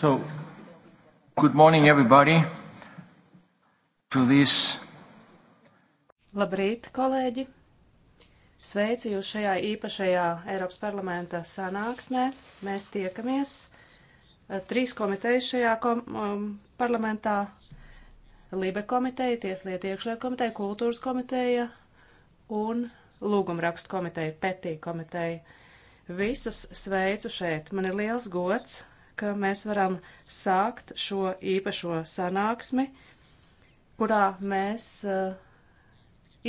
So, good morning everybody to this. Labrīt, kolēģi! Sveicu jūs šajā īpašajā Eiropas parlamenta sanāksmē. Mēs tiekamies eh, trīs komitejas šajā kom um, parlamentā. Libe komiteja, Tieslietu iekšlietu komiteja, Kultūras komiteja un Lūgumrakstu komiteja, Petī komiteja. Visus sveicu šeit. Man ir liels gods ka mēs varam sākt šo īpašo sanāksmi, kurā mēs uh,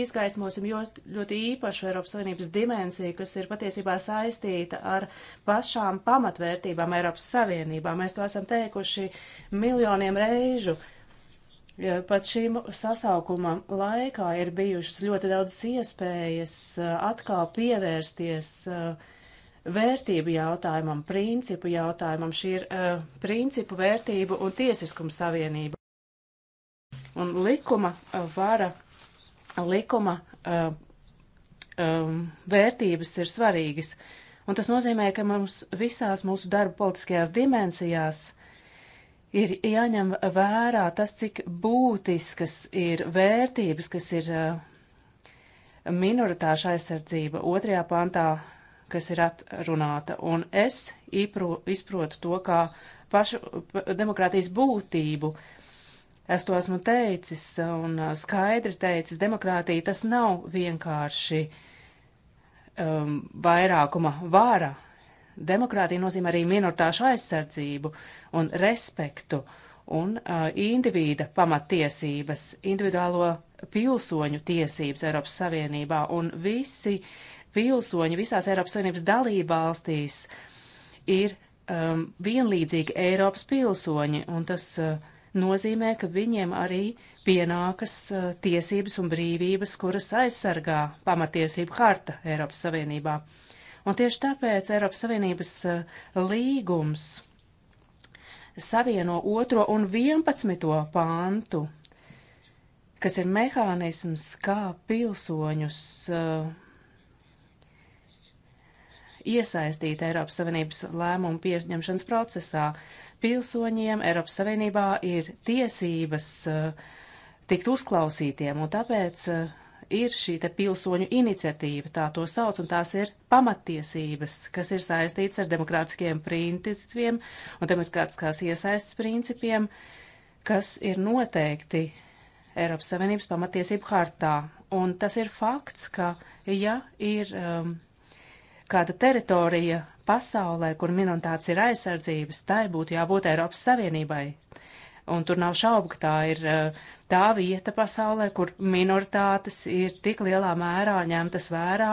izgaismosim ļoti, ļoti īpašu Eiropas Savienības dimensiju, kas ir patiesībā saistīta ar pašām pamatvērtībām Eiropas Savienībā. Mēs to esam teikuši miljoniem reižu. Pat šīm sasaukuma laikā ir bijušas ļoti daudzas iespējas eh, atkal pievērsties uh, vērtību jautājumam, principu jautājumam. Šī ir uh, principu, vērtību un tiesiskuma savienība. Un likuma uh, vara, likuma uh, um, vērtības ir svarīgas. Un tas nozīmē, ka mums visās mūsu darba politiskajās dimensijās ir jāņem vērā tas, cik būtiskas ir vērtības, kas ir uh, minoritāša aizsardzība otrajā pantā kas ir atrunāta. Un es īpro, izprotu to kā pašu demokrātijas būtību. Es to esmu teicis un skaidri teicis, demokrātija tas nav vienkārši um, vairākuma vara. Demokrātija nozīmē arī minoritāšu aizsardzību un respektu un uh, individa pamatiesības, individuālo pilsoņu tiesības Eiropas Savienībā, un visi pilsoņi visās Eiropas Savienības dalībvalstīs ir um, vienlīdzīgi Eiropas pilsoņi, un tas uh, nozīmē, ka viņiem arī pienākas uh, tiesības un brīvības, kuras aizsargā pamatiesību harta Eiropas Savienībā. Un tieši tāpēc Eiropas Savienības uh, līgums savieno otro un vienpadsmito pāntu, kas ir mehānisms, kā pilsoņus uh, iesaistīti Eiropas Savienības lēmumu pieņemšanas procesā. Pilsoņiem Eiropas Savienībā ir tiesības uh, tikt uzklausītiem, un tāpēc uh, ir šī te pilsoņu iniciatīva, tā to sauc, un tās ir pamattiesības, kas ir saistīts ar demokrātiskiem principiem un demokrātiskās iesaistas principiem, kas ir noteikti Eiropas Savienības pamatiesību hartā. Un tas ir fakts, ka, ja ir um, kāda teritorija pasaulē, kur minoritātes ir aizsardzības, tai būtu jābūt Eiropas Savienībai. Un tur nav šaubu, ka tā ir eh, tā vieta pasaulē, kur minoritātes ir tik lielā mērā ņemtas vērā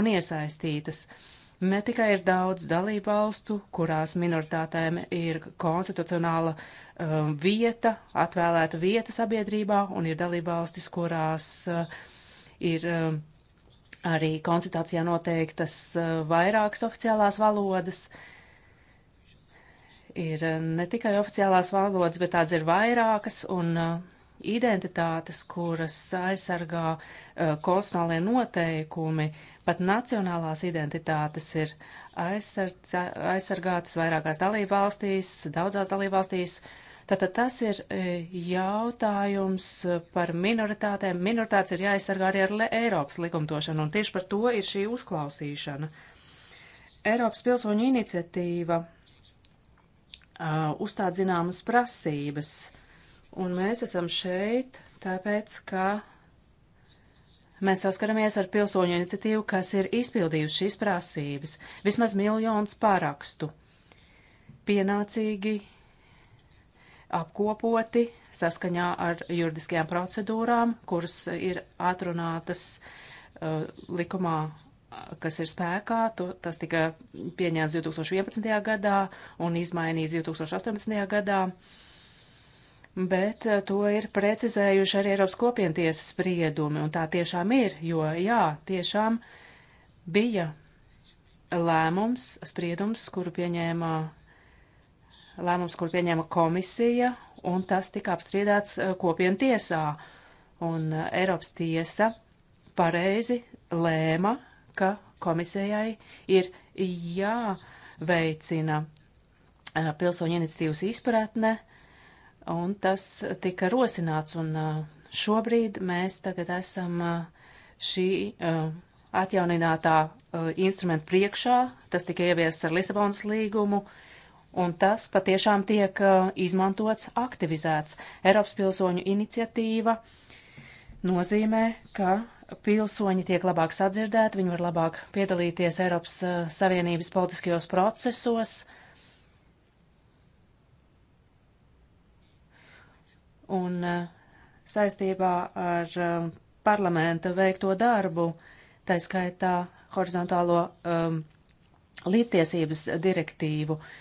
un iesaistītas. Ne tikai ir daudz dalību valstu, kurās minoritātēm ir konstitucionāla uh, vieta, atvēlēta vieta sabiedrībā, un ir dalību valstis, kurās uh, ir uh, Arī konstitūcijā noteiktas eh, vairākas oficiālās valodas. Ir eh, ne tikai oficiālās valodas, bet tādas ir vairākas un eh, identitātes, kuras aizsargā konstitucionālie noteikumi. Pat nacionālās identitātes ir aizsargātas vairākās dalībvalstīs, daudzās dalībvalstīs, Tātad tas ir e, jautājums e, par minoritātēm. Minoritātes ir jāaizsargā arī ar Eiropas likumdošanu, un tieši par to ir šī uzklausīšana. Eiropas pilsoņu iniciatīva uh, uzstāda zināmas prasības, un mēs esam šeit tāpēc, ka mēs saskaramies ar pilsoņu iniciatīvu, kas ir izpildījusi šīs prasības - vismaz miljons parakstu. Pienācīgi apkopoti saskaņā ar juridiskajām procedūrām, kuras ir atrunātas uh, likumā, kas ir spēkā. To, tas tika pieņēmts 2011. gadā un izmainīts 2018. gadā. Bet uh, to ir precizējuši arī Eiropas kopientiesas spriedumi, un tā tiešām ir, jo jā, tiešām bija lēmums, spriedums, kuru pieņēma lēmums, kur pieņēma komisija, un tas tika apstrīdēts eh, kopienu tiesā. Un eh, Eiropas tiesa pareizi lēma, ka komisijai ir jāveicina eh, pilsoņu iniciatīvas izpratne, un tas tika rosināts, un šobrīd mēs tagad esam šī atjauninātā instrumenta priekšā, tas tika ieviests ar Lisabonas līgumu, uh, Un tas patiešām tiek uh, izmantots, aktivizēts. Eiropas pilsoņu iniciatīva nozīmē, ka pilsoņi tiek labāk sadzirdēti, viņi var labāk piedalīties Eiropas uh, Savienības politiskajos procesos. Un uh, saistībā ar um, parlamenta veikto darbu, tā skaitā horizontālo um, līdztiesības direktīvu, uh,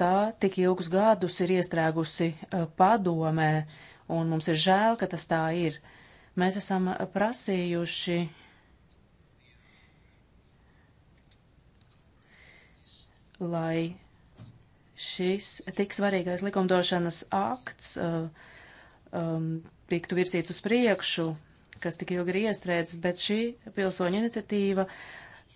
tā tik ilgus gadus ir iestrēgusi eh, padomē, un mums ir žēl, ka tas tā ir. Mēs esam prasījuši lai šis tik svarīgais likumdošanas akts uh, um, tiktu virzīts uz priekšu, kas tik ilgi ir iestrēdzis, bet šī pilsoņa iniciatīva uh,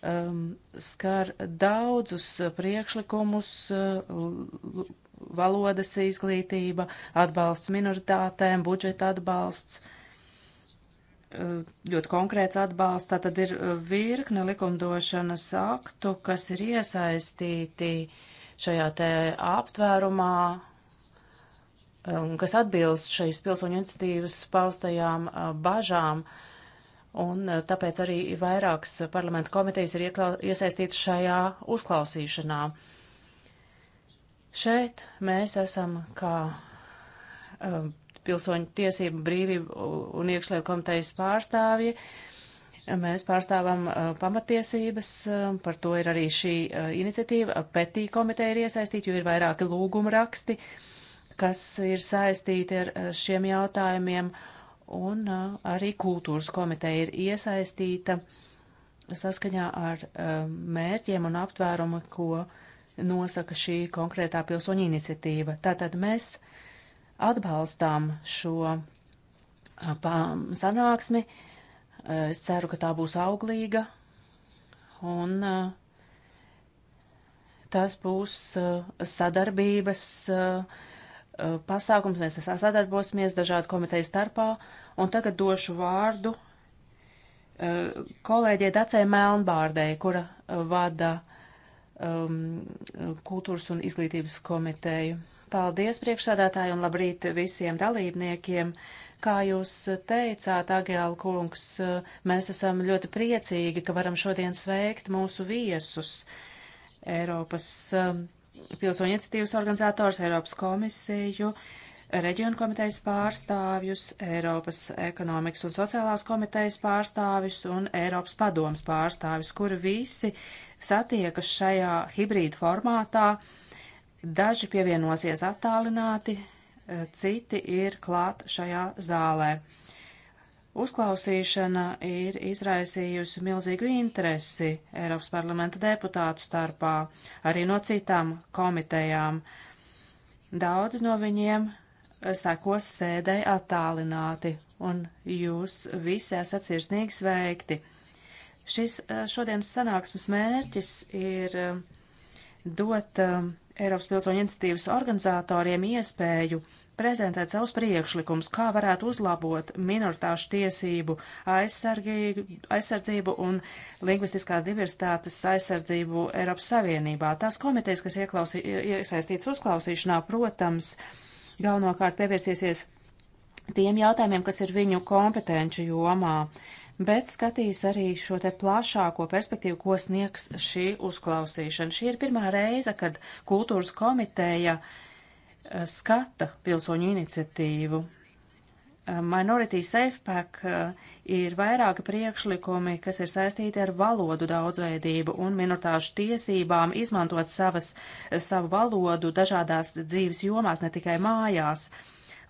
um, skar daudzus priekšlikumus, uh, valodas izglītība, atbalsts minoritātēm, budžeta atbalsts, uh, ļoti konkrēts atbalsts. Tā tad ir uh, virkne likumdošanas aktu, kas ir iesaistīti šajā te aptvērumā, um, kas atbilst šīs pilsoņu iniciatīvas paustajām uh, bažām. Uh, Un eh, tāpēc arī vairākas parlamenta komitejas ir iesaistītas šajā uzklausīšanā. Šeit mēs esam kā um, pilsoņu tiesību brīvību un iekšlietu komitejas pārstāvji. Mēs pārstāvam uh, pamatiesības, uh, par to ir arī šī uh, iniciatīva. Petī komiteja ir iesaistīta, jo ir vairāki lūguma raksti, kas ir saistīti ar šiem jautājumiem. Uh, un uh, arī kultūras komiteja ir iesaistīta saskaņā ar uh, mērķiem un aptvērumu, ko nosaka šī konkrētā pilsoņa iniciatīva. Tātad mēs atbalstām šo uh, sanāksmi. Uh, es ceru, ka tā būs auglīga un uh, tas būs uh, sadarbības pasākums. Mēs sadarbosimies dažādu komiteju starpā Un tagad došu vārdu eh, kolēģei Dacei Melnbārdei, kura eh, vada um, kultūras un izglītības komiteju. Paldies priekšsādātāji un labrīt visiem dalībniekiem. Kā jūs teicāt, Agēla kungs, eh, mēs esam ļoti priecīgi, ka varam šodien sveikt mūsu viesus. Eiropas um, pilsoņu iniciatīvas organizators, Eiropas komisiju, uh, reģionu komitejas pārstāvjus, Eiropas ekonomikas un sociālās komitejas pārstāvjus un Eiropas padomas pārstāvjus, kuri visi satiekas šajā hibrīdu formātā. Daži pievienosies attālināti, citi ir klāt šajā zālē. Uzklausīšana ir izraisījusi milzīgu interesi Eiropas parlamenta deputātu starpā, arī no citām komitejām. Daudz no viņiem sekos sēdē attālināti, un jūs visi esat sirsnīgi sveikti. Šis eh, šodienas sanāksmes mērķis ir eh, dot eh, Eiropas pilsoņu iniciatīvas organizatoriem iespēju prezentēt savus priekšlikumus, kā varētu uzlabot minoritāšu tiesību aizsardzību un lingvistiskās diversitātes aizsardzību Eiropas Savienībā. Tās komitejas, kas ieklausī, iesaistīts uzklausīšanā, protams, uh, galvenokārt pievērsīsies tiem jautājumiem, kas ir viņu kompetenču jomā, bet skatīs arī šo te plašāko perspektīvu, ko sniegs šī uzklausīšana. Šī ir pirmā reize, kad kultūras komiteja eh, skata pilsoņu iniciatīvu Eh, minority Safe Pack eh, ir vairāki priekšlikumi, kas ir saistīti ar valodu daudzveidību un minoritāšu tiesībām izmantot savas, eh, savu valodu dažādās dzīves jomās, ne tikai mājās.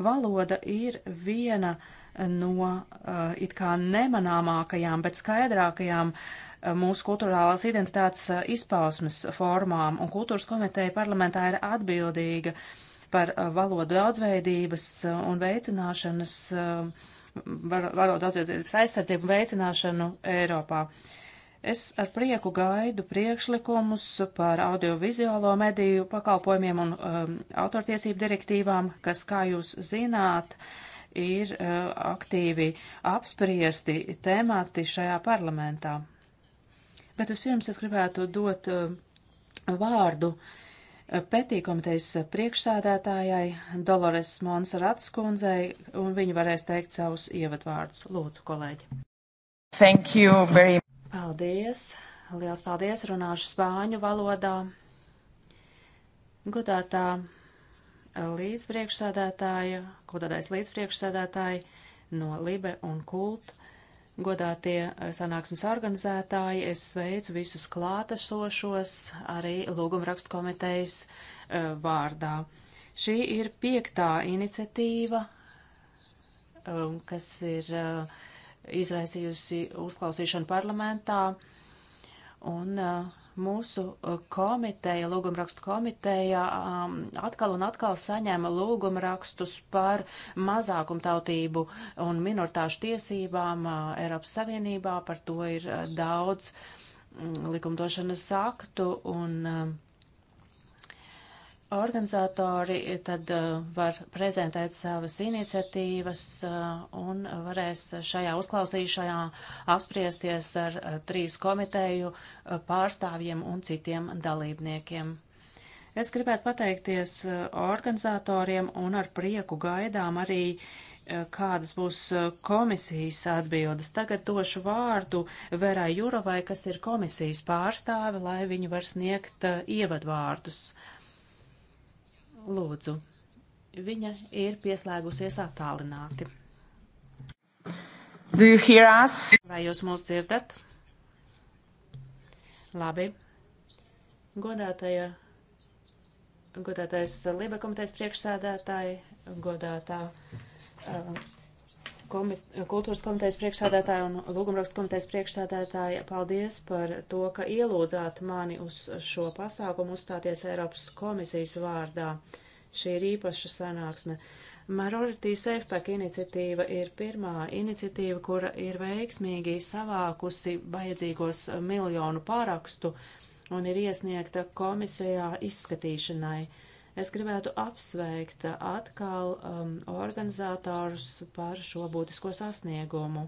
Valoda ir viena no it kā nemanāmākajām, bet skaidrākajām mūsu kultūrālās identitātes izpausmes formām, un kultūras komiteja parlamentā ir atbildīga uh, par uh, valodu daudzveidības uh, un veicināšanas, uh, valodu daudzveidības aizsardzību un veicināšanu Eiropā. Es ar prieku gaidu priekšlikumus par audiovizuālo mediju pakalpojumiem un um, autortiesību direktīvām, kas, kā jūs zināt, ir uh, aktīvi apspriesti temati šajā parlamentā. Bet vispirms es gribētu dot uh, vārdu uh, Pētī komitejas priekšsādētājai Dolores Monserats kundzei, un viņa varēs teikt savus ievadvārdus. Lūdzu, kolēģi. Thank you very much. Paldies. Liels paldies. Runāšu spāņu valodā. Godātā līdzpriekšsādētāja, godātais līdzpriekšsādētāja no Libe un Kult. Godātie eh, sanāksmes organizētāji, es sveicu visus klātesošos arī lūgumrakstu komitejas uh, vārdā. Šī ir piektā iniciatīva, um, kas ir uh, izraisījusi uzklausīšanu parlamentā. Uh, Un uh, mūsu uh, komiteja, lūgumrakstu komiteja, um, atkal un atkal saņēma lūgumrakstus par mazākumtautību un minoritāšu tiesībām uh, Eiropas Savienībā. Par to ir daudz mm, likumdošanas aktu un uh, organizatori eh, tad eh, var prezentēt savas iniciatīvas eh, un varēs šajā uzklausīšanā apspriesties ar trīs komiteju pārstāvjiem un citiem dalībniekiem. Es gribētu pateikties organizatoriem un ar prieku gaidām arī, kādas būs komisijas atbildes. Tagad došu vārdu Verai Jurovai, kas ir komisijas pārstāve, lai viņa var sniegt ievadvārdus Lūdzu, viņa ir pieslēgusies attālināti. Vai jūs mūs dzirdat? Labi. Godātajā, godātais Liba komitejas priekšsēdētāji, godātā. Uh, komit kultūras komitejas priekšsādātāja un lūgumrakstu komitejas priekšsādātāja, paldies par to, ka ielūdzāt mani uz šo pasākumu uzstāties Eiropas komisijas vārdā. Šī ir īpaša sanāksme. Minority Safepack iniciatīva ir pirmā iniciatīva, kura ir veiksmīgi savākusi vajadzīgos miljonu pārakstu un ir iesniegta komisijā izskatīšanai. Uh, Es gribētu apsveikt atkal um, organizatorus par šo būtisko sasniegumu.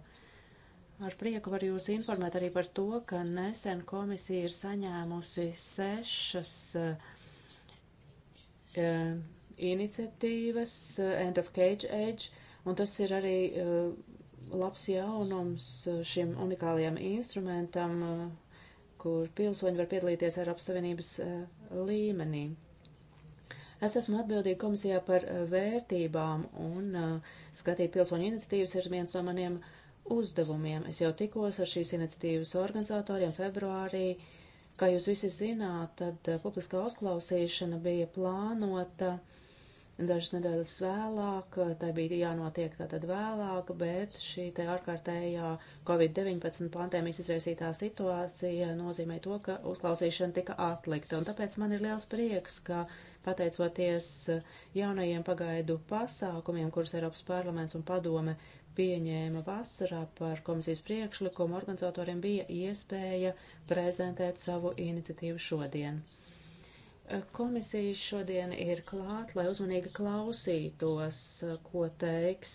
Ar prieku var jūs informēt arī par to, ka nesen komisija ir saņēmusi sešas uh, iniciatīvas uh, End of Cage Age, un tas ir arī uh, labs jaunums uh, šim unikālajam instrumentam, uh, kur pilsoņi var piedalīties Eiropas Savienības uh, līmenī. Es esmu atbildīga komisijā par eh, vērtībām un eh, skatīt pilsoņu iniciatīvas ir viens no maniem uzdevumiem. Es jau tikos ar šīs iniciatīvas organizatoriem februārī. Kā jūs visi zināt, tad eh, publiskā uzklausīšana bija plānota dažas nedēļas vēlāk, tai bija jānotiek tātad vēlāk, bet šī te ārkārtējā Covid-19 pandēmijas izraisītā situācija nozīmē to, ka uzklausīšana tika atlikta. Un tāpēc man ir liels prieks, ka pateicoties eh, jaunajiem pagaidu pasākumiem, kurus Eiropas parlaments un padome pieņēma vasarā par komisijas priekšlikumu, organizatoriem bija iespēja prezentēt savu iniciatīvu šodien. Eh, komisija šodien ir klāt, lai uzmanīgi klausītos, eh, ko teiks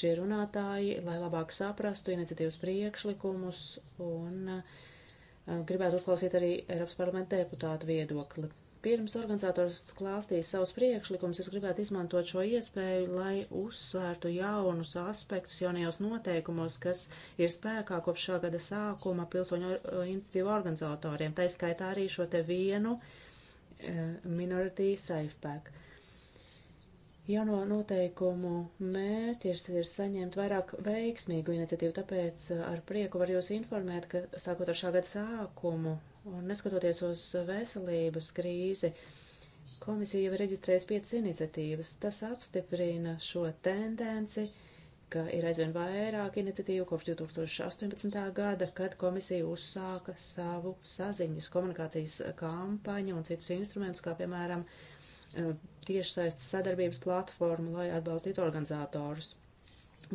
šie runātāji, lai labāk saprastu iniciatīvas priekšlikumus un gribētu uzklausīt arī Eiropas parlamenta deputātu viedokli. Pirms organizators klāstīs savus priekšlikumus, es gribētu izmantot šo iespēju, lai uzsvērtu jaunus aspektus jaunajos noteikumos, kas ir spēkā kopš šā gada sākuma pilsoņu iniciatīvu organizatoriem. Tā skaitā arī šo te vienu uh, Minority Safe Pack. Uh, Jauno noteikumu mērķis ir saņemt vairāk veiksmīgu iniciatīvu, tāpēc eh, ar prieku var jūs informēt, ka sākot ar šā gada sākumu un neskatoties uz veselības krīzi, komisija jau ir reģistrējusi piecas iniciatīvas. Tas apstiprina šo tendenci, ka ir aizvien vairāk iniciatīvu kopš 2018. gada, kad komisija uzsāka savu saziņas komunikācijas kampaņu un citus instrumentus, kā piemēram Eh, tiešsaistes sadarbības platformu, lai atbalstītu organizatorus.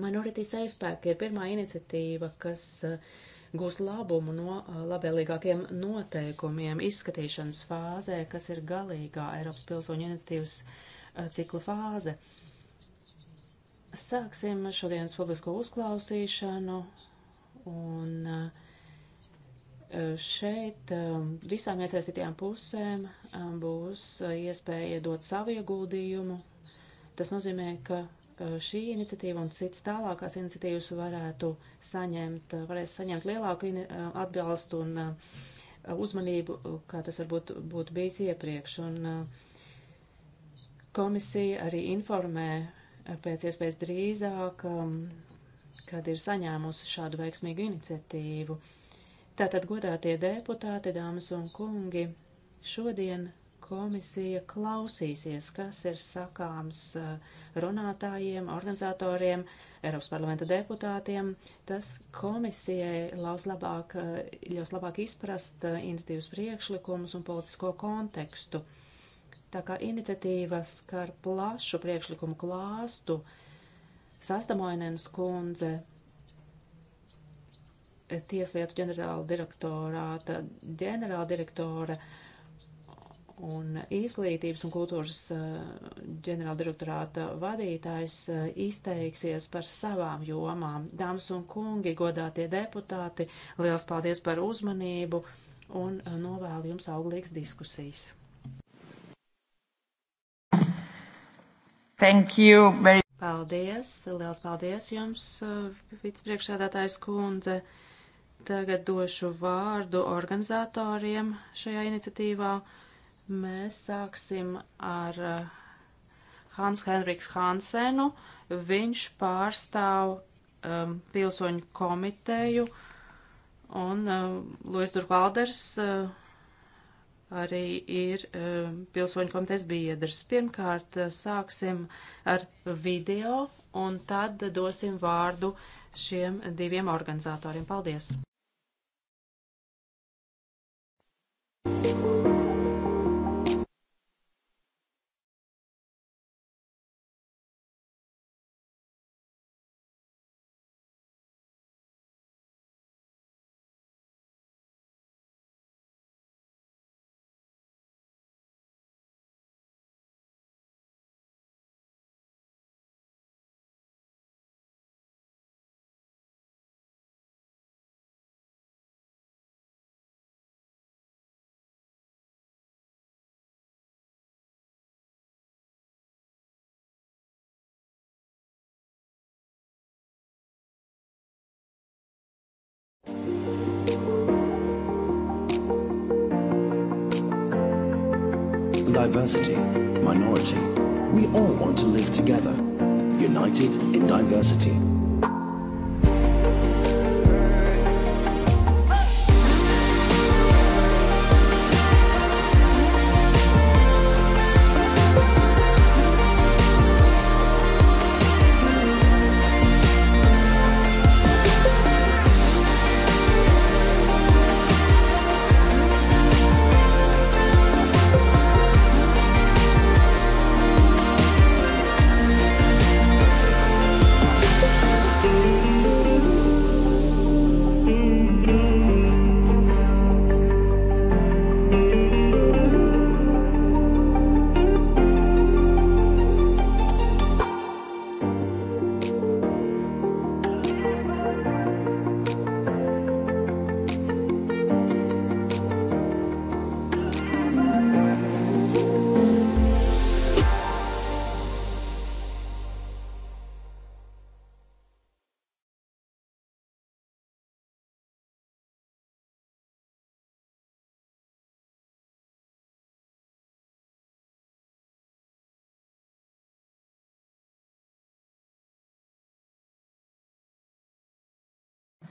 Minority Safe Pack ir pirmā iniciatīva, kas eh, gūs labumu no eh, labvēlīgākiem noteikumiem izskatīšanas fāzē, kas ir galīgā Eiropas pilsoņu iniciatīvas cikla fāze. Sāksim šodienas publisko uzklausīšanu un uh, Šeit um, visām iesaistītajām pusēm um, būs uh, iespēja dot savu ieguldījumu. Tas nozīmē, ka uh, šī iniciatīva un citas tālākās iniciatīvas varētu saņemt, uh, varēs saņemt lielāku atbalstu un uzmanību, kā tas varbūt būtu bijis iepriekš. Un komisija arī informē pēc iespējas drīzāk, um, kad ir saņēmusi šādu veiksmīgu iniciatīvu. Uh, Tātad, godātie deputāti, dāmas un kungi, šodien komisija klausīsies, kas ir sakāms uh, runātājiem, organizatoriem, Eiropas parlamenta deputātiem. Tas komisijai ļaus labāk, uh, ļaus labāk izprast uh, iniciatīvas priekšlikumus un politisko kontekstu. Tā kā iniciatīva skar plašu priekšlikumu klāstu, Sastamoinens kundze Tieslietu ģenerāla direktorāta ģenerāla direktore un izglītības un kultūras eh, ģenerāla direktorāta vadītājs eh, izteiksies par savām jomām. Dāmas un kungi, godātie deputāti, liels paldies par uzmanību un eh, novēlu jums auglīgas diskusijas. Thank you very Paldies, liels paldies jums, vicepriekšsēdētājs kundze. Tagad došu vārdu organizatoriem šajā iniciatīvā. Mēs sāksim ar eh, Hans Henriks Hansenu. Viņš pārstāv um, pilsoņu komiteju un um, eh, Lois Durvalders uh, arī ir um, pilsoņu komitejas biedrs. Pirmkārt, sāksim ar video un tad dosim vārdu šiem diviem organizatoriem. Paldies! diversity, minority. We all want to live together, united in diversity.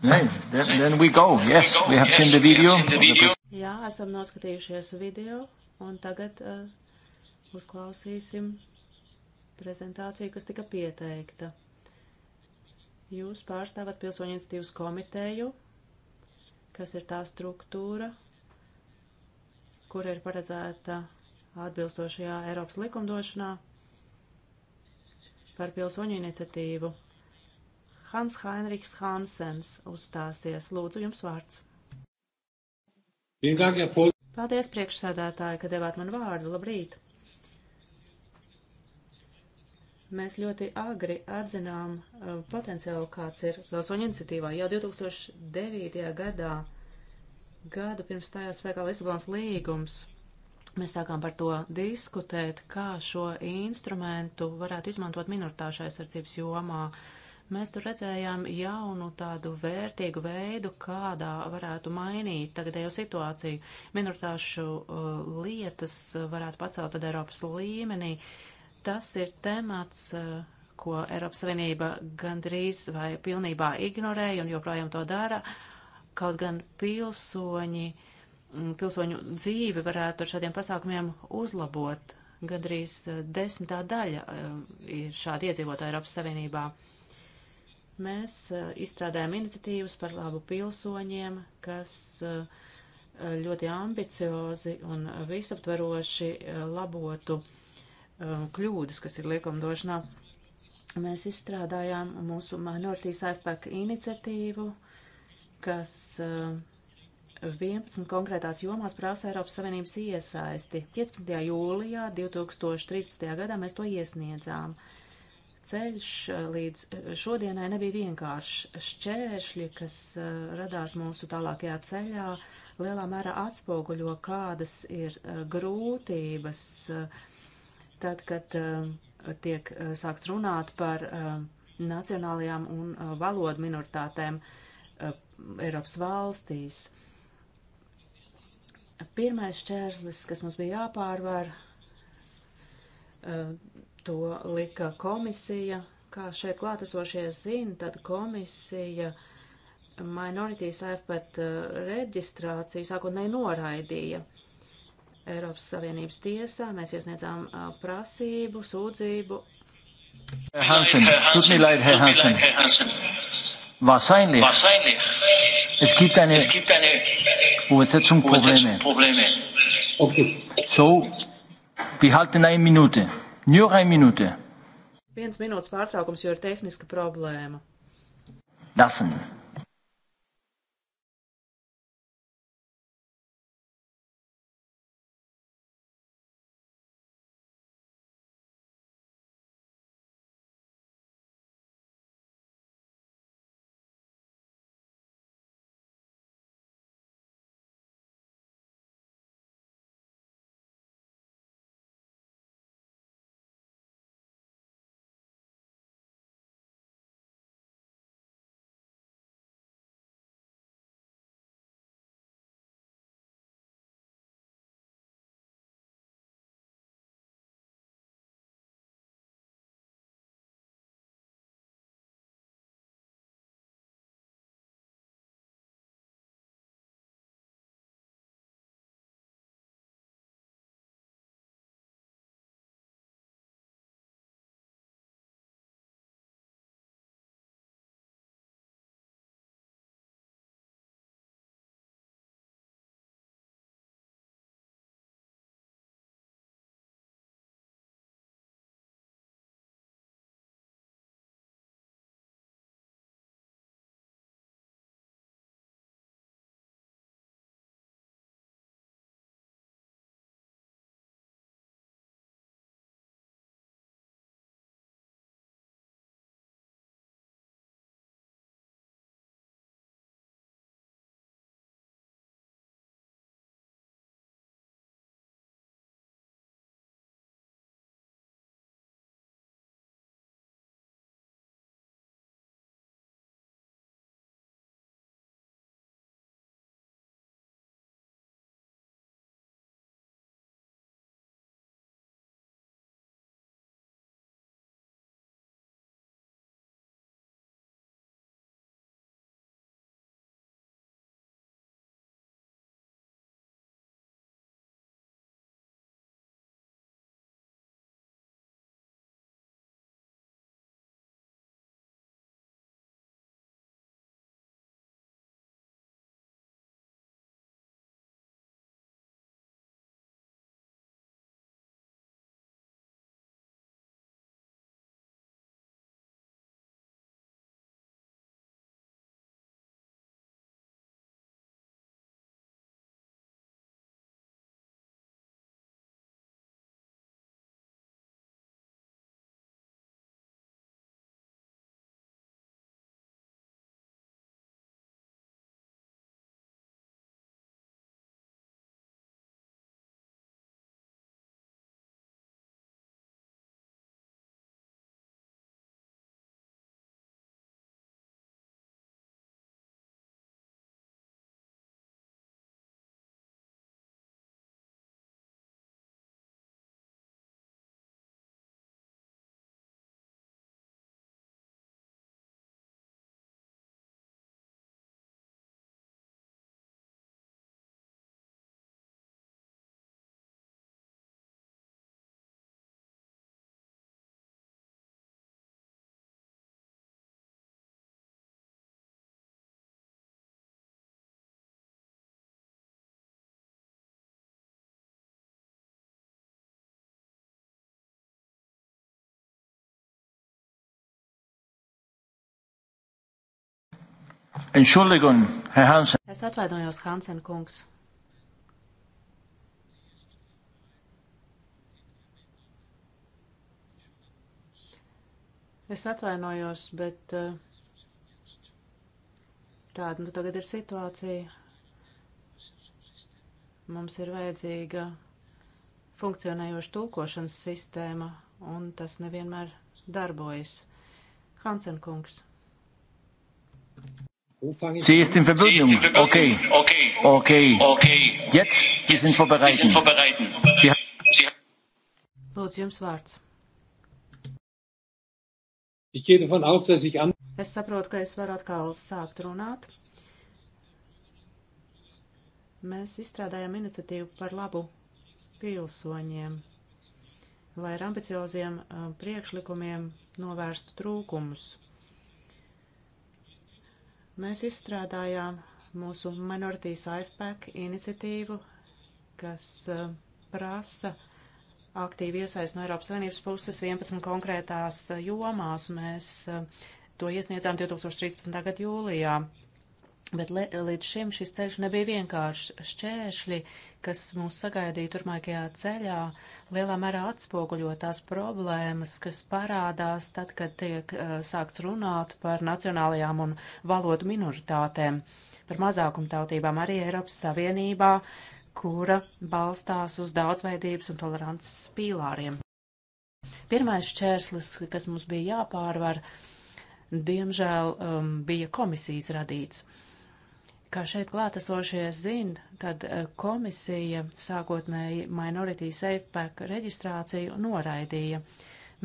Then, then we go. Yes, we have seen the video. Jā, esam noskatījušies video, un tagad uh, uzklausīsim prezentāciju, kas tika pieteikta. Jūs pārstāvat pilsoņu institīvas komiteju, kas ir tā struktūra, kur ir paredzēta atbilstošajā Eiropas likumdošanā par pilsoņu iniciatīvu. Hans Heinrichs Hansens uzstāsies. Lūdzu, jums vārds. Paldies, priekšsēdētāji, ka devāt man vārdu. Labrīt! mēs ļoti agri atzinām uh, potenciālu, kāds ir pilsoņu iniciatīvā. Jau 2009. gadā, gadu pirms stājās spēkā Lisabonas līgums, mēs sākām par to diskutēt, kā šo instrumentu varētu izmantot minoritāšu aizsardzības jomā. Uh, Mēs tur redzējām jaunu tādu vērtīgu veidu, kādā varētu mainīt tagadējo situāciju. Minoritāšu uh, lietas varētu pacelt tad Eiropas līmenī. Tas ir temats, uh, ko Eiropas Savienība gandrīz vai pilnībā ignorēja un joprojām to dara. Kaut gan pilsoņi, mm, pilsoņu dzīve varētu ar šādiem pasākumiem uzlabot. Gandrīz uh, desmitā daļa uh, ir šādi iedzīvotāji Eiropas Savienībā. Uh, Mēs eh, izstrādājam iniciatīvas par labu pilsoņiem, kas eh, ļoti ambiciozi un visaptveroši eh, labotu kļūdas, kas ir likumdošanā. Mēs izstrādājām mūsu Minorities IFPAC iniciatīvu, kas 11 konkrētās jomās prasa Eiropas Savienības iesaisti. 15. jūlijā 2013. gadā mēs to iesniedzām. Uh, Ceļš eh, līdz eh, šodienai nebija vienkāršs. Šķēršļi, kas eh, radās mūsu tālākajā ceļā, lielā mērā atspoguļo, kādas ir grūtības tad, kad tiek sākts runāt par nacionālajām un valodu minoritātēm Eiropas valstīs. Pirmais šķērslis, kas mums bija jāpārvar, To lika komisija. Kā šeit klātesošie zina, tad komisija Minorities Act pat uh, reģistrāciju sākotnēji noraidīja. Eiropas Savienības tiesā mēs iesniedzām uh, prasību, sūdzību. Hansen, tut mir leid, Herr Hansen. Wahrscheinlich. Wahrscheinlich. Es gibt eine, es gibt eine Übersetzungsprobleme. Übersetzungsprobleme. Okay. So, wir halten eine Minute. Nur eine Minute. Viens minūtes pārtraukums, jo ir tehniska problēma. Lassen. Entschuldigung, Herr Hansen. Es atvainojos, Hansen kungs. Es atvainojos, bet eh, tāda nu tagad ir situācija. Mums ir vajadzīga funkcionējoša tulkošanas sistēma, un tas nevienmēr darbojas. Hansen kungs. Sie ist in Verbindung. Ist in Verbindung. Okay. okay. Okay. Okay. Jetzt, wir sind vorbereitet. Sind vorbereiten. Sie Sie Lūdzu, jums vārds. Es saprotu, ka es varu atkal sākt runāt. Mēs izstrādājam iniciatīvu par labu pilsoņiem, lai ar ambicioziem eh, priekšlikumiem novērstu trūkumus Mēs izstrādājām mūsu Minorities IFPAC iniciatīvu, kas eh, prasa aktīvi iesaist no Eiropas Savienības puses 11 konkrētās eh, jomās. Mēs eh, to iesniedzām 2013. gada jūlijā. Bet līdz šim šis ceļš nebija vienkāršs. Šķēršļi, kas mūs sagaidīja turpmākajā ceļā, lielā mērā atspoguļo tās problēmas, kas parādās tad, kad tiek uh, sākts runāt par nacionālajām un valodu minoritātēm, par mazākumtautībām arī Eiropas Savienībā, kura balstās uz daudzveidības un tolerances pīlāriem. Pirmais šķērslis, kas mums bija jāpārvar, diemžēl um, bija komisijas radīts Kā šeit klātesošie zina, tad eh, komisija sākotnēji Minority SafePack reģistrāciju noraidīja.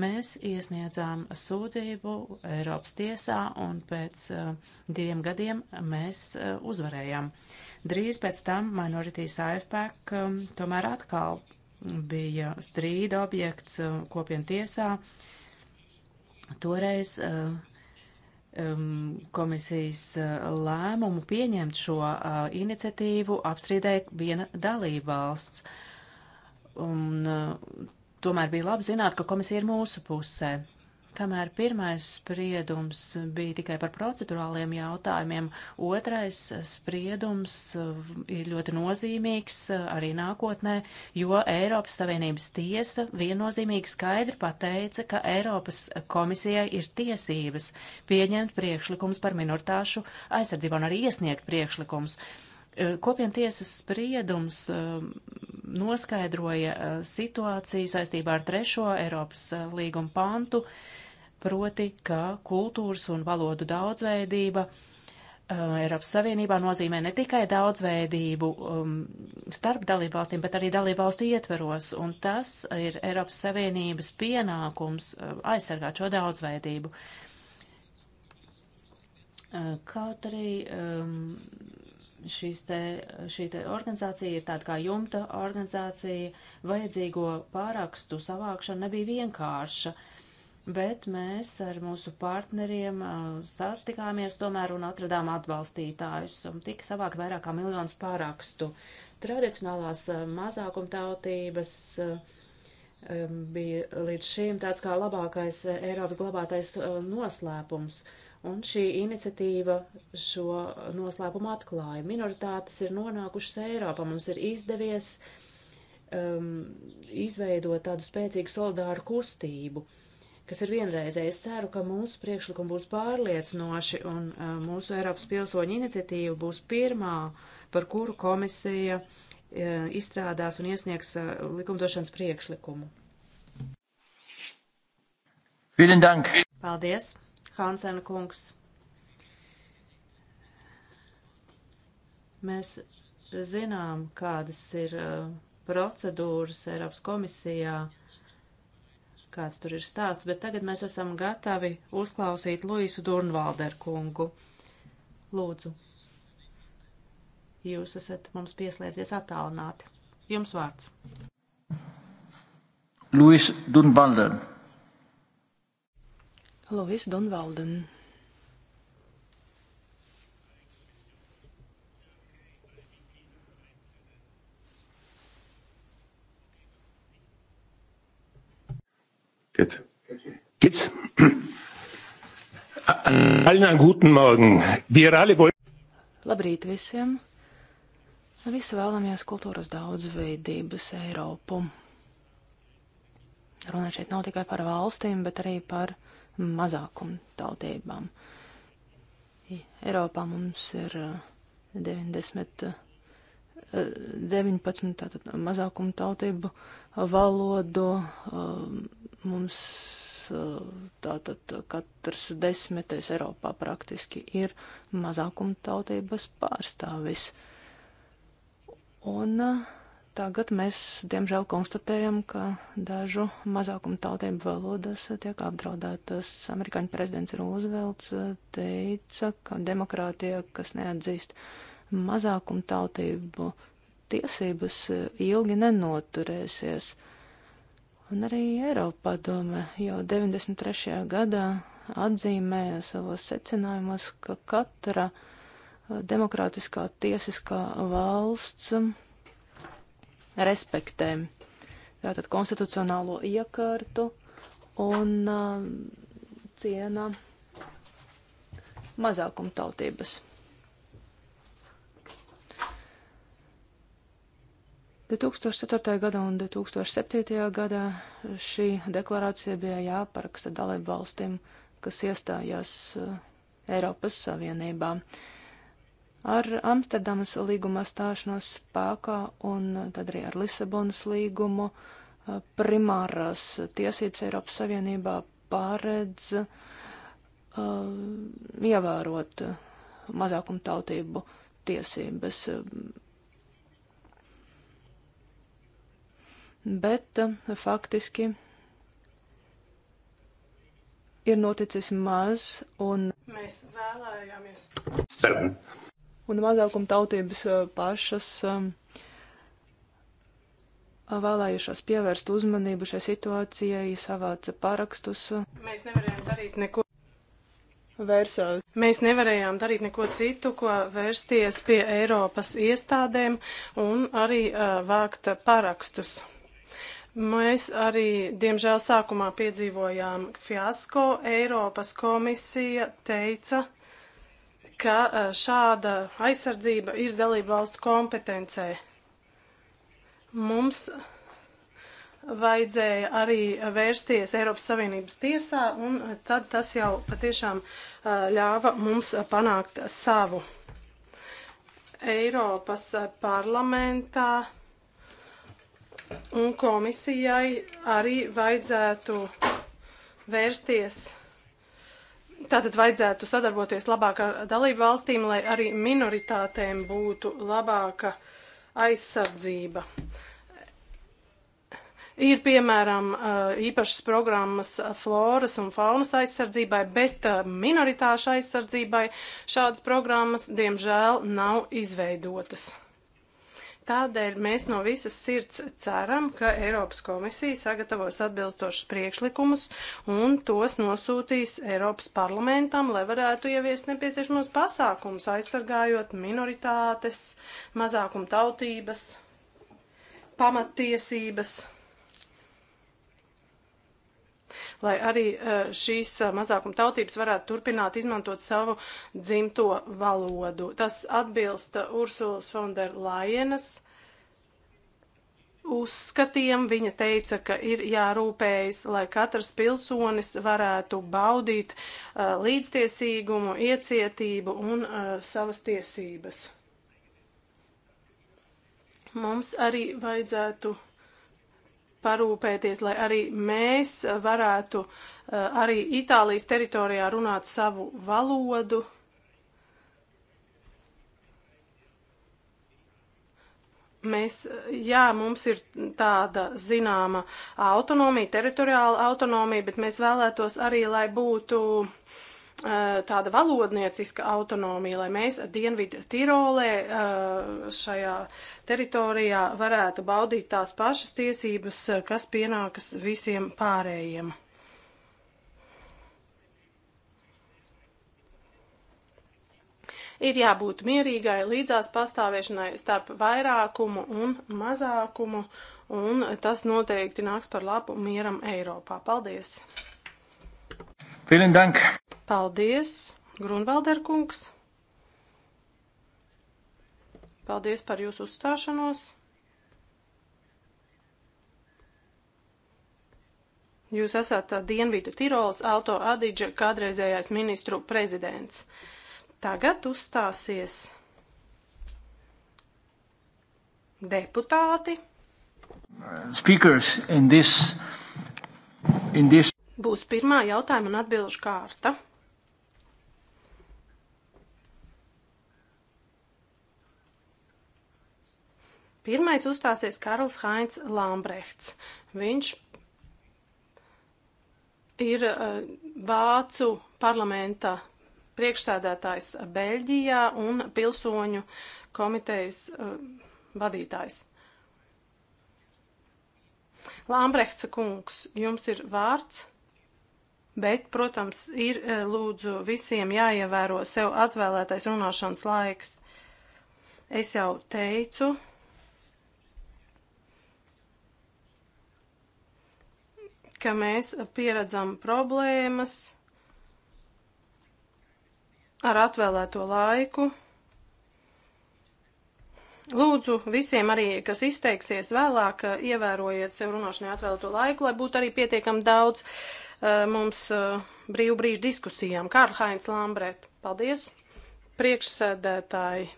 Mēs iesniedzām sūdzību Eiropas tiesā un pēc uh, diviem gadiem mēs uh, uzvarējām. Drīz pēc tam Minority SafePack um, tomēr atkal bija strīda objekts uh, um, kopienu tiesā. Toreiz uh, um, komisijas uh, lēmumu pieņemt šo uh, iniciatīvu apstrīdēja viena dalībvalsts. Un, uh, tomēr bija labi zināt, ka komisija ir mūsu pusē. Kamēr pirmais spriedums bija tikai par procedurāliem jautājumiem, otrais spriedums uh, ir ļoti nozīmīgs uh, arī nākotnē, jo Eiropas Savienības tiesa viennozīmīgi skaidri pateica, ka Eiropas komisijai ir tiesības pieņemt priekšlikums par minoritāšu aizsardzību un arī iesniegt priekšlikums. Uh, Kopientiesas spriedums noskaidroja situāciju saistībā ar trešo Eiropas līguma pantu, uh, proti, ka kultūras un valodu daudzveidība uh, Eiropas Savienībā nozīmē ne tikai daudzveidību um, starp dalībvalstīm, bet arī dalībvalstu ietveros, un tas ir Eiropas Savienības pienākums uh, aizsargāt šo daudzveidību. Uh, kaut arī um, šīs te, šī te organizācija ir tāda kā jumta organizācija, vajadzīgo pārakstu savākšana nebija vienkārša. Uh, bet mēs ar mūsu partneriem uh, satikāmies tomēr un atradām atbalstītājus un tika savākt vairāk kā miljonus pārakstu. Tradicionālās uh, mazākumtautības uh, um, bija līdz šim tāds kā labākais Eiropas glabātais noslēpums. Un šī iniciatīva šo noslēpumu atklāja. Minoritātes ir nonākušas Eiropā. Mums ir izdevies um, izveidot tādu spēcīgu solidāru kustību. Uh, kas ir vienreizēji. Es ceru, ka mūsu priekšlikumi būs pārliecinoši un uh, mūsu Eiropas pilsoņu iniciatīva būs pirmā, par kuru komisija uh, izstrādās un iesniegs uh, likumdošanas priekšlikumu. Paldies, Hansena kungs. Mēs zinām, kādas ir procedūras Eiropas komisijā. Uh, kāds tur ir stāsts, bet tagad mēs esam gatavi uzklausīt Luisu Durnvalderu kungu. Lūdzu, jūs esat mums pieslēdzies attālināti. Jums vārds. Luis Dunvalden. Luis Dunvalden. Geht. Geht's? Allen einen guten Morgen. Wir alle wollen. Labrīt visiem! Visi vēlamies kultūras daudzveidības Eiropu. Runa šeit nav tikai par valstīm, bet arī par mazākumu tautībām. Eiropā mums ir 90 eh, 19 eh, tātad mazākumu tautību valodu, eh, Mums tātad katrs desmitais Eiropā praktiski ir mazākumtautības pārstāvis. Un tagad mēs, diemžēl, konstatējam, ka dažu mazākumtautību valodas tiek apdraudētas. Amerikāņu prezidents Rūzvelts teica, ka demokrātija, kas neatzīst mazākumtautību tiesības, ilgi nenoturēsies. Uh, Un arī Eiropa padome jau 93. gadā atzīmēja savos secinājumos, ka katra uh, demokrātiskā tiesiskā valsts respektē tātad konstitucionālo iekārtu un uh, ciena mazākumtautības. tautības. 2004. gadā un 2007. gadā šī deklarācija bija jāparaksta dalību valstīm, kas iestājās eh, Eiropas Savienībā. Ar Amsterdamas līguma stāšanos spēkā un tad arī ar Lisabonas līgumu eh, primārās tiesības Eiropas Savienībā pāredz uh, eh, ievērot mazākumtautību tiesības. Uh, bet eh, faktiski ir noticis maz un mēs vēlējāmies. Seven. Un mazākuma tautības eh, pašas eh, vēlējušās pievērst uzmanību šai situācijai, savāca parakstus. Mēs nevarējām darīt neko. Vērsās. Mēs nevarējām darīt neko citu, ko vērsties pie Eiropas iestādēm un arī uh, vākt parakstus. Mēs arī, diemžēl, sākumā piedzīvojām fiasko. Eiropas komisija teica, ka e, šāda aizsardzība ir dalība valstu kompetencē. Mums vajadzēja arī vērsties Eiropas Savienības tiesā, un tad tas jau patiešām e, ļāva mums panākt savu. Eiropas e, parlamentā Un komisijai arī vajadzētu vērsties. Tātad vajadzētu sadarboties labāk ar dalību valstīm, lai arī minoritātēm būtu labāka aizsardzība. Ir, piemēram, īpašas programmas floras un faunas aizsardzībai, bet minoritāšu aizsardzībai šādas programmas, diemžēl, nav izveidotas. Tādēļ mēs no visas sirds ceram, ka Eiropas komisija sagatavos atbilstošus priekšlikumus un tos nosūtīs Eiropas parlamentam, lai varētu ieviest nepieciešamos pasākumus, aizsargājot minoritātes, mazākumtautības, pamattiesības lai arī e, šīs e, mazākuma tautības varētu turpināt izmantot savu dzimto valodu. Tas atbilsta Ursulas Fonderlajenas uzskatiem viņa teica, ka ir jārūpējas, lai katrs pilsonis varētu baudīt uh, līdztiesīgumu, iecietību un uh, savas tiesības. Mums arī vajadzētu parūpēties, lai arī mēs varētu eh, arī Itālijas teritorijā runāt savu valodu. Mēs, jā, mums ir tāda zināma autonomija, teritoriāla autonomija, bet mēs vēlētos arī, lai būtu uh, Eh, tāda valodnieciska autonomija, lai mēs Dienvidu Tirolē eh, šajā teritorijā varētu baudīt tās pašas tiesības, eh, kas pienākas visiem pārējiem. Ir jābūt mierīgai līdzās pastāvēšanai starp vairākumu un mazākumu, un tas noteikti nāks par labu mieram Eiropā. Paldies! Vielen Dank! Paldies, Grunvalder kungs! Paldies par jūsu uzstāšanos. Jūs esat Dienvidu Tirols Alto Adidža kādreizējais ministru prezidents. Tagad uzstāsies deputāti. Speakers in this, in this. Būs pirmā jautājuma un atbilžu kārta. Pirmais uzstāsies Karls Hainz Lambrechts. Viņš ir uh, Vācu parlamenta priekšsēdētājs Beļģijā un pilsoņu komitejas uh, vadītājs. Lambrechts kungs, jums ir vārds, bet, protams, ir eh, lūdzu visiem jāievēro sev atvēlētais runāšanas laiks. Es jau teicu, ka mēs pieredzam problēmas ar atvēlēto laiku. Lūdzu, visiem arī, kas izteiksies vēlāk, ievērojiet sev runāšanai atvēlēto laiku, lai būtu arī pietiekam daudz uh, mums uh, brīvu brīžu diskusijām. Kārlhains Lambrēt, paldies, priekšsēdētāji.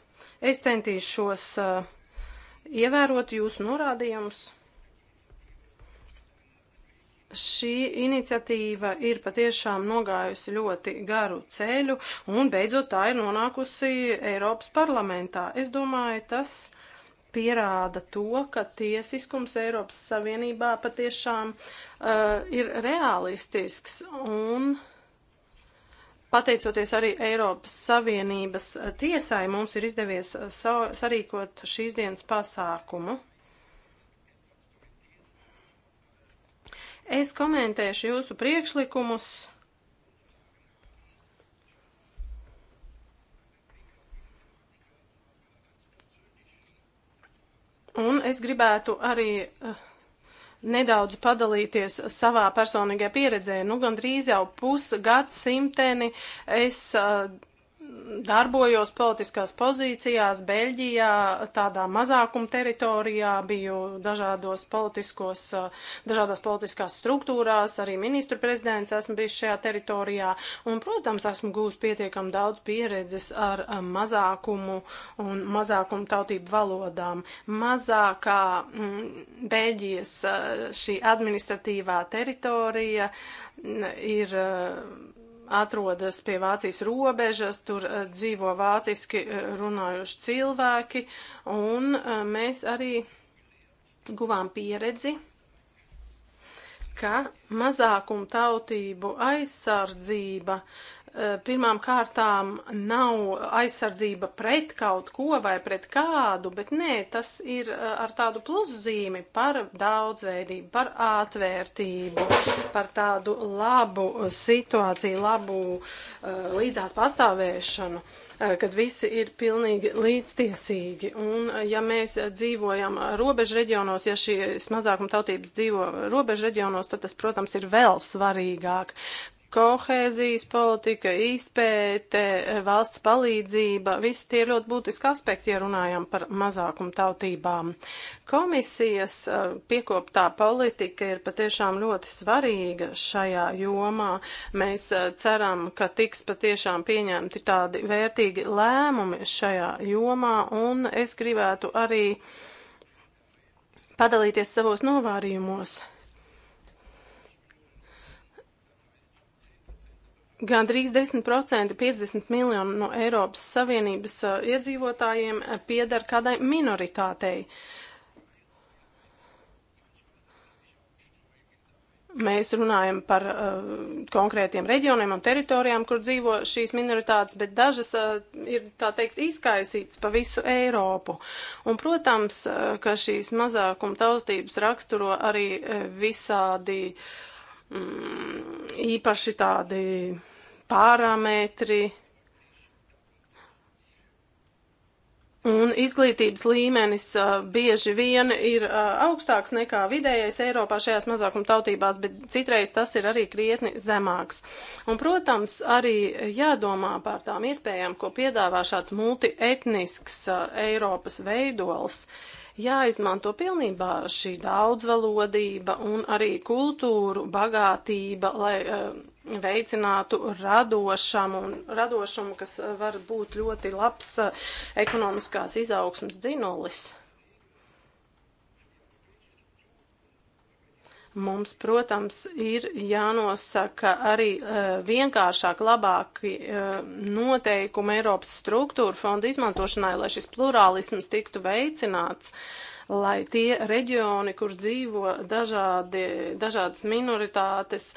Es centīšos uh, ievērot jūsu norādījumus šī iniciatīva ir patiešām nogājusi ļoti garu ceļu un beidzot tā ir nonākusi Eiropas parlamentā. Es domāju, tas pierāda to, ka tiesiskums Eiropas Savienībā patiešām uh, ir realistisks un Pateicoties arī Eiropas Savienības tiesai, mums ir izdevies sarīkot šīs dienas pasākumu. Es komentēšu jūsu priekšlikumus. Un es gribētu arī uh, nedaudz padalīties savā personīgajā pieredzē. Nu, gandrīz jau pusgadsimteni es uh, darbojos politiskās pozīcijās Beļģijā, tādā mazākuma teritorijā, biju dažādos politiskos, dažādās politiskās struktūrās, arī ministru prezidents esmu bijis šajā teritorijā, un, protams, esmu gūst pietiekam daudz pieredzes ar mazākumu un mazākumu tautību valodām. Mazākā m, Beļģijas šī administratīvā teritorija ir atrodas pie Vācijas robežas, tur eh, dzīvo vāciski eh, runājuši cilvēki, un eh, mēs arī guvām pieredzi, ka mazākumu tautību aizsardzība uh, Eh, pirmām kārtām nav aizsardzība pret kaut ko vai pret kādu, bet nē, tas ir eh, ar tādu pluszīmi par daudzveidību, par atvērtību, par tādu labu eh, situāciju, labu līdzās pastāvēšanu kad visi ir pilnīgi līdztiesīgi. Un ja mēs dzīvojam robežu reģionos, ja šīs mazākuma tautības dzīvo robežu reģionos, tad tas, protams, ir vēl svarīgāk kohēzijas politika, izpēte, valsts palīdzība, visi tie ir ļoti būtiski aspekti, ja runājam par mazākumu tautībām. Komisijas eh, piekoptā politika ir patiešām ļoti svarīga šajā jomā. Mēs eh, ceram, ka tiks patiešām pieņemti tādi vērtīgi lēmumi šajā jomā, un es gribētu arī padalīties savos novārījumos. Gandrīz 10%, 50 miljonu no Eiropas Savienības uh, iedzīvotājiem eh, piedar kādai minoritātei. Mēs runājam par uh, konkrētiem reģioniem un teritorijām, kur dzīvo šīs minoritātes, bet dažas uh, ir, tā teikt, izkaisītas pa visu Eiropu. Un, protams, uh, ka šīs mazākuma tautības raksturo arī uh, visādi uh, mm, īpaši tādi parametri. Un izglītības līmenis uh, bieži vien ir uh, augstāks nekā vidējais Eiropā šajās mazākuma tautībās, bet citreiz tas ir arī krietni zemāks. Un, protams, arī jādomā par tām iespējām, ko piedāvā šāds multietnisks uh, Eiropas veidols. Uh, Jāizmanto pilnībā šī daudzvalodība un arī kultūru bagātība, lai uh, veicinātu radošumu, radošumu, kas eh, var būt ļoti labs uh, ekonomiskās izaugsmas dzinolis. Mums, protams, ir jānosaka arī uh, vienkāršāk, labāki uh, eh, noteikumi Eiropas struktūra fonda izmantošanai, lai šis plurālisms tiktu veicināts, lai tie reģioni, kur dzīvo dažādi, dažādas minoritātes,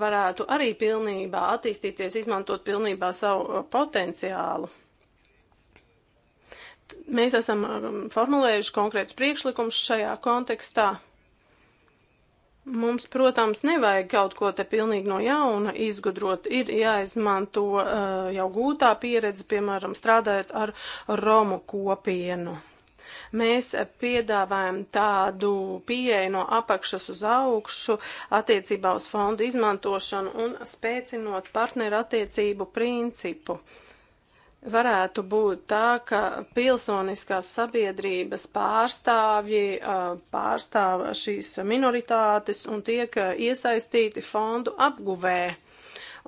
varētu arī pilnībā attīstīties, izmantot pilnībā savu eh, potenciālu mēs esam formulējuši konkrētus priekšlikumus šajā kontekstā. Mums, protams, nevajag kaut ko te pilnīgi no jauna izgudrot. Ir jāizmanto uh, jau gūtā pieredze, piemēram, strādājot ar Romu kopienu. Mēs piedāvājam tādu pieeju no apakšas uz augšu attiecībā uz fondu izmantošanu un spēcinot partneru attiecību principu. Uh, varētu būt tā, ka pilsoniskās sabiedrības pārstāvji uh, pārstāv šīs minoritātes un tiek uh, iesaistīti fondu apguvē.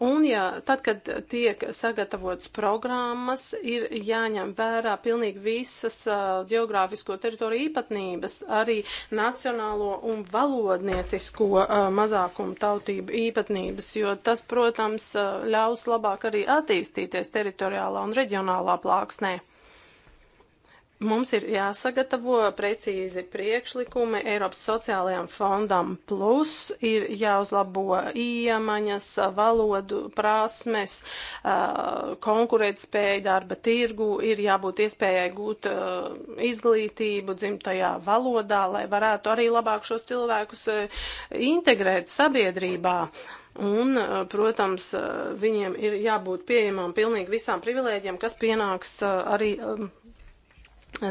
Un ja tad, kad tiek sagatavotas programmas, ir jāņem vērā pilnīgi visas uh, geogrāfisko teritoriju īpatnības, arī nacionālo un valodniecisko uh, mazākumu tautību īpatnības, jo tas, protams, ļaus labāk arī attīstīties teritoriālā un reģionālā plāksnē. Mums ir jāsagatavo precīzi priekšlikumi Eiropas sociālajām fondam, plus ir jāuzlabo iemaņas, valodu, prasmes, konkurētspēja darba tirgu, ir jābūt iespējai gūt izglītību dzimtajā valodā, lai varētu arī labāk šos cilvēkus integrēt sabiedrībā. Un, protams, viņiem ir jābūt pieejamām pilnīgi visām privilēģiem, kas pienāks arī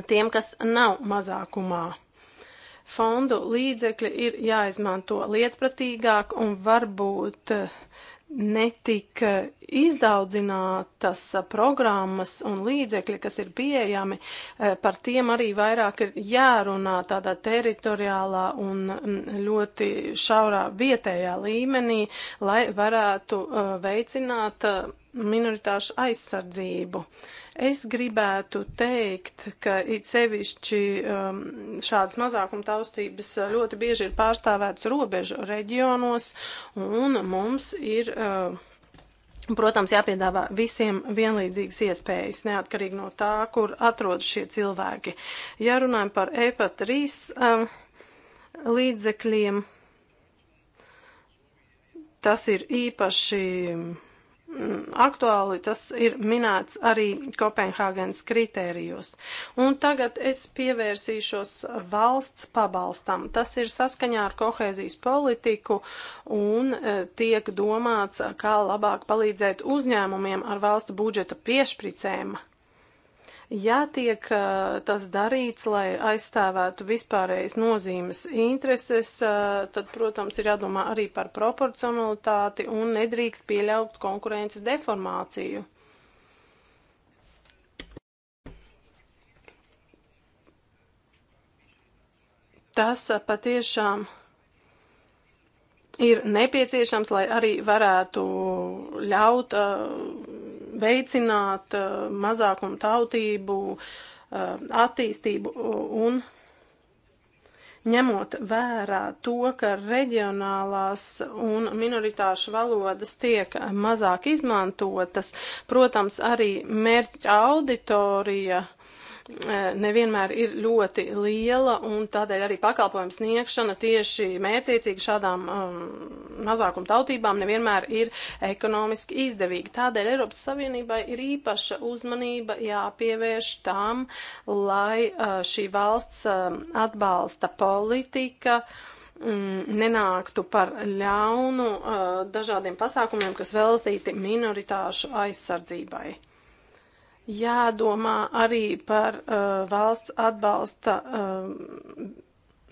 tiem, kas nav mazākumā. Fondu līdzekļi ir jāizmanto lietpratīgāk un varbūt eh, netika eh, izdaudzinātas eh, programmas un līdzekļi, kas ir pieejami, par tiem arī vairāk ir jārunā tādā teritoriālā un mm, ļoti šaurā vietējā līmenī, lai varētu veicināt minoritāšu aizsardzību. Uh, Es gribētu teikt, ka it sevišķi um, šādas mazākuma taustības uh, ļoti bieži ir pārstāvētas robežu reģionos, un mums ir. Uh, Protams, jāpiedāvā visiem vienlīdzīgas iespējas, neatkarīgi no tā, kur atrodas šie cilvēki. Ja runājam par EPA 3 um, līdzekļiem, tas ir īpaši Mm, aktuāli tas ir minēts arī Kopenhāgenes kritērijos. Un tagad es pievērsīšos valsts pabalstam. Tas ir saskaņā ar kohēzijas politiku un e, tiek domāts, kā labāk palīdzēt uzņēmumiem ar valsts budžeta piešpricēm, Ja tiek tas darīts, lai aizstāvētu vispārējais nozīmes intereses, tad, protams, ir jādomā arī par proporcionalitāti un nedrīkst pieļaut konkurences deformāciju. tas patiešām ir nepieciešams, lai arī varētu ļaut uh, veicināt uh, mazākumu tautību uh, attīstību uh, un ņemot vērā to, ka reģionālās un minoritāšu valodas tiek mazāk izmantotas, protams, arī mērķa auditorija E, nevienmēr ir ļoti liela, un tādēļ arī pakalpojums sniegšana tieši mērtiecīgi šādām um, mazākuma tautībām nevienmēr ir ekonomiski izdevīga. Tādēļ Eiropas Savienībai ir īpaša uzmanība jāpievērš tam, lai uh, šī valsts uh, atbalsta politika mm, nenāktu par ļaunu uh, dažādiem pasākumiem, kas veltīti minoritāšu aizsardzībai jādomā arī par uh, valsts atbalsta uh,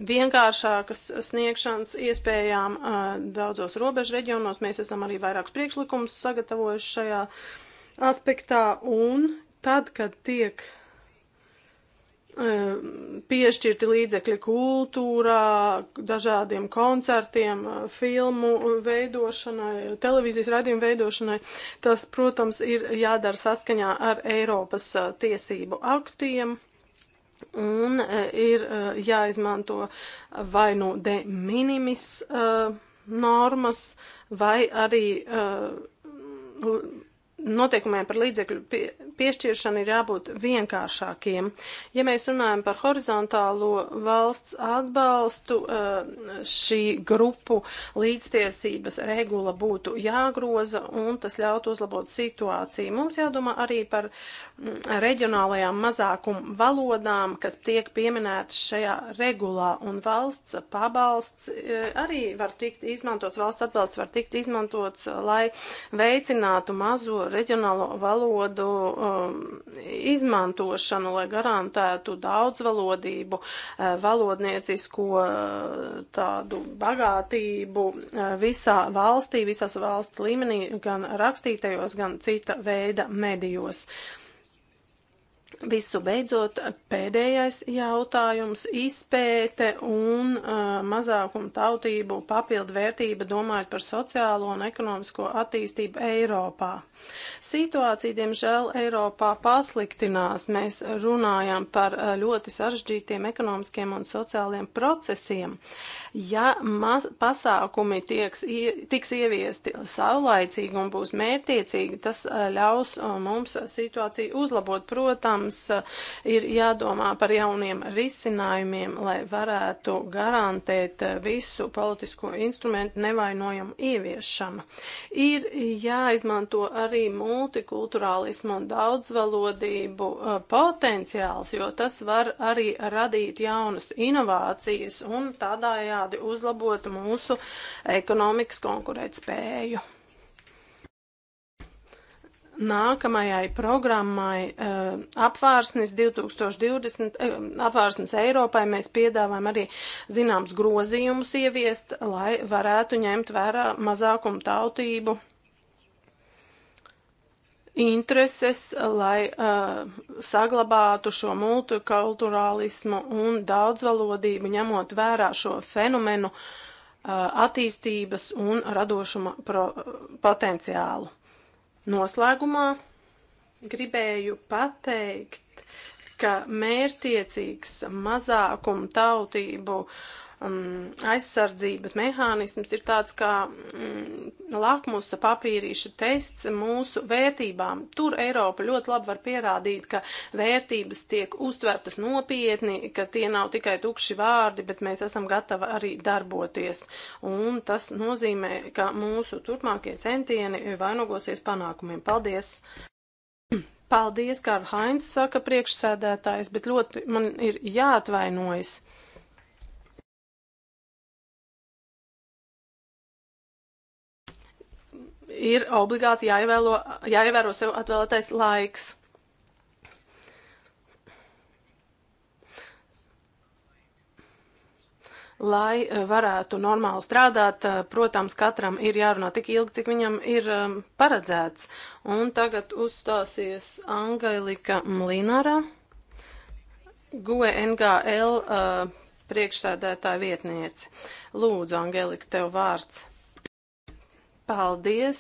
vienkāršākas sniegšanas iespējām uh, daudzos robežu reģionos. Mēs esam arī vairākus priekšlikumus sagatavojuši šajā aspektā un tad, kad tiek piešķirti līdzekļi kultūrā, dažādiem koncertiem, filmu veidošanai, televīzijas raidījumu veidošanai. Tas, protams, ir jādara saskaņā ar Eiropas tiesību aktiem. Un e, ir e, jāizmanto vai nu no de minimis e, normas, vai arī noteikumiem par līdzekļu pie, piešķiršanu ir jābūt vienkāršākiem. Ja mēs runājam par horizontālo valsts atbalstu, eh, šī grupu līdztiesības regula būtu jāgroza un tas ļautu uzlabot situāciju. Mums jādomā arī par mm, reģionālajām mazākumu valodām, kas tiek pieminētas šajā regulā, un valsts pabalsts eh, arī var tikt izmantots, valsts atbalsts var tikt izmantots, lai veicinātu mazo reģionālo valodu um, izmantošanu, lai garantētu daudzvalodību, eh, valodniecisko eh, tādu bagātību eh, visā valstī, visās valsts līmenī, gan rakstītajos, gan cita veida medijos. Visu beidzot, pēdējais jautājums - izpēte un uh, mazākuma tautību papildvērtība, domājot par sociālo un ekonomisko attīstību Eiropā. Situācija, diemžēl, Eiropā pasliktinās. Mēs runājam par eh, ļoti sarežģītiem ekonomiskiem un sociāliem procesiem. Ja pasākumi tieks, tiks ieviesti saulaicīgi un būs mērtiecīgi, tas eh, ļaus eh, mums situāciju uzlabot. Protams, ir jādomā par jauniem risinājumiem, lai varētu garantēt visu politisko instrumentu nevainojumu ieviešanu. Ir jāizmanto arī arī multikulturālismu un daudzvalodību uh, potenciāls, jo tas var arī radīt jaunas inovācijas un tādējādi uzlabot mūsu ekonomikas konkurētspēju. Nākamajai programmai uh, apvārsnes 2020, uh, apvārsnes Eiropai mēs piedāvājam arī zināms grozījumus ieviest, lai varētu ņemt vērā mazākumu tautību intereses, lai uh, saglabātu šo multikulturālismu un daudzvalodību, ņemot vērā šo fenomenu uh, attīstības un radošuma pro, potenciālu. Noslēgumā gribēju pateikt, ka mērtiecīgs mazākumu tautību uh, um, aizsardzības mehānisms ir tāds kā mm, lakmusa papīrīša tests mūsu vērtībām. Tur Eiropa ļoti labi var pierādīt, ka vērtības tiek uztvertas nopietni, ka tie nav tikai tukši vārdi, bet mēs esam gatavi arī darboties. Un tas nozīmē, ka mūsu turpmākie centieni vainogosies panākumiem. Paldies! Paldies, Kārl Hainz, saka priekšsēdētājs, bet ļoti man ir jāatvainojas. ir obligāti jāievēlo, jāievēro sev atvēlētais laiks. Lai eh, varētu normāli strādāt, eh, protams, katram ir jārunā tik ilgi, cik viņam ir ehm, paredzēts. Un tagad uzstāsies Angailika Mlinara, GUE NGL eh, priekšsēdētāja vietniece. Lūdzu, Angelika, tev vārds. Paldies!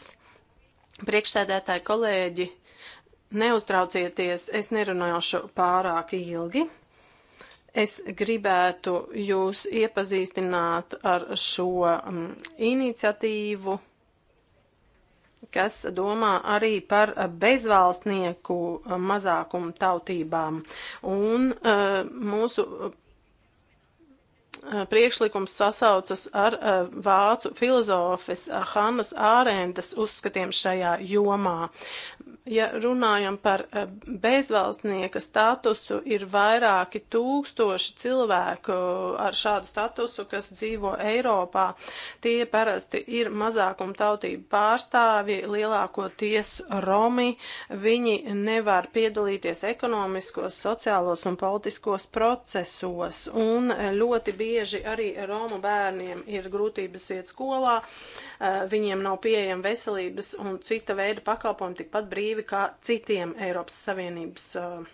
Priekšsēdētāji kolēģi, neuztraucieties, es nerunāšu pārāk ilgi. Es gribētu jūs iepazīstināt ar šo um, iniciatīvu, kas domā arī par bezvalstnieku mazākumu tautībām. Un uh, mūsu Eh, priekšlikums sasaucas ar eh, vācu filozofes eh, Hannas Ārendas uzskatiem šajā jomā. Ja runājam par e, bezvalstnieka statusu, ir vairāki tūkstoši cilvēku e, ar šādu statusu, kas dzīvo Eiropā. Tie parasti ir mazākuma tautību pārstāvji, lielākoties Romi. Viņi nevar piedalīties ekonomiskos, sociālos un politiskos procesos. Un e, ļoti bieži arī Romu bērniem ir grūtības iet skolā, viņiem nav pieejama veselības un cita veida pakalpojumi tikpat brīvi dzīvi kā citiem Eiropas Savienības uh,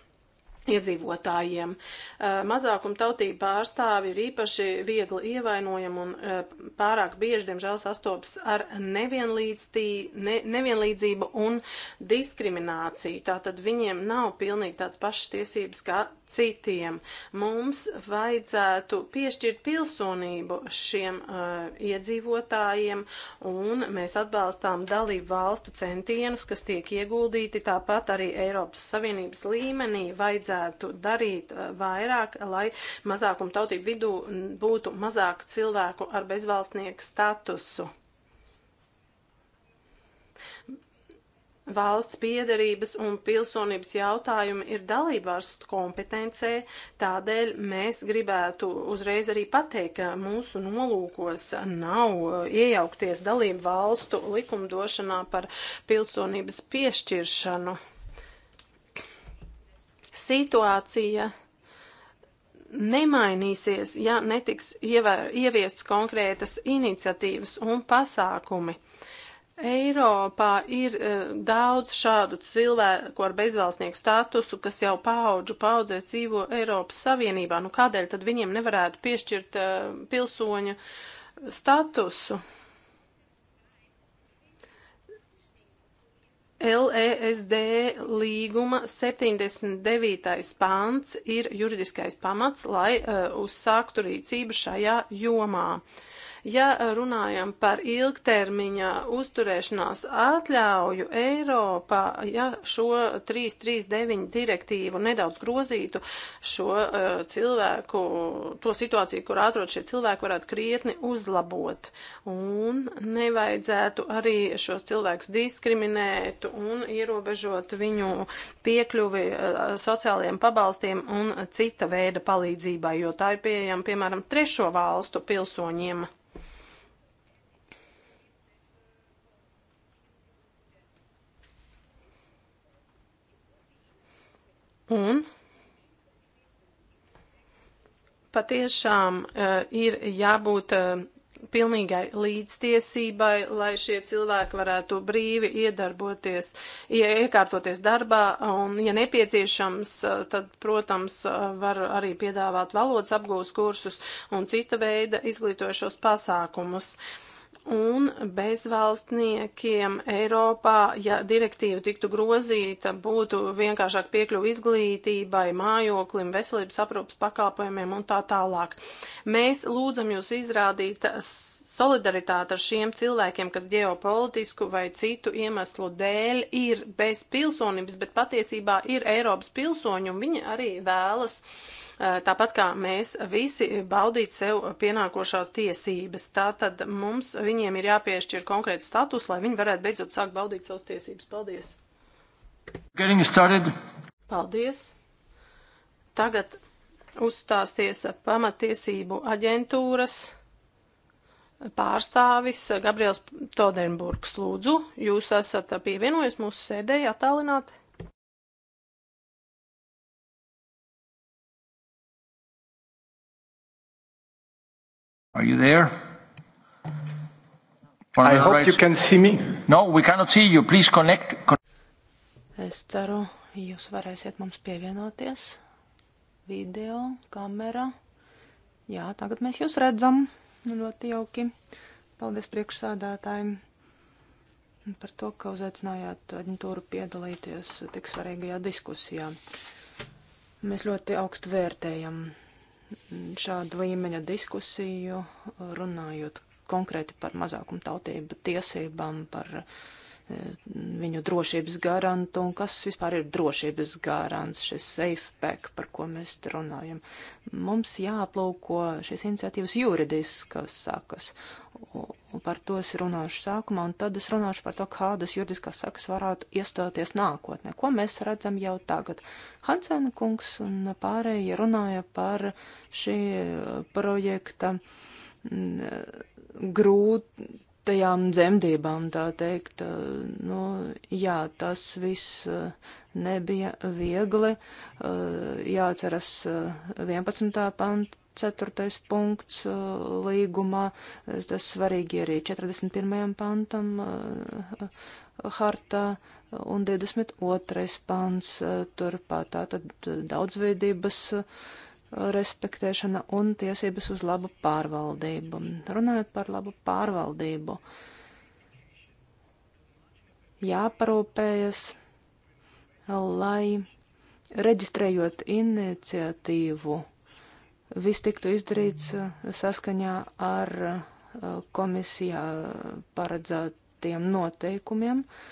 iedzīvotājiem. Uh, Mazākuma tautība pārstāvi ir īpaši viegli ievainojami un uh, pārāk bieži, diemžēl, sastopas ar ne, nevienlīdzību un diskrimināciju. Tātad viņiem nav pilnīgi tāds pašas tiesības kā citiem. Mums vajadzētu piešķirt pilsonību šiem uh, iedzīvotājiem, un mēs atbalstām dalību valstu centienus, kas tiek ieguldīti. Tāpat arī Eiropas Savienības līmenī vajadzētu darīt uh, vairāk, lai mazākuma tautību vidū būtu mazāk cilvēku ar bezvalstnieku statusu. Valsts piedarības un pilsonības jautājumi ir dalībvalstu kompetencē, tādēļ mēs gribētu uzreiz arī pateikt, ka mūsu nolūkos nav iejaukties dalību valstu likumdošanā par pilsonības piešķiršanu. Situācija nemainīsies, ja netiks ievēr, ieviests konkrētas iniciatīvas un pasākumi. Uh, Eiropā ir uh, daudz šādu cilvēku ar bezvalstnieku statusu, kas jau paudžu paudzēs dzīvo Eiropas Savienībā. Nu, kādēļ tad viņiem nevarētu piešķirt uh, pilsoņa statusu? LESD līguma 79. pāns ir juridiskais pamats, lai uh, uzsāktu rīcību šajā jomā. Uh, Ja runājam par ilgtermiņa uzturēšanās atļauju Eiropā, ja šo 339 direktīvu nedaudz grozītu šo uh, cilvēku, to situāciju, kur atrod šie cilvēki, varētu krietni uzlabot. Un nevajadzētu arī šos cilvēkus diskriminēt un ierobežot viņu piekļuvi uh, sociālajiem pabalstiem un cita veida palīdzībai, jo tā ir pieejama, piemēram, trešo valstu pilsoņiem. Un patiešām uh, ir jābūt uh, pilnīgai līdztiesībai, lai šie cilvēki varētu brīvi iedarboties, ja iekārtoties darbā, un, ja nepieciešams, e, tad, protams, var arī piedāvāt valodas apgūst kursus un cita veida izglītojušos pasākumus. Uh, Un bezvalstniekiem Eiropā, ja direktīva tiktu grozīta, būtu vienkāršāk piekļuvi izglītībai, mājoklim, veselības aprūpas pakalpojumiem un tā tālāk. Mēs lūdzam jūs izrādīt solidaritāti ar šiem cilvēkiem, kas ģeopolitisku vai citu iemeslu dēļ ir bez pilsonības, bet patiesībā ir Eiropas pilsoņi un viņi arī vēlas uh, Eh, tāpat kā mēs visi baudīt sev pienākošās tiesības. Tātad mums viņiem ir jāpiešķir konkrēts status, lai viņi varētu beidzot sākt baudīt savas tiesības. Paldies! Paldies! Tagad uzstāsties pamatiesību aģentūras pārstāvis Gabriels Todenburgs. Lūdzu, jūs esat pievienojies mūsu sēdē attālināti. Are you there? One I hope right. you can see me. No, we cannot see you. Please connect. Es ceru, jūs varēsiet mums pievienoties. Video, kamera. Jā, tagad mēs jūs redzam. Ļoti jauki. Paldies priekšsādātājiem par to, ka uzaicinājāt aģentūru piedalīties tik svarīgajā diskusijā. Mēs ļoti augstu vērtējam šāda līmeņa diskusiju, runājot konkrēti par mazākumu tautību tiesībām, par uh, viņu drošības garantu un kas vispār ir drošības garants, šis safe pack, par ko mēs runājam. Mums jāaplūko šīs iniciatīvas juridiskas sakas. Un par to es runāšu sākumā, un tad es runāšu par to, kādas juridiskās sakas varētu iestāties nākotnē. Ko mēs redzam jau tagad? Hansena kungs un pārējie runāja par šī projekta mm, grūt sliktajām dzemdībām, tā teikt. Nu, jā, tas viss nebija viegli. Jāatceras 11. panta. Ceturtais punkts līgumā, tas svarīgi arī 41. pantam hartā un 22. pants turpā tātad daudzveidības uh, respektēšana un tiesības uz labu pārvaldību. Runājot par labu pārvaldību, jāparūpējas, lai reģistrējot iniciatīvu, viss tiktu izdarīts uh, saskaņā ar uh, komisijā paredzētiem noteikumiem. Uh,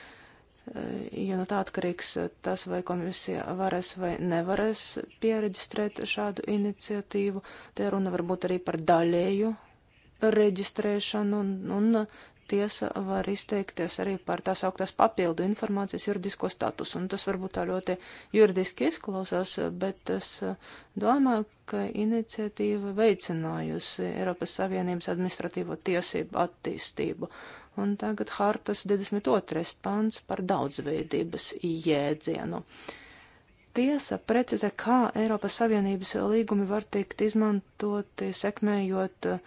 Eh, ja no nu tā atkarīgs eh, tas, vai komisija varēs vai nevarēs pieregistrēt šādu iniciatīvu. Te runa varbūt arī par daļēju reģistrēšanu, un, un tiesa var izteikties arī par tās augtās papildu informācijas juridisko statusu. Un tas varbūt tā ļoti juridiski izklausās, bet es eh, domāju, ka iniciatīva veicinājusi Eiropas Savienības administratīvo tiesību attīstību. Uh, un tagad hartas 22. pants par daudzveidības jēdzienu. Tiesa precizē, kā Eiropas Savienības līgumi var tikt izmantoti, sekmējot uh,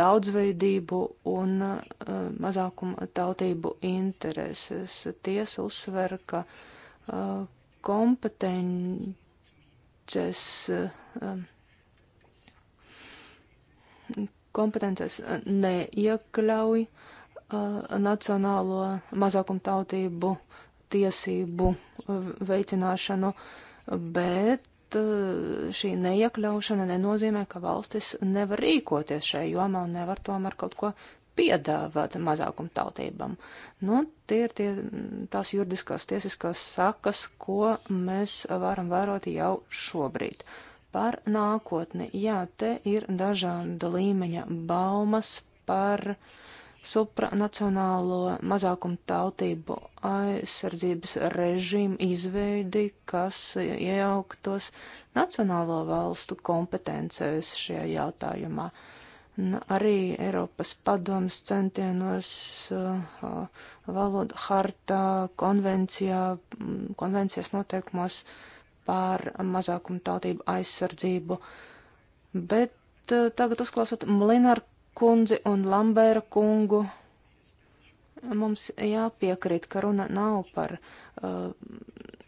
daudzveidību un uh, mazākuma tautību intereses. Tiesa uzsver, ka uh, kompetences, um, kompetences uh, neiekļauj Uh, nacionālo mazākumtautību tiesību uh, veicināšanu, bet uh, šī neiekļaušana nenozīmē, ka valstis nevar rīkoties šajā jomā un nevar tomēr kaut ko piedāvāt mazākumtautībām. Nu, tie ir tie, tās juridiskās tiesiskās sakas, ko mēs varam vērot jau šobrīd. Par nākotni, jā, te ir dažāda līmeņa baumas par uh, supranacionālo mazākumu tautību aizsardzības režīmu izveidi, kas iejauktos nacionālo valstu kompetencēs šajā jautājumā. Arī Eiropas padomas centienos uh, valodu hartā, konvencijā, konvencijas noteikumos pār mazākumu tautību aizsardzību. Bet uh, tagad uzklausot Mlinar kundzi un Lambēra kungu. Mums jāpiekrīt, ka runa nav par uh,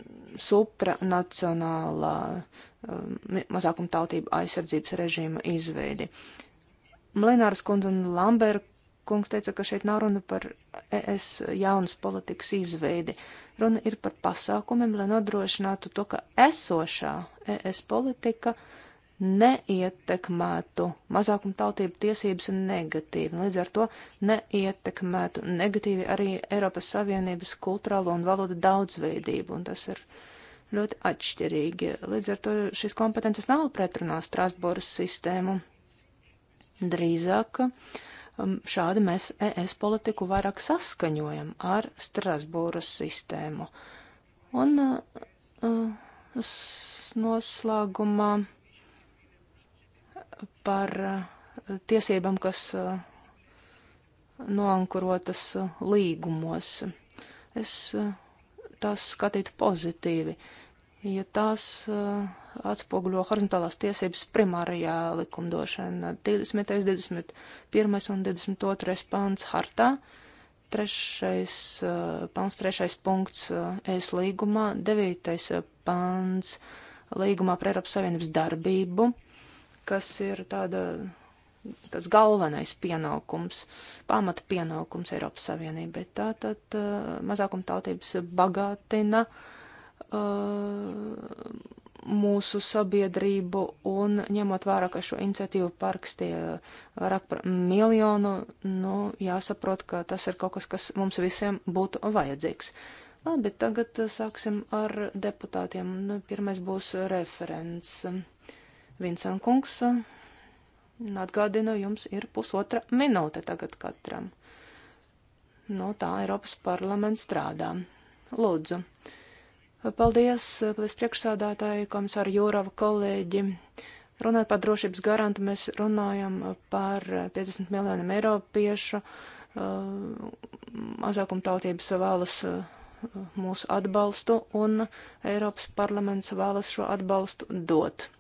supranacionālā uh, mazākumtautību aizsardzības režīma izveidi. Lināras kundze un Lambēra kungs teica, ka šeit nav runa par ES jaunas politikas izveidi. Runa ir par pasākumiem, lai nodrošinātu to, ka esošā ES politika uh, neietekmētu mazākumtautību tiesības negatīvi, un līdz ar to neietekmētu negatīvi arī Eiropas Savienības kultūrālo un valodu daudzveidību, un tas ir ļoti atšķirīgi. Līdz ar to šīs kompetences nav pretrunā Strasbūras sistēmu. Drīzāk um, šādi mēs ES politiku vairāk saskaņojam ar Strasbūras sistēmu. Un uh, uh noslēgumā. Uh, par eh, tiesībām, kas eh, noankurotas eh, līgumos. Es tās skatītu pozitīvi, ja tās atspoguļo horizontālās tiesības primārajā likumdošanā 20., 21. un 22. pāns hartā trešais pants, trešais punkts ES līgumā, devītais pants līgumā par Eiropas Savienības darbību, kas ir tāda, tāds galvenais pienākums, pamata pienākums Eiropas Savienībai. Tā tad uh, mazākumtautības bagātina uh, mūsu sabiedrību un ņemot vērā, ka šo iniciatīvu parakstīja vairāk par miljonu, nu, jāsaprot, ka tas ir kaut kas, kas mums visiem būtu vajadzīgs. Labi, tagad sāksim ar deputātiem. Nu, pirmais būs referents. Vincent kungs, eh, atgādinu, jums ir pusotra minūte tagad katram. Nu, tā Eiropas parlaments strādā. Lūdzu. Paldies, eh, paldies priekšsādātāji, komisāri Jūrava kolēģi. Runājot par drošības garantu, mēs runājam par 50 eh, miljoniem eiropiešu mazākuma tautības vēlas mūsu atbalstu, un Eiropas parlaments vēlas šo atbalstu dot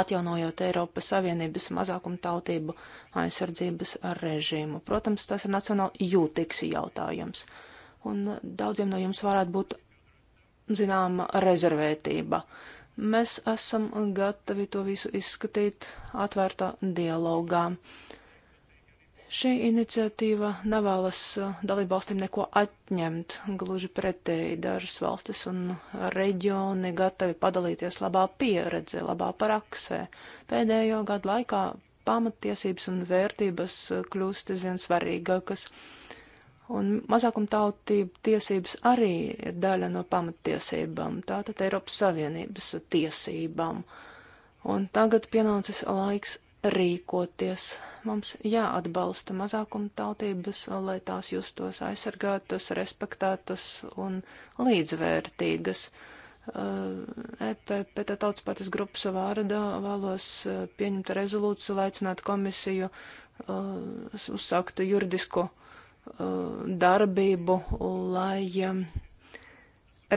atjaunojot Eiropas Savienības mazākumu tautību aizsardzības režīmu. Protams, tas ir nacionāli jūtīgs jautājums. Un daudziem no jums varētu būt zināma rezervētība. Mēs esam gatavi to visu izskatīt atvērtā dialogā. Uh, Šī iniciatīva nevēlas eh, dalību valstīm neko atņemt, gluži pretēji dažas valstis un reģioni gatavi padalīties labā pieredze, labā praksē. Pēdējo gadu laikā pamatiesības un vērtības eh, kļūst aizvien svarīgākas, un mazākumtautību tiesības arī ir daļa no pamatiesībām, tātad Eiropas Savienības tiesībām. Un tagad pienācis laiks rīkoties. Mums jāatbalsta mazākumtautības, lai tās justos aizsargātas, respektētas un līdzvērtīgas. EPP eh, e tautas partijas grupas vārdā vēlos eh, pieņemt rezolūciju, lai aicinātu komisiju uh, uzsākt juridisko uh, darbību, lai um,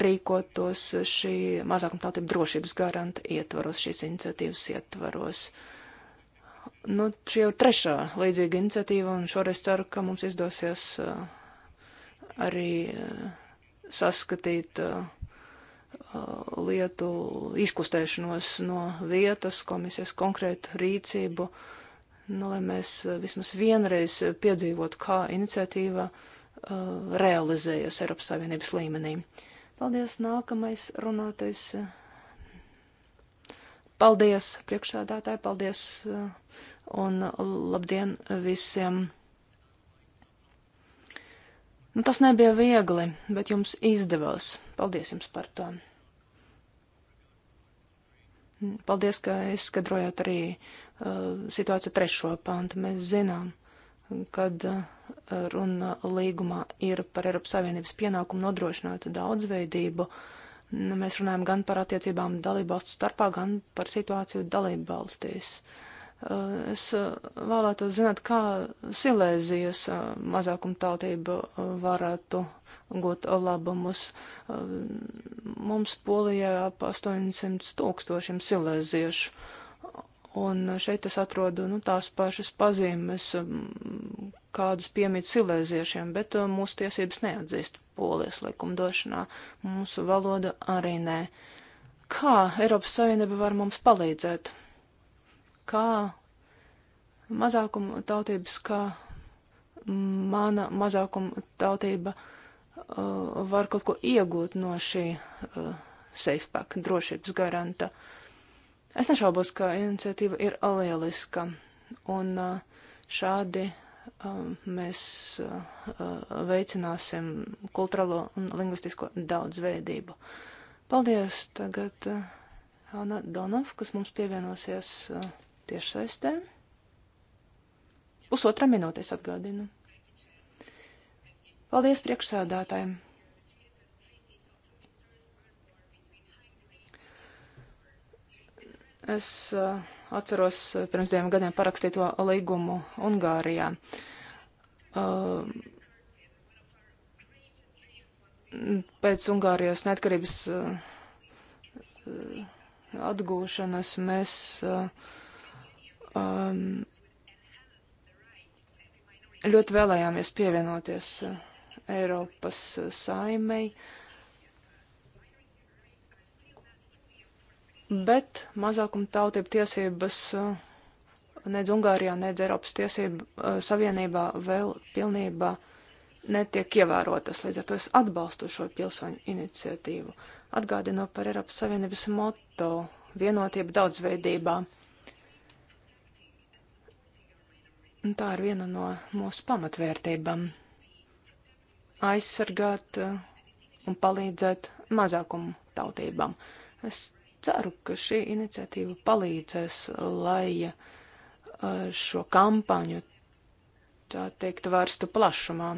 rīkotos šī mazākumtautība drošības garanta ietvaros, šīs iniciatīvas ietvaros. Uh, Nu, šī jau trešā līdzīga iniciatīva, un šoreiz ceru, ka mums izdosies uh, arī uh, saskatīt uh, uh lietu izkustēšanos no vietas, komisijas konkrētu rīcību, nu, lai mēs uh, vismaz vienreiz piedzīvotu, kā iniciatīva uh, realizējas Eiropas Savienības līmenī. Paldies, nākamais runātais. Uh, paldies, priekšsādātāji, paldies. Uh, un labdien visiem! Nu, tas nebija viegli, bet jums izdevās. Paldies jums par to! Paldies, ka izskatrojāt arī uh, situāciju trešo pantu. Mēs zinām, kad uh, runa līgumā ir par Eiropas Savienības pienākumu nodrošināt daudzveidību. Nu, mēs runājam gan par attiecībām dalībvalstu starpā, gan par situāciju dalībvalstīs. Uh, Eh, es eh, vēlētos zināt, kā Silēzijas eh, mazākumtautība varētu gūt labumus. Mums polijā ap 800 tūkstošiem silēziešu. Un šeit es atrodu nu, tās pašas pazīmes, mm, kādas piemīt silēziešiem, bet mūsu tiesības neatzīst polijas likumdošanā. Mūsu valoda arī nē. Kā Eiropas Savienība var mums palīdzēt? kā mazākuma tautības, kā mana mazākuma tautība uh, var kaut ko iegūt no šī uh, safepack drošības garanta. Es nešaubos, ka iniciatīva ir lieliska, un uh, šādi uh, mēs uh, uh, veicināsim kulturālo un lingvistisko daudzveidību. Paldies! Tagad uh, Anna Donov, kas mums pievienosies. Uh, tiešsaistē. Pusotra minūtes atgādinu. Paldies priekšsēdātājiem! Es uh, atceros uh, pirms diviem gadiem parakstīto līgumu Ungārijā. Uh, pēc Ungārijas neatkarības uh, uh atgūšanas mēs uh, um, ļoti vēlējāmies pievienoties uh, Eiropas uh, saimei, bet mazākuma tautību tiesības uh, nedz Ungārijā, nedz Eiropas tiesību savienībā vēl pilnībā netiek ievērotas. Līdz ar to es atbalstu šo pilsoņu iniciatīvu. Atgādinu par Eiropas Savienības moto - vienotību daudzveidībā. Un tā ir viena no mūsu pamatvērtībām - aizsargāt uh, un palīdzēt mazākumu tautībām. Es ceru, ka šī iniciatīva palīdzēs, lai uh, šo kampaņu, tā teikt, vērstu plašumā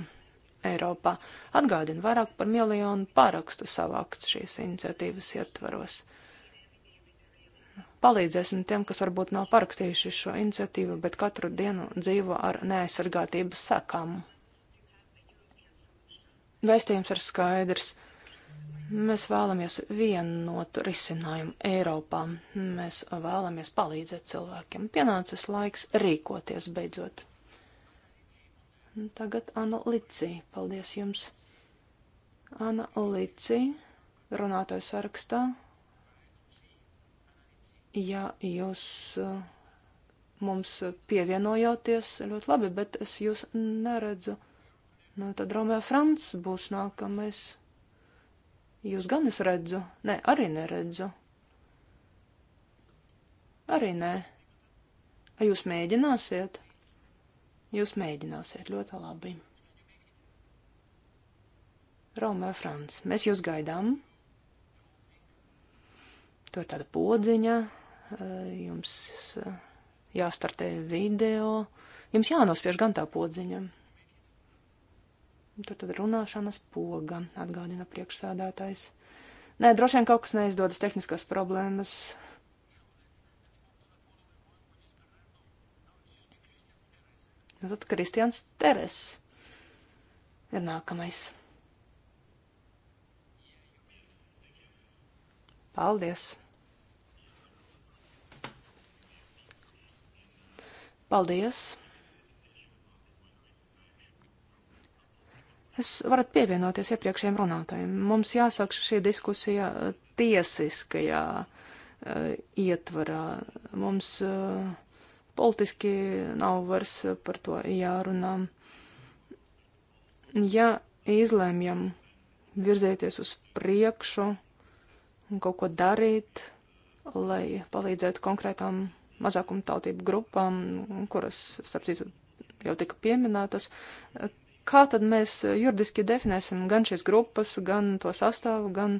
Eiropā. Atgādinu, vairāk par miljonu parakstu savākts šīs iniciatīvas ietvaros palīdzēsim tiem, kas varbūt nav parakstījuši šo iniciatīvu, bet katru dienu dzīvo ar neaizsargātības sakām. Vēstījums ir skaidrs. Mēs vēlamies vienotu risinājumu Eiropā. Mēs vēlamies palīdzēt cilvēkiem. Pienācis laiks rīkoties beidzot. Tagad Anna Licija. Paldies jums. Anna Licija runātājs sarakstā ja jūs eh, mums pievienojāties ļoti labi, bet es jūs neredzu. Nu, tad Romeo Frants būs nākamais. Jūs gan es redzu? Nē, arī neredzu. Arī nē. A jūs mēģināsiet? Jūs mēģināsiet ļoti labi. Romeo Frants, mēs jūs gaidām. Tur tāda podziņa jums eh, jāstartē video, jums jānospiež gan tā podziņa. Tad, tad runāšanas poga, atgādina priekšsādātājs. Nē, droši vien kaut kas neizdodas tehniskās problēmas. Nu, tad Kristians Teres ir nākamais. Paldies! Paldies! Es varat pievienoties iepriekšējiem runātājiem. Mums jāsāk šī diskusija tiesiskajā uh, ietvarā. Mums uh, politiski nav vairs par to jārunā. Ja izlēmjam virzēties uz priekšu un kaut ko darīt, lai palīdzētu konkrētām mazākumu tautību grupām, kuras, starp citu, jau tika pieminētas. Kā tad mēs juridiski definēsim gan šīs grupas, gan to sastāvu, gan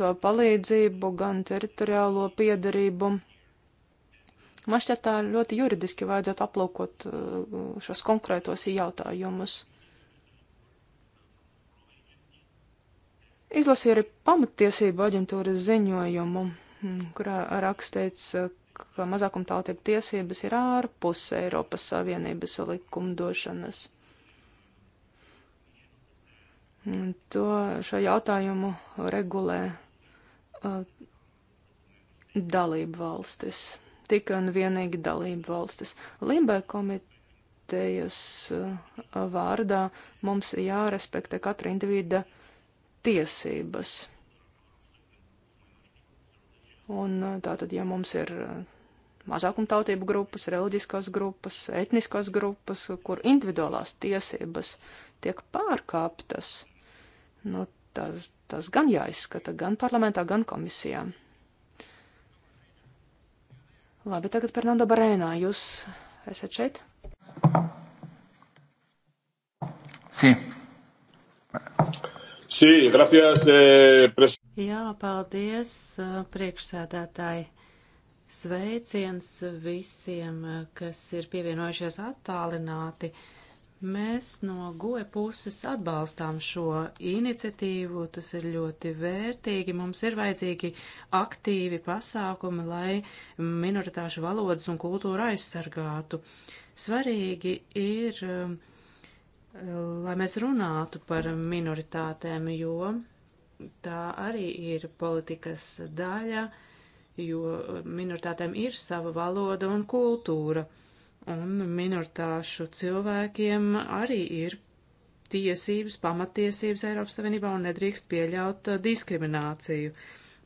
to palīdzību, gan teritoriālo piedarību? Man šķiet, tā ļoti juridiski vajadzētu aplūkot uh, šos konkrētos jautājumus. Izlasīju arī pamatiesību aģentūras ziņojumu, mm, kurā rakstīts, uh, ka mazākumtautību tiesības ir ārpus Eiropas Savienības likumdošanas. Un to šo jautājumu regulē uh, dalību valstis, tikai un vienīgi dalību valstis. Limbē komitejas uh, vārdā mums jārespektē katra individa tiesības Un uh, tātad, ja mums ir uh, mazākumtautību grupas, reliģiskās grupas, etniskās grupas, kur individuālās tiesības tiek pārkāptas, nu, tas, tas gan jāizskata gan parlamentā, gan komisijā. Labi, tagad Fernando Barēnā, jūs esat šeit? Sí. Sí, gracias, eh, pres... Jā, paldies, uh, priekšsēdētāji. Sveiciens visiem, uh, kas ir pievienojušies attālināti. Mēs no goja puses atbalstām šo iniciatīvu, tas ir ļoti vērtīgi. Mums ir vajadzīgi aktīvi pasākumi, lai minoritāšu valodas un kultūru aizsargātu. Svarīgi ir, um, lai mēs runātu par minoritātēm, jo tā arī ir politikas daļa, jo minoritātēm ir sava valoda un kultūra, un minoritāšu cilvēkiem arī ir tiesības, pamatiesības Eiropas Savienībā un nedrīkst pieļaut uh, diskrimināciju.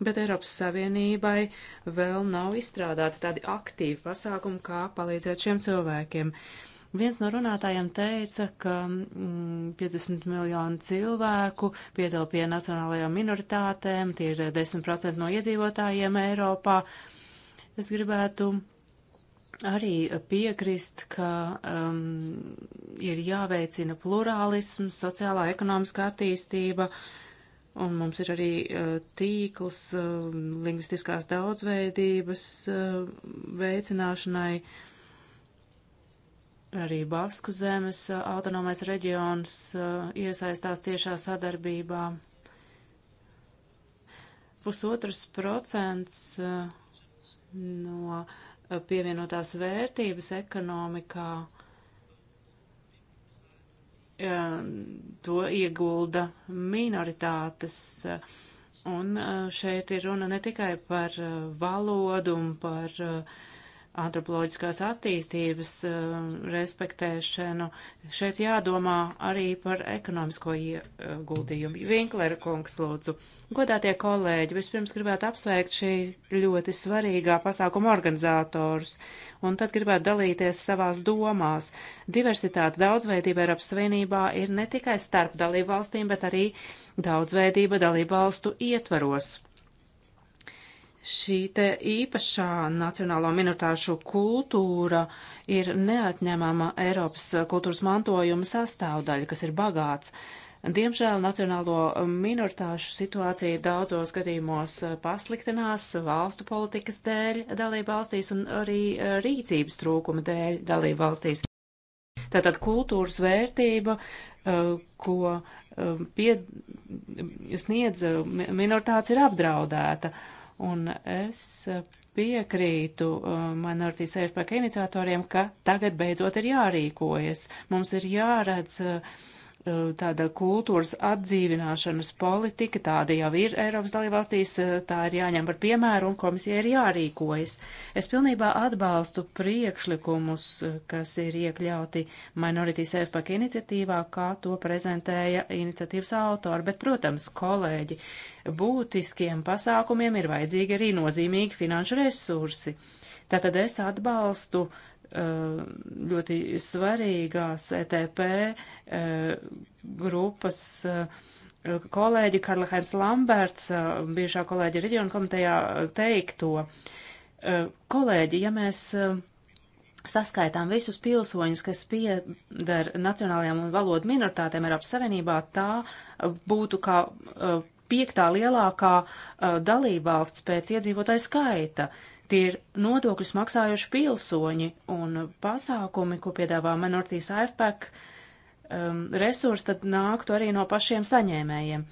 Bet Eiropas Savienībai vēl nav izstrādāti tādi aktīvi pasākumi, kā palīdzēt šiem cilvēkiem. Uh, Viens no runātājiem teica, ka mm, 50 miljonu cilvēku piedal pie nacionālajām minoritātēm, tie ir 10% no iedzīvotājiem Eiropā. Es gribētu arī piekrist, ka um, ir jāveicina plurālisms, sociālā ekonomiskā attīstība. Un mums ir arī uh, tīkls uh, lingvistiskās daudzveidības uh, veicināšanai. Uh, Arī Basku zemes uh, autonomais reģions uh, iesaistās tiešā sadarbībā. Pusotras procents uh, no pievienotās vērtības ekonomikā um, to iegulda minoritātes. Un šeit ir runa ne tikai par valodu un par uh, antropoloģiskās attīstības um, respektēšanu. Šeit jādomā arī par ekonomisko ieguldījumu. Vinklera kungs, lūdzu. Godātie kolēģi, vispirms gribētu apsveikt šī ļoti svarīgā pasākuma organizatorus, un tad gribētu dalīties savās domās. Diversitāte daudzveidība Eiropas Savienībā ir ne tikai starp dalību valstīm, bet arī daudzveidība dalību valstu ietvaros. Šī te īpašā nacionālo minoritāšu kultūra ir neatņemama Eiropas kultūras mantojuma sastāvdaļa, kas ir bagāts. Diemžēl nacionālo minoritāšu situācija daudzos gadījumos pasliktinās valstu politikas dēļ dalību valstīs un arī rīcības trūkuma dēļ dalību valstīs. Tātad kultūras vērtība, eh, ko eh, pie, sniedz minoritāts, ir apdraudēta. Uh, Un es piekrītu uh, Minority Safe Pack iniciatoriem, ka tagad beidzot ir jārīkojas. Mums ir jāredz uh, Eh, tāda kultūras atdzīvināšanas politika, tāda jau ir Eiropas dalībvalstīs, eh, tā ir jāņem par piemēru un komisija ir jārīkojas. Es pilnībā atbalstu priekšlikumus, eh, kas ir iekļauti Minority Safepack iniciatīvā, kā to prezentēja iniciatīvas autori, bet, protams, kolēģi, būtiskiem pasākumiem ir vajadzīgi arī nozīmīgi finanšu resursi. Tātad es atbalstu Uh, ļoti svarīgās ETP uh, grupas uh, kolēģi Karla Heinz Lamberts, bijušā kolēģi reģiona komitejā, teikto. Kolēģi, ja mēs saskaitām visus pilsoņus, kas pieder nacionālajām un valodu minoritātēm Eiropas Savienībā, tā būtu kā piektā lielākā dalībvalsts pēc iedzīvotāju skaita. Uh, Tie ir nodokļus maksājuši pilsoņi un pasākumi, ko piedāvā Menortīs AFPEC um, resursi, tad nāktu arī no pašiem saņēmējiem.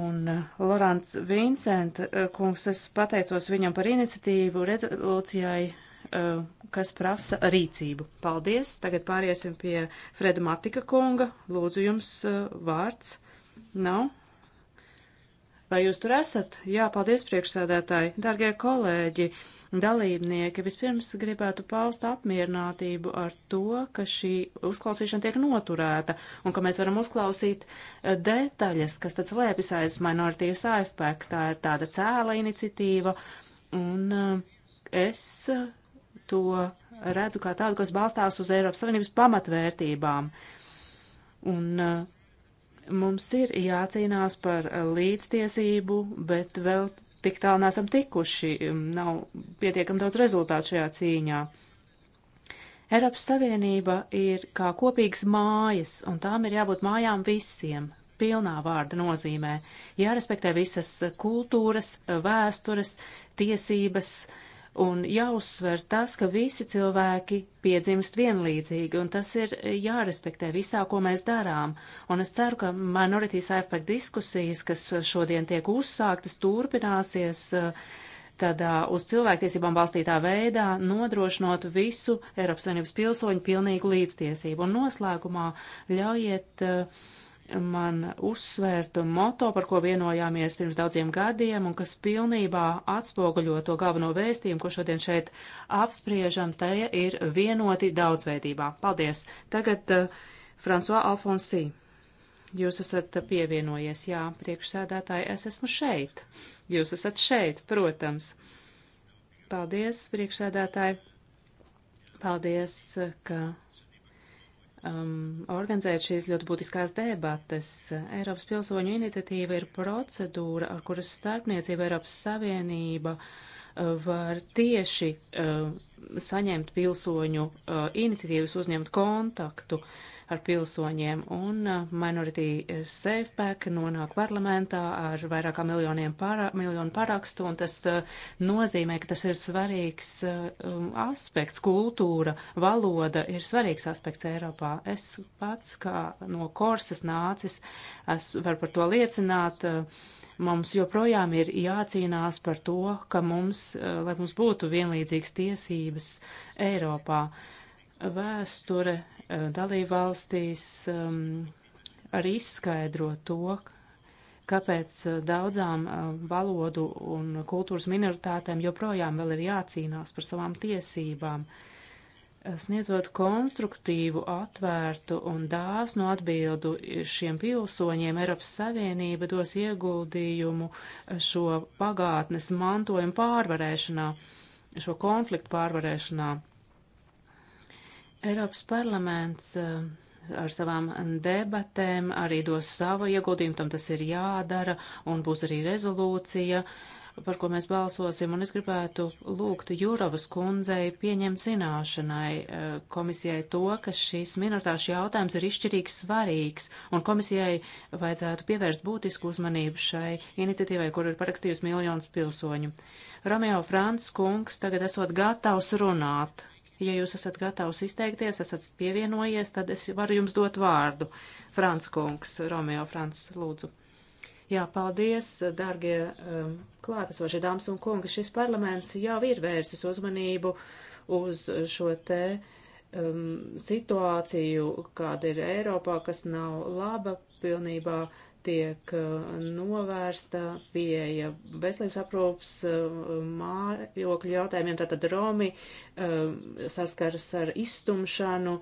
Un uh, Lorants Vincent, uh, kungs, es pateicos viņam par iniciatīvu rezolūcijai, uh, kas prasa rīcību. Paldies! Tagad pāriesim pie Freda Matika kunga. Lūdzu, jums uh, vārds. Nav? No? Vai jūs tur esat? Jā, paldies priekšsēdētāji, dargie kolēģi, dalībnieki. Vispirms gribētu paust apmierinātību ar to, ka šī uzklausīšana tiek noturēta un ka mēs varam uzklausīt eh, detaļas, kas tad slēpjas aiz minoritīvas AFP. Tā ir tāda cēla iniciatīva un eh, es eh, to redzu kā tādu, kas balstās uz Eiropas Savienības pamatvērtībām. Un uh, Mums ir jācīnās par līdztiesību, bet vēl tik tālu nesam tikuši, mm, nav pietiekam daudz rezultātu šajā cīņā. Eiropas Savienība ir kā kopīgs mājas, un tām ir jābūt mājām visiem, pilnā vārda nozīmē. Jārespektē visas kultūras, vēstures, tiesības, uh, un jāuzsver tas, ka visi cilvēki piedzimst vienlīdzīgi, un tas ir jārespektē visā, ko mēs darām. Un es ceru, ka Minorities Aspect diskusijas, kas šodien tiek uzsāktas, turpināsies eh, tādā eh, uz cilvēktiesībām balstītā veidā, nodrošinot visu Eiropas Savienības pilsoņu pilnīgu līdztiesību. Un noslēgumā ļaujiet uh, man uzsvērtu moto, par ko vienojāmies pirms daudziem gadiem un kas pilnībā atspoguļo to galveno vēstījumu, ko šodien šeit apspriežam, tie ir vienoti daudzveidībā. Paldies! Tagad uh, François Alfonsī. Jūs esat pievienojies, jā, priekšsēdētāji, es esmu šeit. Jūs esat šeit, protams. Paldies, priekšsēdētāji. Paldies, ka um, organizēt šīs ļoti būtiskās debates. Eiropas pilsoņu iniciatīva ir procedūra, ar kuras starpniecība Eiropas Savienība uh, var tieši uh, saņemt pilsoņu uh, iniciatīvas, uzņemt kontaktu. Uh, ar pilsoņiem, un uh, minority safepack nonāk parlamentā ar vairākām miljoniem pārā, miljonu parakstu, un tas uh, nozīmē, ka tas ir svarīgs uh, um, aspekts, kultūra, valoda ir svarīgs aspekts Eiropā. Es pats, kā no Korsas nācis, es varu par to liecināt mums joprojām ir jācīnās par to, ka mums, lai mums būtu vienlīdzīgas tiesības Eiropā. Vēsture Eh, dalībvalstīs ehm, arī izskaidro to, kāpēc eh, daudzām eh, valodu un kultūras minoritātēm joprojām vēl ir jācīnās par savām tiesībām, sniedzot konstruktīvu, atvērtu un dāsnu atbildu šiem pilsoņiem, Eiropas Savienība dos ieguldījumu šo pagātnes mantojumu pārvarēšanā, šo konfliktu pārvarēšanā Eiropas parlaments eh, ar savām debatēm arī dos savu ieguldījumu, tam tas ir jādara, un būs arī rezolūcija, par ko mēs balsosim, un es gribētu lūgt Jurovas kundzei pieņemt zināšanai eh, komisijai to, ka šis minoritāšu jautājums ir izšķirīgi svarīgs, un komisijai vajadzētu pievērst būtisku uzmanību šai iniciatīvai, kur ir parakstījusi miljonus pilsoņu. Romeo Frants kungs tagad esot gatavs runāt. Ja jūs esat gatavs izteikties, esat pievienojies, tad es varu jums dot vārdu. Frants Kungs, Romeo Frants, lūdzu. Jā, paldies, dārgie um, klātesošie dāmas un kungi. Šis parlaments jau ir vērsis uzmanību uz šo te um, situāciju, kāda ir Eiropā, kas nav laba pilnībā tiek uh, novērsta pieeja veselības aprūpas uh, mājokļu jautājumiem, tātad Romi uh, saskaras ar izstumšanu.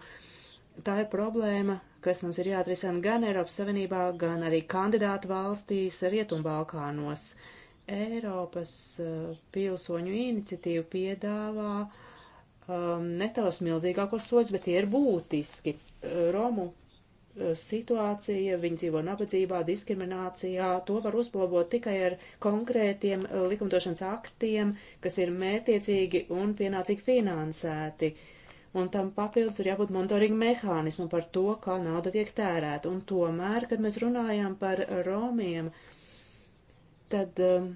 Tā ir problēma, kas mums ir jāatrisina gan Eiropas Savienībā, gan arī kandidātu valstīs Rietumbalkānos. Eiropas pilsoņu iniciatīva piedāvā um, netaus milzīgākos soļus, bet tie ir būtiski. Romu situācija, viņi dzīvo nabadzībā, diskriminācijā, to var uzlabot tikai ar konkrētiem eh, likumdošanas aktiem, kas ir mērtiecīgi un pienācīgi finansēti. Un tam papildus ir jābūt monitoringa mehānismu par to, kā nauda tiek tērēta. Un tomēr, kad mēs runājam par romiem, tad um,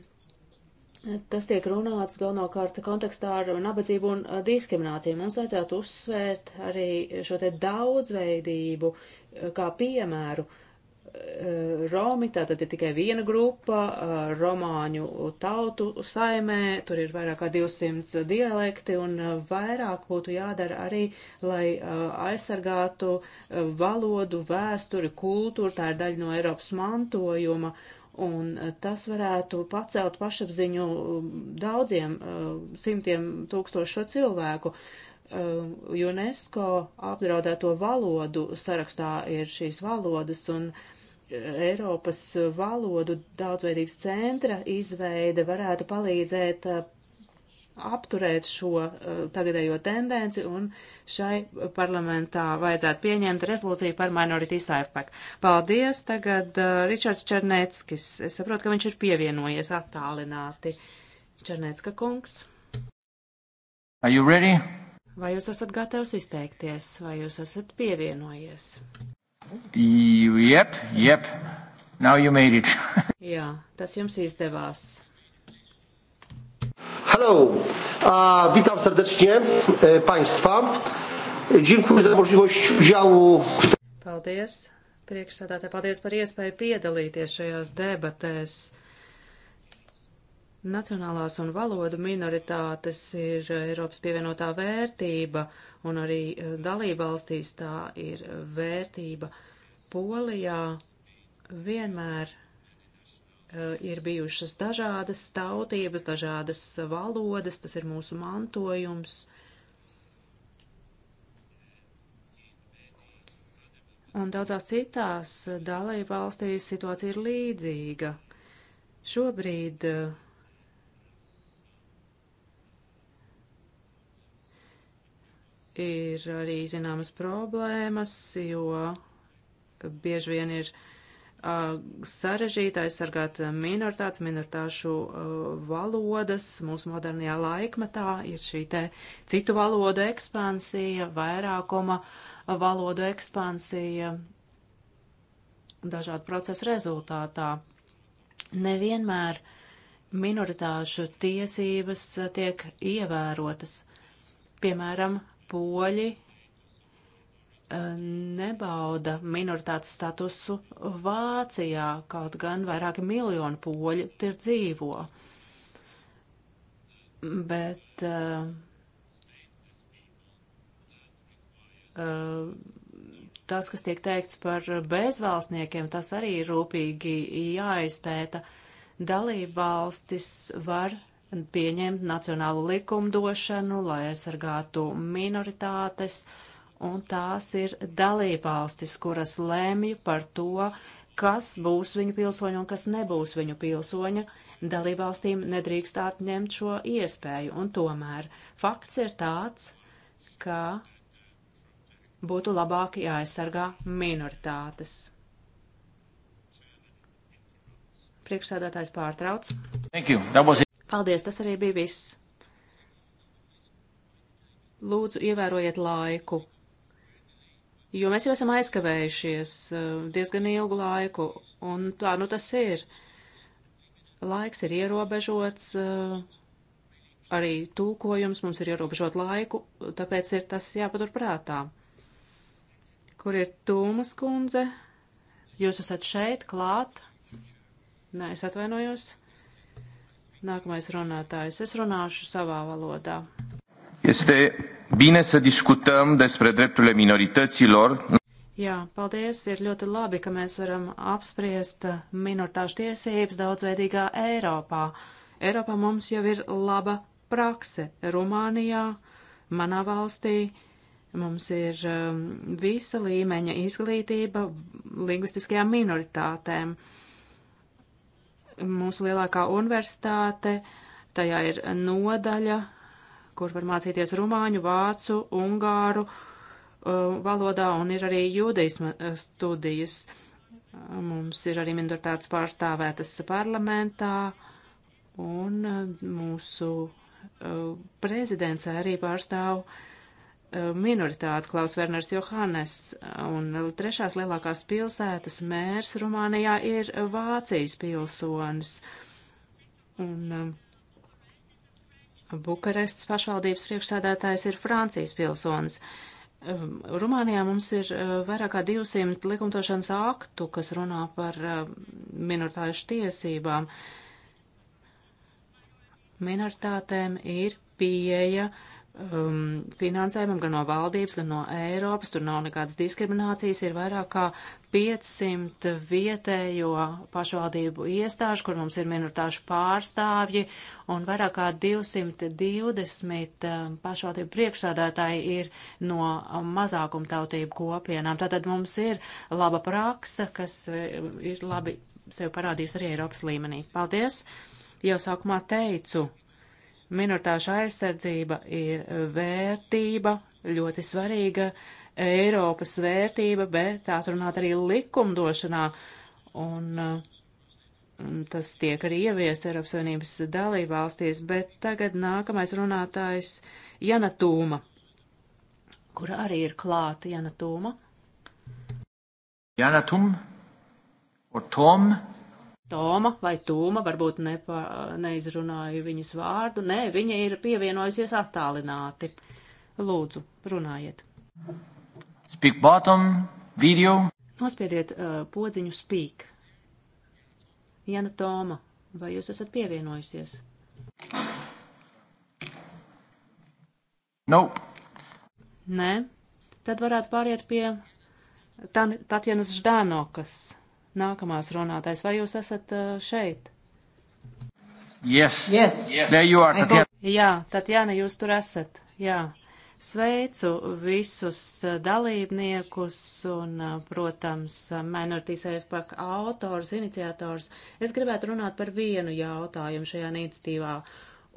tas tiek runāts galvenokārt kontekstā ar nabadzību un eh, diskrimināciju. Mums vajadzētu uzsvērt arī šo te daudzveidību, uh, kā piemēru. Eh, Romi, tātad ir tikai viena grupa, eh, romāņu tautu saimē, tur ir vairāk kā 200 dialekti un eh, vairāk būtu jādara arī, lai aizsargātu valodu, vēsturi, kultūru, tā ir daļa no Eiropas mantojuma. Un tas varētu pacelt pašapziņu daudziem simtiem tūkstošo cilvēku. Uh, Um, UNESCO apdraudēto valodu sarakstā ir šīs valodas un uh, Eiropas valodu daudzveidības centra izveide varētu palīdzēt uh, apturēt šo uh, tagadējo tendenci un šai parlamentā vajadzētu pieņemt rezolūciju par Minority Saifpak. Paldies, tagad uh, Ričards Černeckis. Es saprotu, ka viņš ir pievienojies attālināti. Černecka kungs. Are you ready? Vai jūs esat gatavs izteikties, vai jūs esat pievienojies? Jep, jep. Now you made it. Jā, tas jums izdevās. Hello, uh, witam serdecznie e, Państwa. Dziękuję za możliwość udziału. Paldies, priekšsādātāji, paldies par iespēju piedalīties šajās debatēs. Nacionālās un valodu minoritātes ir eh, Eiropas pievienotā vērtība, un arī eh, dalībvalstīs tā ir vērtība. Polijā vienmēr eh, ir bijušas dažādas tautības, dažādas valodas, tas ir mūsu mantojums. Un daudzās citās dalībvalstīs situācija ir līdzīga. Šobrīd uh, ir arī zināmas problēmas, jo bieži vien ir uh, sarežģīti aizsargāt minoritātes, minoritāšu uh, valodas. Mūsu modernajā laikmetā ir šī te citu valodu ekspansija, vairākuma valodu ekspansija dažādu procesu rezultātā. Nevienmēr minoritāšu tiesības tiek ievērotas. Piemēram, poļi eh, nebauda minoritātes statusu Vācijā, kaut gan vairāki miljoni poļu tur dzīvo. Bet eh, eh, tas, kas tiek teikts par bezvalstniekiem, tas arī rūpīgi jāizpēta. Dalība valstis var pieņemt nacionālu likumdošanu, lai aizsargātu minoritātes, un tās ir dalībvalstis, kuras lēmj par to, kas būs viņu pilsoņa un kas nebūs viņu pilsoņa. Dalībvalstīm nedrīkst atņemt šo iespēju, un tomēr fakts ir tāds, ka būtu labāk jāaizsargā minoritātes. Priekšsēdētājs pārtrauc. Thank you. That was it. Paldies, tas arī bija viss. Lūdzu, ievērojiet laiku, jo mēs jau esam aizkavējušies eh, diezgan ilgu laiku, un tā nu tas ir. Laiks ir ierobežots, eh, arī tūkojums mums ir ierobežot laiku, tāpēc ir tas jāpatur prātā. Kur ir Tūmas kundze? Jūs esat šeit, klāt? Nē, es atvainojos. Nākamais runātājs. Es runāšu savā valodā. Este bine să discutăm despre drepturile minorităților. Jā, paldies. Ir ļoti labi, ka mēs varam apspriest minoritāšu tiesības daudzveidīgā Eiropā. Eiropā mums jau ir laba prakse. Rumānijā, manā valstī, mums ir um, visa līmeņa izglītība lingvistiskajām minoritātēm. Uh, mūsu lielākā universitāte, tajā ir nodaļa, kur var mācīties rumāņu, vācu, ungāru uh, valodā, un ir arī jūdeisma uh, studijas. Mums ir arī minoritātes pārstāvētas parlamentā, un uh, mūsu prezidents arī pārstāv uh, Eh, minoritāti Klaus Werners Johannes un trešās lielākās pilsētas mērs Rumānijā ir eh, Vācijas pilsonis. Un eh, Bukarestas pašvaldības priekšsēdētājs ir Francijas pilsonis. Rumānijā mums ir vairāk kā 200 likumdošanas aktu, kas runā par minoritāšu tiesībām. Minoritātēm ir pieeja uh, um, finansējumam gan no valdības, gan no Eiropas. Tur nav nekādas diskriminācijas. Ir vairāk kā 500 vietējo pašvaldību iestāžu, kur mums ir minoritāšu pārstāvji, un vairāk kā 220 um, pašvaldību priekšsādātāji ir no mazākumtautību kopienām. Tātad mums ir laba praksa, kas um, ir labi sev parādījusi arī Eiropas līmenī. Paldies! Jau sākumā teicu, Minoritāšu aizsardzība ir vērtība, ļoti svarīga Eiropas vērtība, bet tās runāt arī likumdošanā. Un, un tas tiek arī ievies Eiropas Savienības dalībvalstīs, bet tagad nākamais runātājs Jana Tūma, kur arī ir klāta Jana Tūma. Jana Tūma, or Tom, Toma vai Tūma, varbūt nepa, neizrunāju viņas vārdu. Nē, viņa ir pievienojusies attālināti. Lūdzu, runājiet. Speak bottom, video. Nospiediet uh, podziņu speak. Jana Toma, vai jūs esat pievienojusies? Nope. Nē. Tad varētu pāriet pie Tatjanas Ždānokas nākamās runātājs. Vai jūs esat uh, šeit? Yes. Yes. yes. There you are, Tatjana. Jā, Tatjana, jūs tur esat. Jā. Sveicu visus uh, dalībniekus un, uh, protams, Minorities AFPAC autors, iniciators. Es gribētu runāt par vienu jautājumu šajā iniciatīvā.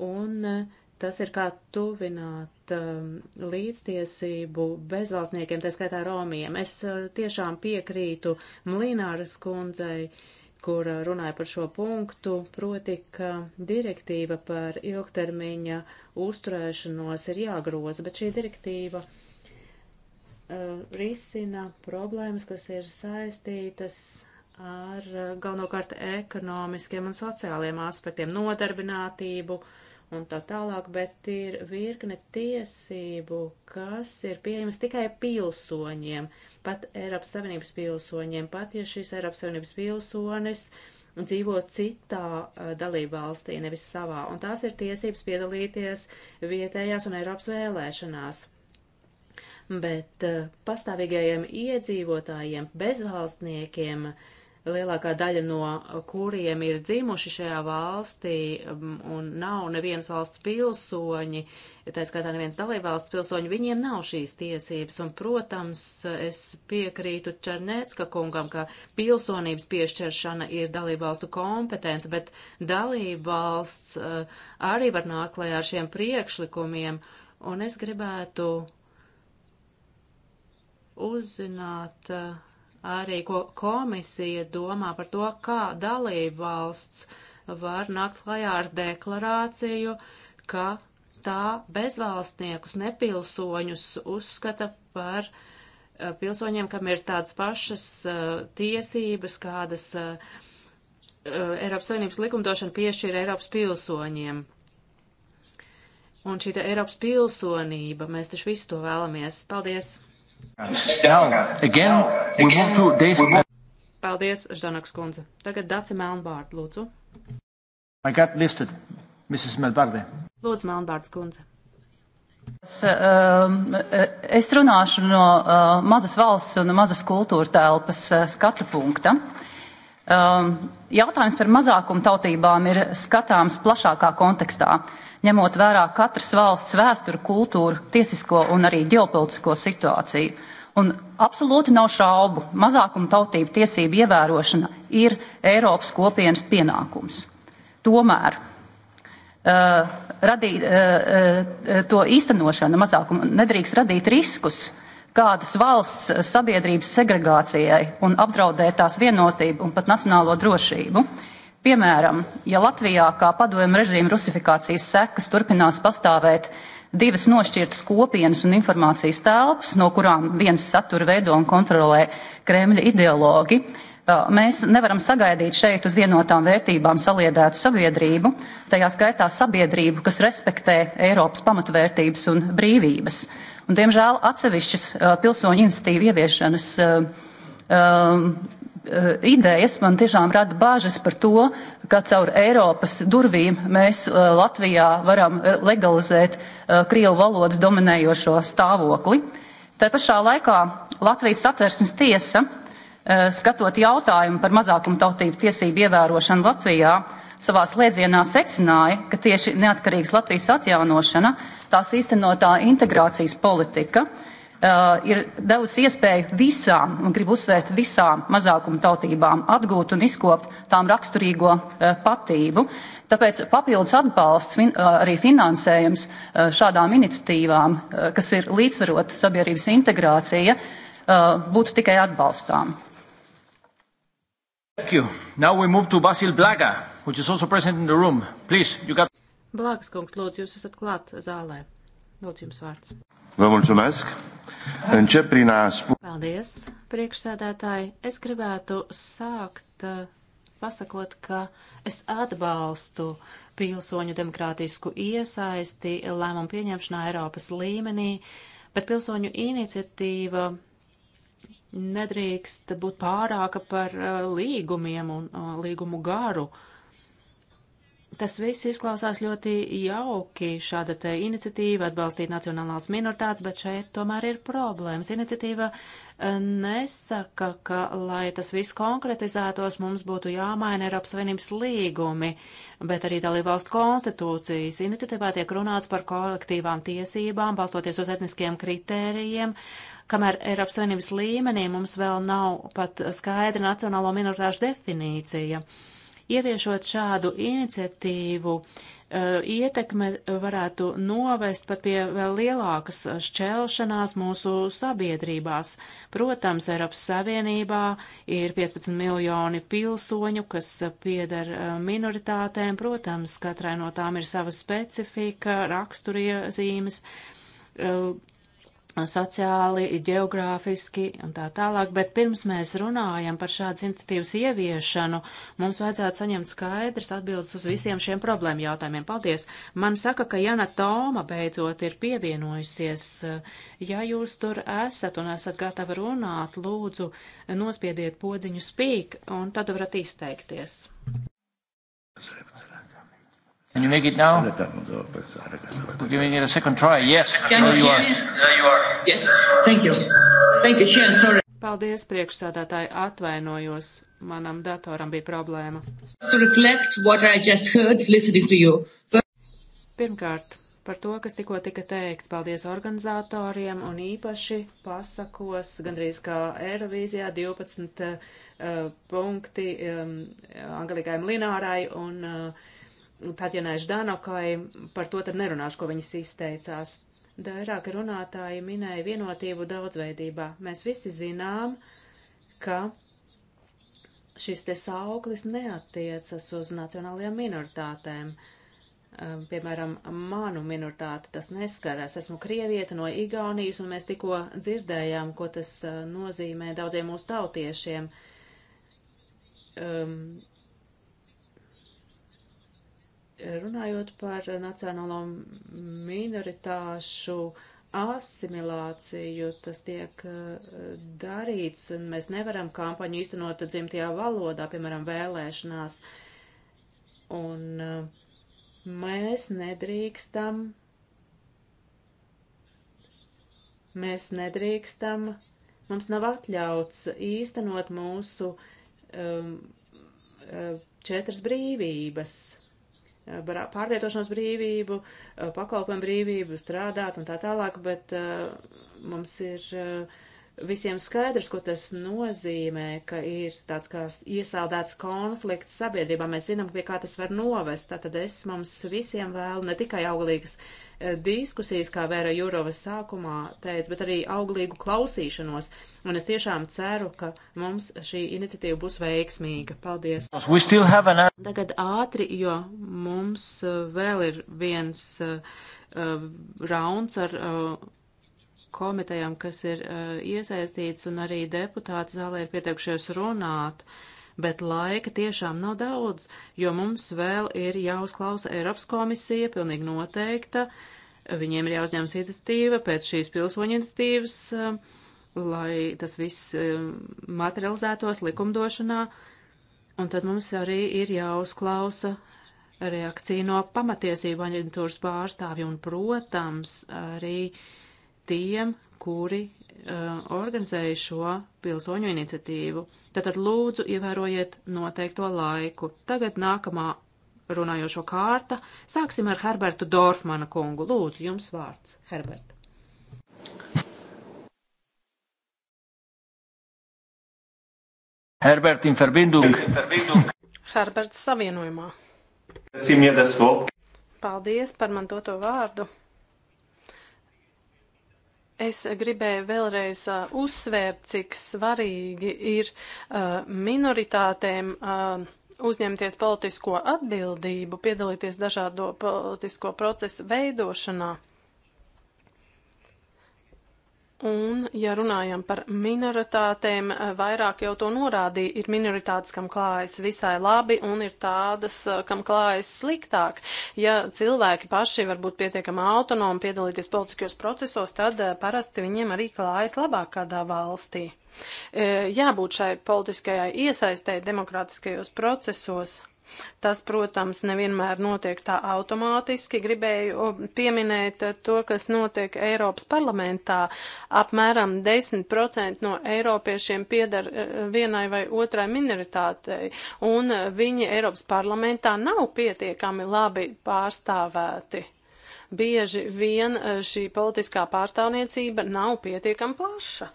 Un uh, tas ir kā tuvināt um, līdztiesību bezvalstniekiem, tā skaitā Romiem. Es uh, tiešām piekrītu Mlināras kundzei, kur uh, runāja par šo punktu, proti, ka direktīva par ilgtermiņa uzturēšanos ir jāgroza, bet šī direktīva uh, risina problēmas, kas ir saistītas ar uh, galvenokārt ekonomiskiem un sociāliem aspektiem, nodarbinātību, uh, un tā tālāk, bet ir virkne tiesību, kas ir pieejamas tikai pilsoņiem, pat Eiropas Savienības pilsoņiem, pat ja šis Eiropas Savienības pilsonis dzīvo citā dalībvalstī, nevis savā, un tās ir tiesības piedalīties vietējās un Eiropas vēlēšanās. Bet uh, pastāvīgajiem iedzīvotājiem, bezvalstniekiem, uh, lielākā daļa no kuriem ir dzimuši šajā valstī mm, un nav nevienas valsts pilsoņi, tā skaitā nevienas dalībvalsts pilsoņi, viņiem nav šīs tiesības. Un, protams, es piekrītu Černēcka kungam, ka pilsonības piešķiršana ir dalībvalstu kompetence, bet dalībvalsts eh, arī var nākt klajā ar šiem priekšlikumiem. Un es gribētu uzzināt, uh, arī, ko komisija domā par to, kā dalība valsts var nākt klajā ar deklarāciju, ka tā bezvalstniekus, nepilsoņus uzskata par eh, pilsoņiem, kam ir tādas pašas uh, tiesības, kādas uh, Eiropas Savienības likumdošana piešķīra Eiropas pilsoņiem. Un šī Eiropas pilsonība, mēs taču visu to vēlamies. Paldies! Now, again, we move to days. Paldies, Ždanaks kundze. Tagad Dace Melnbārda, lūdzu. I got listed, Mrs. Melbārde. Lūdzu, Melnbārds kundze. Es, um, es runāšu no uh, mazas valsts un mazas kultūra telpas uh, skatu punkta. Um, jautājums par mazākumu tautībām ir skatāms plašākā kontekstā ņemot vērā katras valsts vēsturi, kultūru, tiesisko un arī ģeopolitisko situāciju. Un absolūti nav šaubu, mazākuma tautību tiesību ievērošana ir Eiropas kopienas pienākums. Tomēr uh, radīt, uh, uh, to īstenošana mazākuma nedrīkst radīt riskus, kādas valsts sabiedrības segregācijai un apdraudēt tās vienotību un pat nacionālo drošību. Uh, Piemēram, ja Latvijā kā padomju režīma rusifikācijas sekas turpinās pastāvēt divas nošķirtas kopienas un informācijas telpas, no kurām viens satura veido un kontrolē Kremļa ideologi, mēs nevaram sagaidīt šeit uz vienotām vērtībām saliedētu sabiedrību, tajā skaitā sabiedrību, kas respektē Eiropas pamatvērtības un brīvības. Un, diemžēl atsevišķas uh, pilsoņu iniciatīvu ieviešanas uh, um, Eh, idejas man tiešām rada bāžas par to, ka caur Eiropas durvīm mēs eh, Latvijā varam eh, legalizēt Krievu valodas dominējošo stāvokli. Tā pašā laikā Latvijas satversmes tiesa, skatot jautājumu par mazākumtautību tiesību ievērošanu Latvijā, savā slēdzienā secināja, ka tieši neatkarīgas Latvijas atjaunošana, tās īstenotā integrācijas politika, uh, Uh, ir devusi iespēju visām, un gribu uzsvērt, visām mazākuma tautībām atgūt un izkopt tām raksturīgo uh, patību. Tāpēc papildus atbalsts, uh, arī finansējums šādām iniciatīvām, kas ir līdzsvarota sabiedrības integrācija, būtu tikai atbalstām. Thank you. Now we move to Basil Blaga, which is also present in the room. Please, you got... Blagas kungs, lūdzu, jūs esat klāt zālē. Lūdzu, jums vārds. Vă mulțumesc. Încep prin a spune. Paldies, priekšsēdētāji. Es gribētu sākt uh, pasakot, ka es atbalstu pilsoņu demokrātisku iesaisti lēmumu pieņemšanā Eiropas līmenī, bet pilsoņu iniciatīva nedrīkst būt pārāka par uh, līgumiem un uh, līgumu garu. Uh, Tas viss izklausās ļoti jauki, šāda te iniciatīva atbalstīt nacionālās minoritātes, bet šeit tomēr ir problēmas. Iniciatīva eh, nesaka, ka, lai tas viss konkretizētos, mums būtu jāmaina Eiropas Savienības līgumi, bet arī dalībvalstu konstitūcijas. Iniciatīvā tiek runāts par kolektīvām tiesībām, balstoties uz etniskiem kritērijiem, kamēr Eiropas Savienības līmenī mums vēl nav pat skaidra nacionālo minoritāšu definīcija. Uh, Ieviešot šādu iniciatīvu, eh, ietekme varētu novest pat pie vēl lielākas šķelšanās mūsu sabiedrībās. Protams, Eiropas Savienībā ir 15 miljoni pilsoņu, kas pieder eh, minoritātēm. Protams, katrai no tām ir sava specifika, raksturiezīmes eh, sociāli, geogrāfiski un tā tālāk, bet pirms mēs runājam par šādas iniciatīvas ieviešanu, mums vajadzētu saņemt skaidrs atbildes uz visiem šiem problēmu jautājumiem. Paldies! Man saka, ka Jana Toma beidzot ir pievienojusies. Ja jūs tur esat un esat gatavi runāt, lūdzu, nospiediet podziņu spīk un tad varat izteikties. Sorry, sorry. Can you make it now? We're giving it a second try. Yes. Can There you hear me? There you are. Yes. Thank you. Thank you, Chair. Sorry. Paldies, priekšsādātāji, atvainojos. Manam datoram bija problēma. To reflect what I just heard listening to you. First... Pirmkārt, par to, kas tikko tika teikts, paldies organizatoriem un īpaši pasakos, gandrīz kā Eirovīzijā 12 uh, eh, punkti um, Angelikai Linārai un uh, Tatjanai Ždanokai, par to tad nerunāšu, ko viņas izteicās. Dairāki runātāji minēja vienotību daudzveidībā. Mēs visi zinām, ka šis te sauklis neatiecas uz nacionālajām minoritātēm. Ehm, piemēram, manu minoritāti tas neskarās. Esmu krievieta no Igaunijas, un mēs tikko dzirdējām, ko tas eh, nozīmē daudziem mūsu tautiešiem. Um, Runājot par nacionālo minoritāšu asimilāciju, tas tiek eh, darīts, un mēs nevaram kampaņu īstenot dzimtajā valodā, piemēram, vēlēšanās. Un eh, mēs nedrīkstam, mēs nedrīkstam, mums nav atļauts īstenot mūsu um, četras brīvības Eh, pārvietošanos brīvību, eh, pakalpojumu brīvību, strādāt un tā tālāk, bet eh, mums ir visiem skaidrs, ko tas nozīmē, ka ir tāds kā iesaldēts konflikts sabiedrībā. Mēs zinām, pie kā tas var novest. Tātad es mums visiem vēlu ne tikai auglīgas e, diskusijas, kā Vēra Jurova sākumā teica, bet arī auglīgu klausīšanos. Un es tiešām ceru, ka mums šī iniciatīva būs veiksmīga. Paldies! An... Tagad ātri, jo mums e, vēl ir viens uh, rauns ar. Uh, komitejām, kas ir uh, iesaistīts, un arī deputāti zālē ir pieteikušies runāt, bet laika tiešām nav daudz, jo mums vēl ir jāuzklausa Eiropas komisija, pilnīgi noteikta, viņiem ir jāuzņemas iniciatīva pēc šīs pilsoņu iniciatīvas, uh, lai tas viss uh, materializētos likumdošanā, un tad mums arī ir jāuzklausa reakcija no pamatiesību aģentūras pārstāvju, un, protams, arī uh, tiem, kuri uh, organizēja šo pilsoņu iniciatīvu. Tātad lūdzu ievērojiet noteikto laiku. Tagad nākamā runājošo kārta. Sāksim ar Herbertu Dorfmana kungu. Lūdzu, jums vārds, Herbert. Herbert in Verbindung. Herberts savienojumā. Paldies par man doto vārdu. Es gribēju vēlreiz uh, uzsvērt, cik svarīgi ir uh, minoritātēm uh, uzņemties politisko atbildību, piedalīties dažādo politisko procesu veidošanā. Un, ja runājam par minoritātēm, eh, vairāk jau to norādīja, ir minoritātes, kam klājas visai labi, un ir tādas, eh, kam klājas sliktāk. Ja cilvēki paši var būt pietiekami autonomi piedalīties politiskajos procesos, tad eh, parasti viņiem arī klājas labāk kādā valstī. Jābūt šai politiskajai iesaistē demokrātiskajos procesos. Tas, protams, nevienmēr notiek tā automātiski. Gribēju pieminēt eh, to, kas notiek Eiropas parlamentā. Apmēram 10% no eiropiešiem piedar eh, vienai vai otrai minoritātei, un eh, viņi Eiropas parlamentā nav pietiekami labi pārstāvēti bieži vien šī politiskā pārstāvniecība nav pietiekami plaša.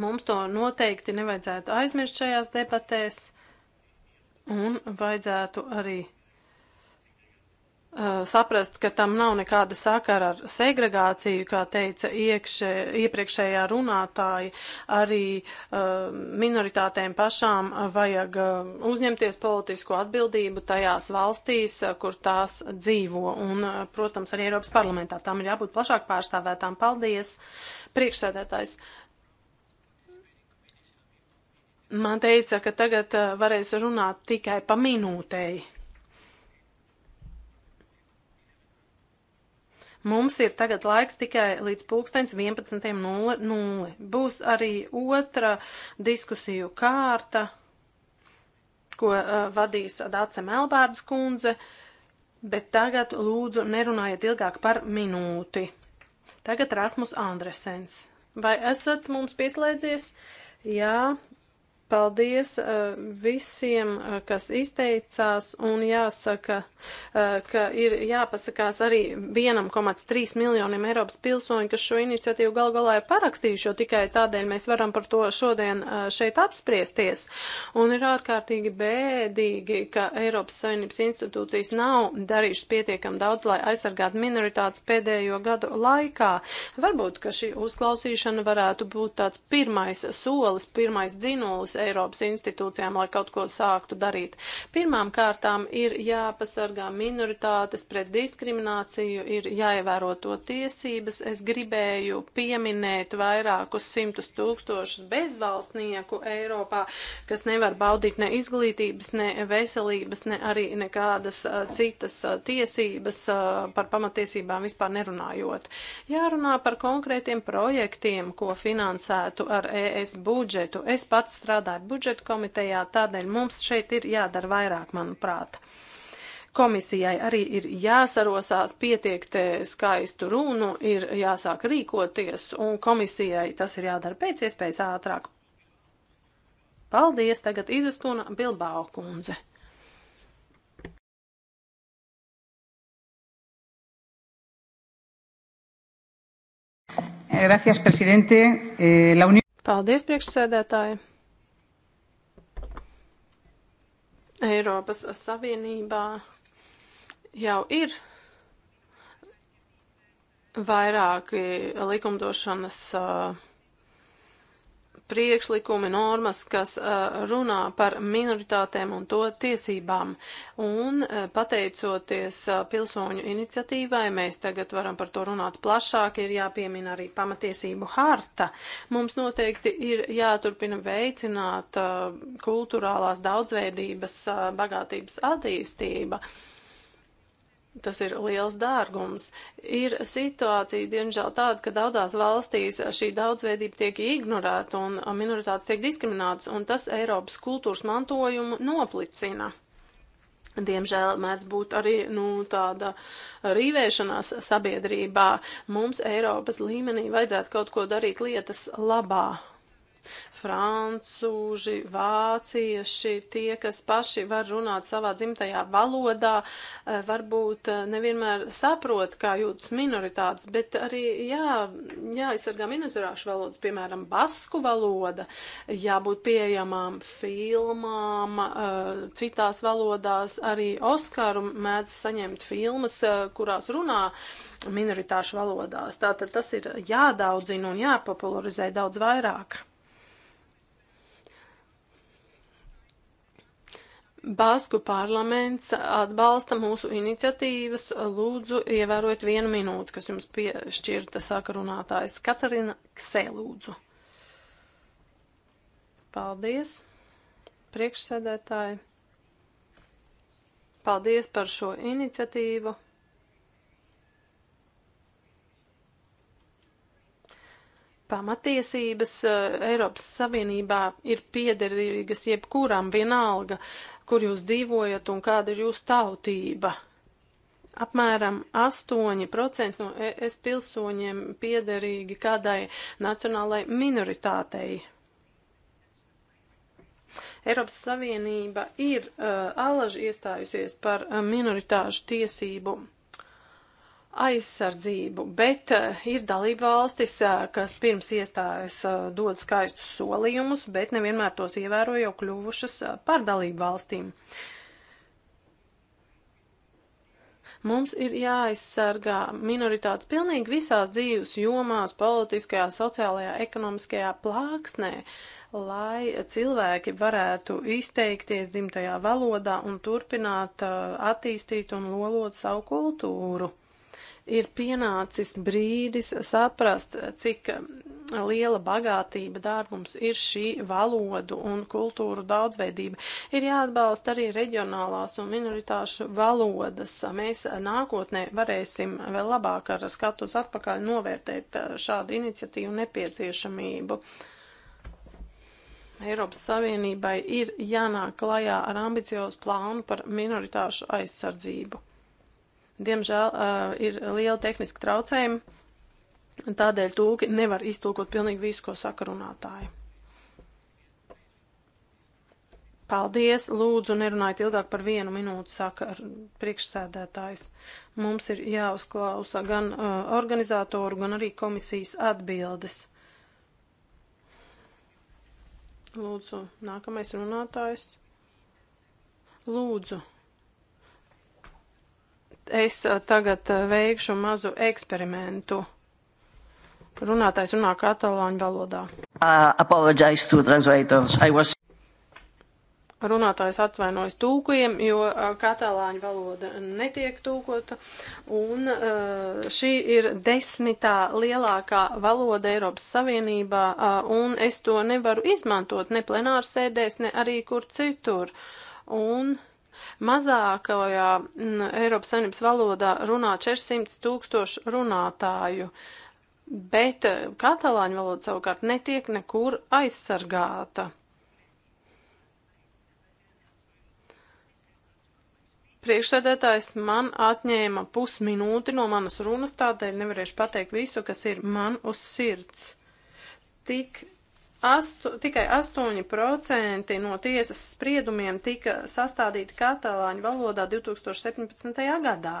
Mums to noteikti nevajadzētu aizmirst šajās debatēs un vajadzētu arī Uh, saprast, ka tam nav nekāda sakara ar segregāciju, kā teica iekšē, iepriekšējā runātāja. Arī uh, minoritātēm pašām vajag uh, uzņemties politisko atbildību tajās valstīs, uh, kur tās dzīvo. Un, uh, protams, arī Eiropas parlamentā tam ir jābūt plašāk pārstāvētām. Paldies, priekšsēdētājs. Man teica, ka tagad eh, varēs runāt tikai pa minūtei. Mums ir tagad laiks tikai līdz pulkstens 11.00. Būs arī otra diskusiju kārta, ko uh, vadīs Dāce Melbārdas kundze, bet tagad lūdzu nerunājiet ilgāk par minūti. Tagad Rasmus Andresens. Vai esat mums pieslēdzies? Jā. Paldies uh, visiem, uh, kas izteicās, un jāsaka, uh, ka ir jāpasakās arī 1,3 miljoniem Eiropas pilsoņu, kas šo iniciatīvu gal galā ir parakstījuši, jo tikai tādēļ mēs varam par to šodien šeit apspriesties. Un ir ārkārtīgi bēdīgi, ka Eiropas Savienības institūcijas nav darījušas pietiekam daudz, lai aizsargātu minoritātes pēdējo gadu laikā. Varbūt, ka šī uzklausīšana varētu būt tāds pirmais solis, pirmais dzinolis Eiropas institūcijām, lai kaut ko sāktu darīt. Pirmām kārtām ir jāpasargā minoritātes pret diskrimināciju, ir jāievēro to tiesības. Es gribēju pieminēt vairākus simtus tūkstošus bezvalstnieku Eiropā, kas nevar baudīt ne izglītības, ne veselības, ne arī nekādas citas tiesības par pamatiesībām vispār nerunājot. Jārunā par konkrētiem projektiem, ko finansētu ar ES budžetu. Es pats strādāju strādāju budžeta komitejā, tādēļ mums šeit ir jādara vairāk, manuprāt. Komisijai arī ir jāsarosās, pietiek te skaistu runu, ir jāsāk rīkoties, un komisijai tas ir jādara pēc iespējas ātrāk. Paldies, tagad izaskuna Bilbao kundze. Gracias, presidente. Eh, la Unión. Paldies, priekšsēdētāji. Eiropas Savienībā jau ir vairāki likumdošanas uh, priekšlikumi, normas, kas runā par minoritātēm un to tiesībām. Un pateicoties pilsoņu iniciatīvai, mēs tagad varam par to runāt plašāk, ir jāpiemina arī pamatiesību harta. Mums noteikti ir jāturpina veicināt kultūrālās daudzveidības bagātības attīstība. Tas ir liels dārgums. Ir situācija, diemžēl, tāda, ka daudzās valstīs šī daudzveidība tiek ignorēta un minoritātes tiek diskriminētas, un tas Eiropas kultūras mantojumu noplicina. Diemžēl mēdz būt arī nu, tāda rīvēšanās sabiedrībā. Mums Eiropas līmenī vajadzētu kaut ko darīt lietas labā, Francūži, vācieši, tie, kas paši var runāt savā dzimtajā valodā, eh, varbūt eh, nevienmēr saprot, kā jūtas minoritātes, bet arī jā, jāaizsargā minoritāšu valodas, piemēram, basku valoda, jābūt pieejamām filmām, eh, citās valodās arī Oskaru mēdz saņemt filmas, kurās runā minoritāšu valodās. Tātad tas ir jādaudzina un jāpopularizē daudz vairāk. Basku parlaments atbalsta mūsu iniciatīvas. Lūdzu, ievērojiet vienu minūti, kas jums piešķirta, saka runātājs Katarina Ksē, lūdzu. Paldies, priekšsēdētāji. Paldies par šo iniciatīvu. Pamatiesības eh, Eiropas Savienībā ir piederīgas jebkuram vienalga. Uh, kur jūs dzīvojat un kāda ir jūsu tautība. Apmēram 8% no ES pilsoņiem piederīgi kādai nacionālai minoritātei. Eiropas Savienība ir uh, alaži iestājusies par uh, minoritāšu tiesību aizsardzību, bet eh, ir dalība valstis, eh, kas pirms iestājas eh, dod skaistus solījumus, bet nevienmēr tos ievēro jau kļuvušas par dalību valstīm. Mums ir jāaizsargā minoritātes pilnīgi visās dzīves jomās, politiskajā, sociālajā, ekonomiskajā plāksnē, lai cilvēki varētu izteikties dzimtajā valodā un turpināt attīstīt un lolot savu kultūru ir pienācis brīdis saprast, cik liela bagātība dārgums ir šī valodu un kultūru daudzveidība. Ir jāatbalsta arī reģionālās un minoritāšu valodas. Mēs nākotnē varēsim vēl labāk ar skatus atpakaļ novērtēt šādu iniciatīvu nepieciešamību. Eiropas Savienībai ir jānāk klajā ar ambiciozu plānu par minoritāšu aizsardzību. Diemžēl uh, ir liela tehniska traucējuma, un tādēļ tūki nevar iztūkot pilnīgi visu, ko saka runātāji. Paldies, lūdzu, nerunājiet ilgāk par vienu minūti, saka priekšsēdētājs. Mums ir jāuzklausa gan uh, organizātoru, gan arī komisijas atbildes. Lūdzu, nākamais runātājs. Lūdzu, Es eh, tagad eh, veikšu mazu eksperimentu. Runātājs runā katalāņu valodā. Uh, apologize to translators. I was runātājs atvainojas tūkojiem, jo eh, katalāņu valoda netiek tūkota. Un šī ir desmitā lielākā valoda Eiropas Savienībā, un es to nevaru izmantot ne plenārsēdēs, ne arī kur citur. Un Mazākajā mm, Eiropas Savienības valodā runā 400 tūkstoši runātāju, bet eh, katalāņu valoda savukārt netiek nekur aizsargāta. Priekšsēdētājs man atņēma pusminūti no manas runas, tādēļ nevarēšu pateikt visu, kas ir man uz sirds. Tik Astu, tikai 8% no tiesas spriedumiem tika sastādīti katalāņu valodā 2017. gadā.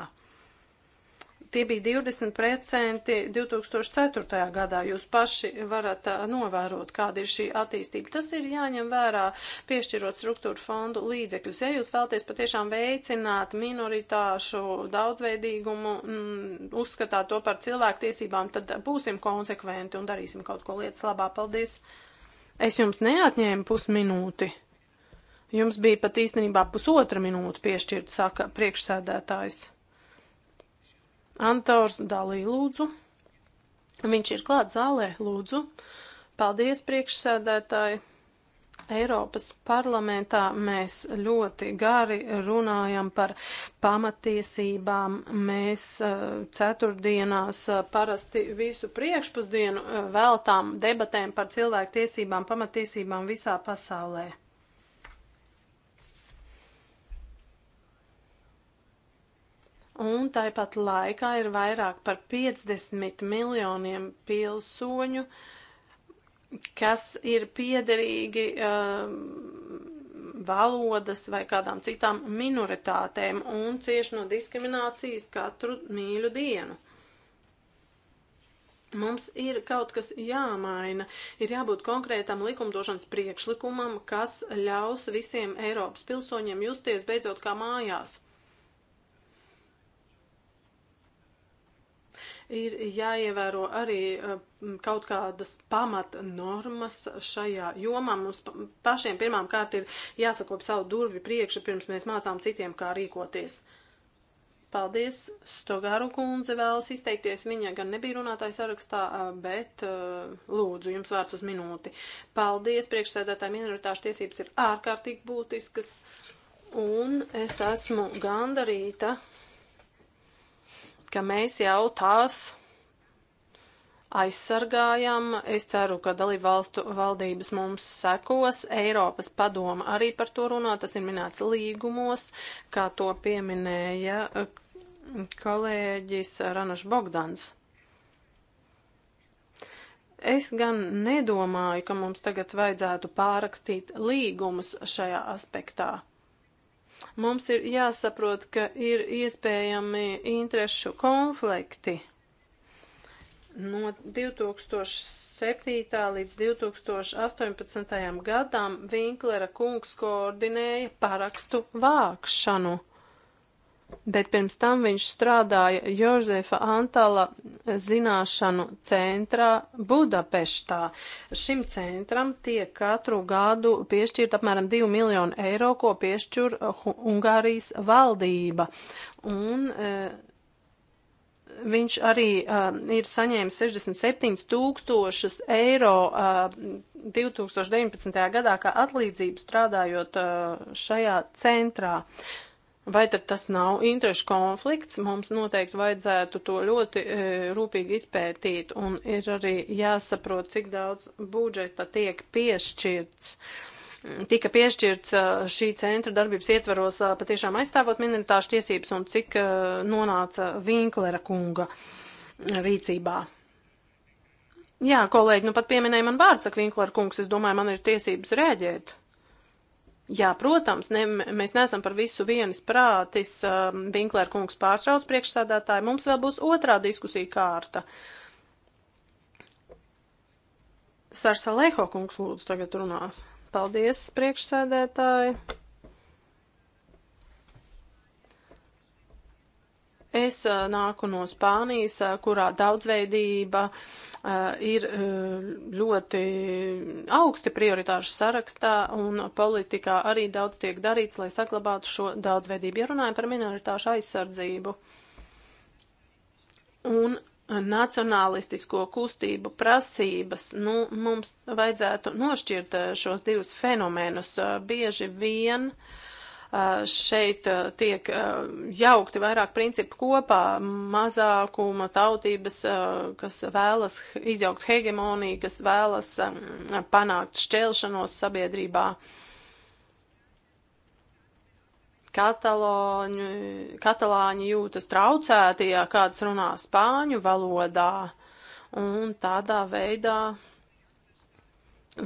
Tie bija 20% 2004. gadā. Jūs paši varat novērot, kāda ir šī attīstība. Tas ir jāņem vērā, piešķirot struktūru fondu līdzekļus. Ja jūs vēlaties patiešām veicināt minoritāšu daudzveidīgumu, m, mm, uzskatāt to par cilvēktiesībām, tad būsim konsekventi un darīsim kaut ko lietas labā. Paldies! Es jums neatņēmu pusminūti. Jums bija pat īstenībā pusotra minūte piešķirt, saka priekšsēdētājs. Antors Dalī lūdzu. Viņš ir klāt zālē, lūdzu. Paldies, priekšsēdētāji. Eiropas parlamentā mēs ļoti gari runājam par pamatiesībām. Mēs eh, ceturtdienās eh, parasti visu priekšpusdienu eh, veltām debatēm par cilvēktiesībām, pamatiesībām visā pasaulē. Un tāpat laikā ir vairāk par 50 miljoniem pilsoņu, uh, kas ir piederīgi um, valodas vai kādām citām minoritātēm un cieši no diskriminācijas katru mīļu dienu. Mums ir kaut kas jāmaina, ir jābūt konkrētam likumdošanas priekšlikumam, kas ļaus visiem Eiropas pilsoņiem justies beidzot kā mājās. ir jāievēro arī eh, kaut kādas pamatnormas šajā jomā. Mums pašiem pirmām kārt ir jāsakop savu durvi priekšu, pirms mēs mācām citiem, kā rīkoties. Paldies, Stogāru kundze vēlas izteikties. Viņa gan nebija runātāja sarakstā, eh, bet eh, lūdzu, jums vārds uz minūti. Paldies, priekšsēdētāji minoritāšu tiesības ir ārkārtīgi būtiskas, un es esmu gandarīta ka mēs jau tās aizsargājam. Es ceru, ka dalību valstu valdības mums sekos. Eiropas padoma arī par to runā, tas ir minēts līgumos, kā to pieminēja eh, kolēģis Ranaš Bogdans. Es gan nedomāju, ka mums tagad vajadzētu pārakstīt līgumus šajā aspektā. Mums ir jāsaprot, ka ir iespējami interešu konflikti. No 2007. līdz 2018. gadam Vinklera kungs koordinēja parakstu vākšanu bet pirms tam viņš strādāja Jozefa Antala zināšanu centrā Budapeštā. Šim centram tiek katru gadu piešķirt apmēram 2 miljonu eiro, ko piešķir Ungārijas valdība. Un, e, Viņš arī uh, ir saņēmis 67 tūkstošus eiro uh, e, 2019. gadā kā atlīdzību strādājot uh, šajā centrā. Uh, Vai tad tas nav interešu konflikts? Mums noteikti vajadzētu to ļoti e, rūpīgi izpētīt, un ir arī jāsaprot, cik daudz budžeta tiek piešķirts. Tika piešķirts e, šī centra darbības ietvaros e, patiešām aizstāvot minoritāšu tiesības, un cik e, nonāca Vinklera kunga rīcībā. Jā, kolēģi, nu pat pieminēja man vārds, saka Vinklera kungs, es domāju, man ir tiesības rēģēt. Jā, protams, ne, mēs neesam par visu vienas prātis. Um, Vinklēr kungs pārtrauc priekšsādātāju. Mums vēl būs otrā diskusija kārta. Sarsa Leho kungs lūdzu tagad runās. Paldies, priekšsēdētāji. Es uh, nāku no Spānijas, uh, kurā daudzveidība uh, ir ļoti augsti prioritāšu sarakstā, un politikā arī daudz tiek darīts, lai saglabātu šo daudzveidību. Ja runājam par minoritāšu aizsardzību un nacionālistisko kustību prasības, nu, mums vajadzētu nošķirt šos divus fenomenus. Bieži vien uh, Eh, šeit eh, tiek eh, jaukti vairāk principu kopā mazākuma tautības, kas vēlas izjaukt hegemoniju, kas vēlas mm, panākt šķelšanos sabiedrībā. Kataloņu, katalāņi jūtas traucēti, ja kāds runā spāņu valodā, un tādā veidā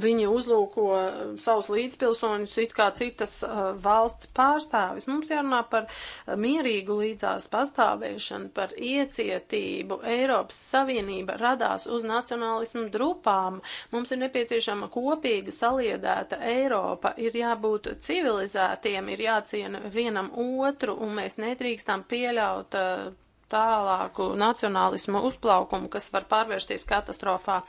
Viņa uzlūko eh, savus līdzpilsoņus it kā citas eh, valsts pārstāvis. Mums jārunā par eh, mierīgu līdzās pastāvēšanu, par iecietību. Eiropas Savienība radās uz nacionālismu drupām. Mums ir nepieciešama kopīga saliedēta Eiropa, ir jābūt civilizētiem, ir jāciena vienam otru, un mēs nedrīkstam pieļaut uh, tālāku nacionālismu uzplaukumu, kas var pārvērsties katastrofā.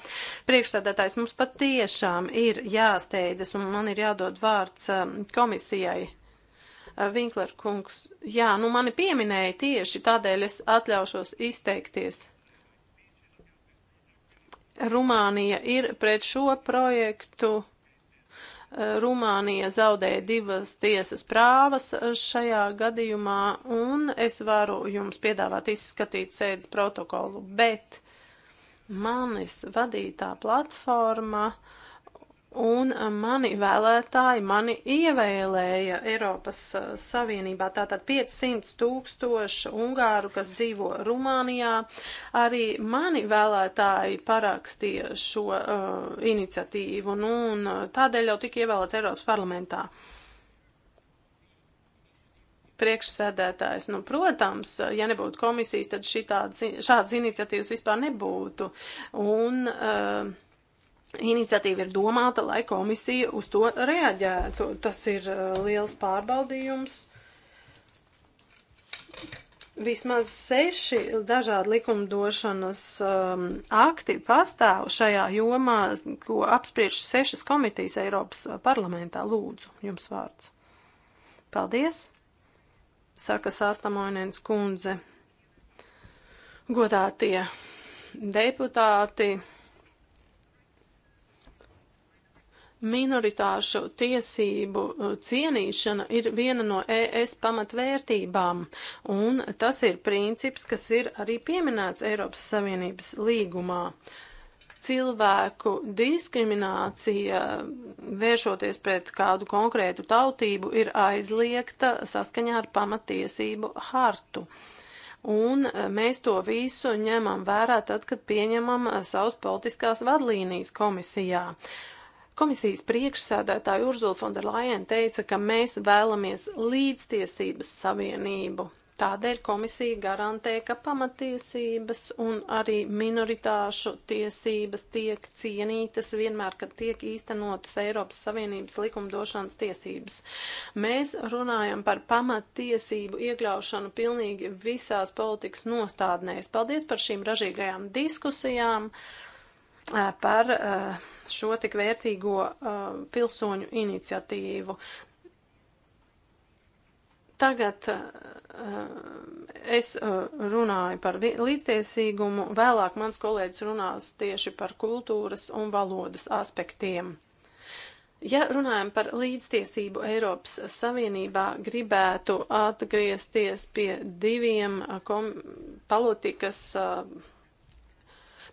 Priekšsēdētājs mums patiešām ir jāsteidzas, un man ir jādod vārds um, komisijai. Uh, Vinkler kungs, jā, nu mani pieminēja tieši, tādēļ es atļaušos izteikties. Rumānija ir pret šo projektu Rumānija zaudēja divas tiesas prāvas šajā gadījumā, un es varu jums piedāvāt izskatīt sēdes protokolu, bet manis vadītā platforma uh, Un mani vēlētāji mani ievēlēja Eiropas Savienībā. Tātad 500 tūkstoši ungāru, kas dzīvo Rumānijā, arī mani vēlētāji parakstīja šo uh, iniciatīvu. Nu, un tādēļ jau tika ievēlēts Eiropas parlamentā. Priekšsēdētājs, nu, protams, ja nebūtu komisijas, tad šitādas, šādas iniciatīvas vispār nebūtu. Un, uh, Iniciatīva ir domāta, lai komisija uz to reaģētu. Tas ir uh, liels pārbaudījums. Vismaz seši dažādi likumdošanas um, akti pastāv šajā jomā, ko apspriež sešas komitejas Eiropas parlamentā. Lūdzu, jums vārds. Paldies, saka Sāstamoinēns kundze. Godātie deputāti Minoritāšu tiesību uh, cienīšana ir viena no ES pamatvērtībām, un tas ir princips, kas ir arī pieminēts Eiropas Savienības līgumā. Cilvēku diskriminācija, vēršoties pret kādu konkrētu tautību, ir aizliegta saskaņā ar pamatiesību hartu. Un uh, mēs to visu ņemam vērā tad, kad pieņemam uh, savus politiskās vadlīnijas komisijā. Uh, Komisijas priekšsēdētāja Urzula Fonderlajen teica, ka mēs vēlamies līdztiesības savienību. Tādēļ komisija garantē, ka pamatiesības un arī minoritāšu tiesības tiek cienītas vienmēr, kad tiek īstenotas Eiropas Savienības likumdošanas tiesības. Mēs runājam par pamatiesību iekļaušanu pilnīgi visās politikas nostādnēs. Paldies par šīm ražīgajām diskusijām. Uh, par šo tik vērtīgo pilsoņu iniciatīvu. Tagad es runāju par līdztiesīgumu, vēlāk mans kolēģis runās tieši par kultūras un valodas aspektiem. Ja runājam par līdztiesību Eiropas Savienībā, gribētu atgriezties pie diviem kom politikas uh,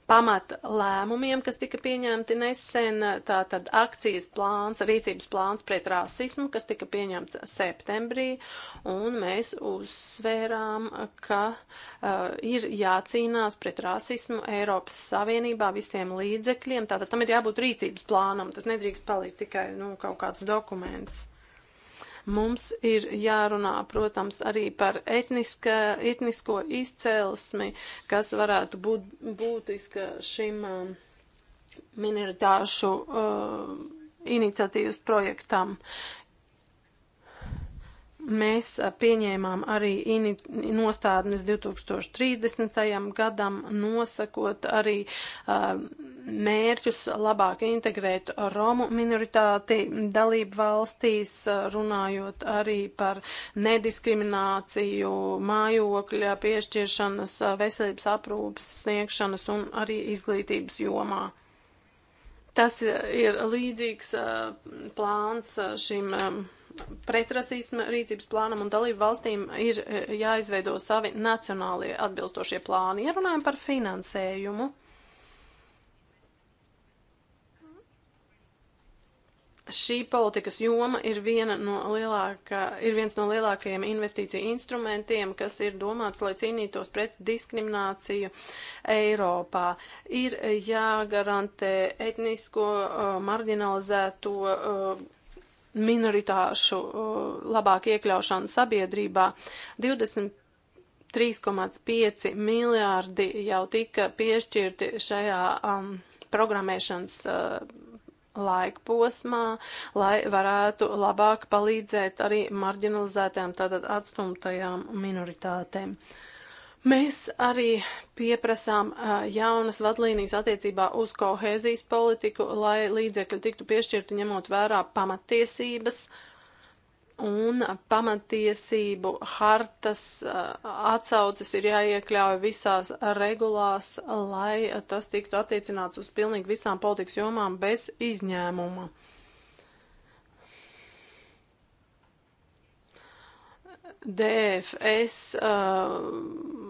pamat lēmumiem, kas tika pieņemti nesen, tātad akcijas plāns, rīcības plāns pret rasismu, kas tika pieņemts septembrī, un mēs uzsvērām, ka uh, ir jācīnās pret rasismu Eiropas Savienībā visiem līdzekļiem, tātad tam ir jābūt rīcības plānam, tas nedrīkst palikt tikai, nu, kaut kāds dokuments. Mums ir jārunā, protams, arī par etniska, etnisko izcelsmi, kas varētu būt būtiska šim um, minoritāšu uh, iniciatīvas projektam. Mēs pieņēmām arī nostādnes 2030. gadam, nosakot arī uh, mērķus labāk integrēt Romu minoritāti dalību valstīs, runājot arī par nediskrimināciju, mājokļa piešķiršanas, veselības aprūpas sniegšanas un arī izglītības jomā. Tas ir līdzīgs uh, plāns šim. Um, pretrasisma rīcības plānam un dalību valstīm ir e, jāizveido savi nacionālie atbilstošie plāni. Ja runājam par finansējumu, šī politikas joma ir, viena no lielākā, ir viens no lielākajiem investīciju instrumentiem, kas ir domāts, lai cīnītos pret diskrimināciju Eiropā. Ir jāgarantē etnisko, e, marginalizēto e, minoritāšu uh, labāk iekļaušanu sabiedrībā. 23,5 miljārdi jau tika piešķirti šajā um, programmēšanas uh, laika posmā, lai varētu labāk palīdzēt arī marginalizētajām, tātad atstumtajām minoritātēm. Uh, Mēs arī pieprasām jaunas vadlīnijas attiecībā uz kohēzijas politiku, lai līdzekļi tiktu piešķirti ņemot vērā pamatiesības un pamatiesību hartas atsaucas ir jāiekļauj visās regulās, lai tas tiktu attiecināts uz pilnīgi visām politikas jomām bez izņēmuma. DFS uh,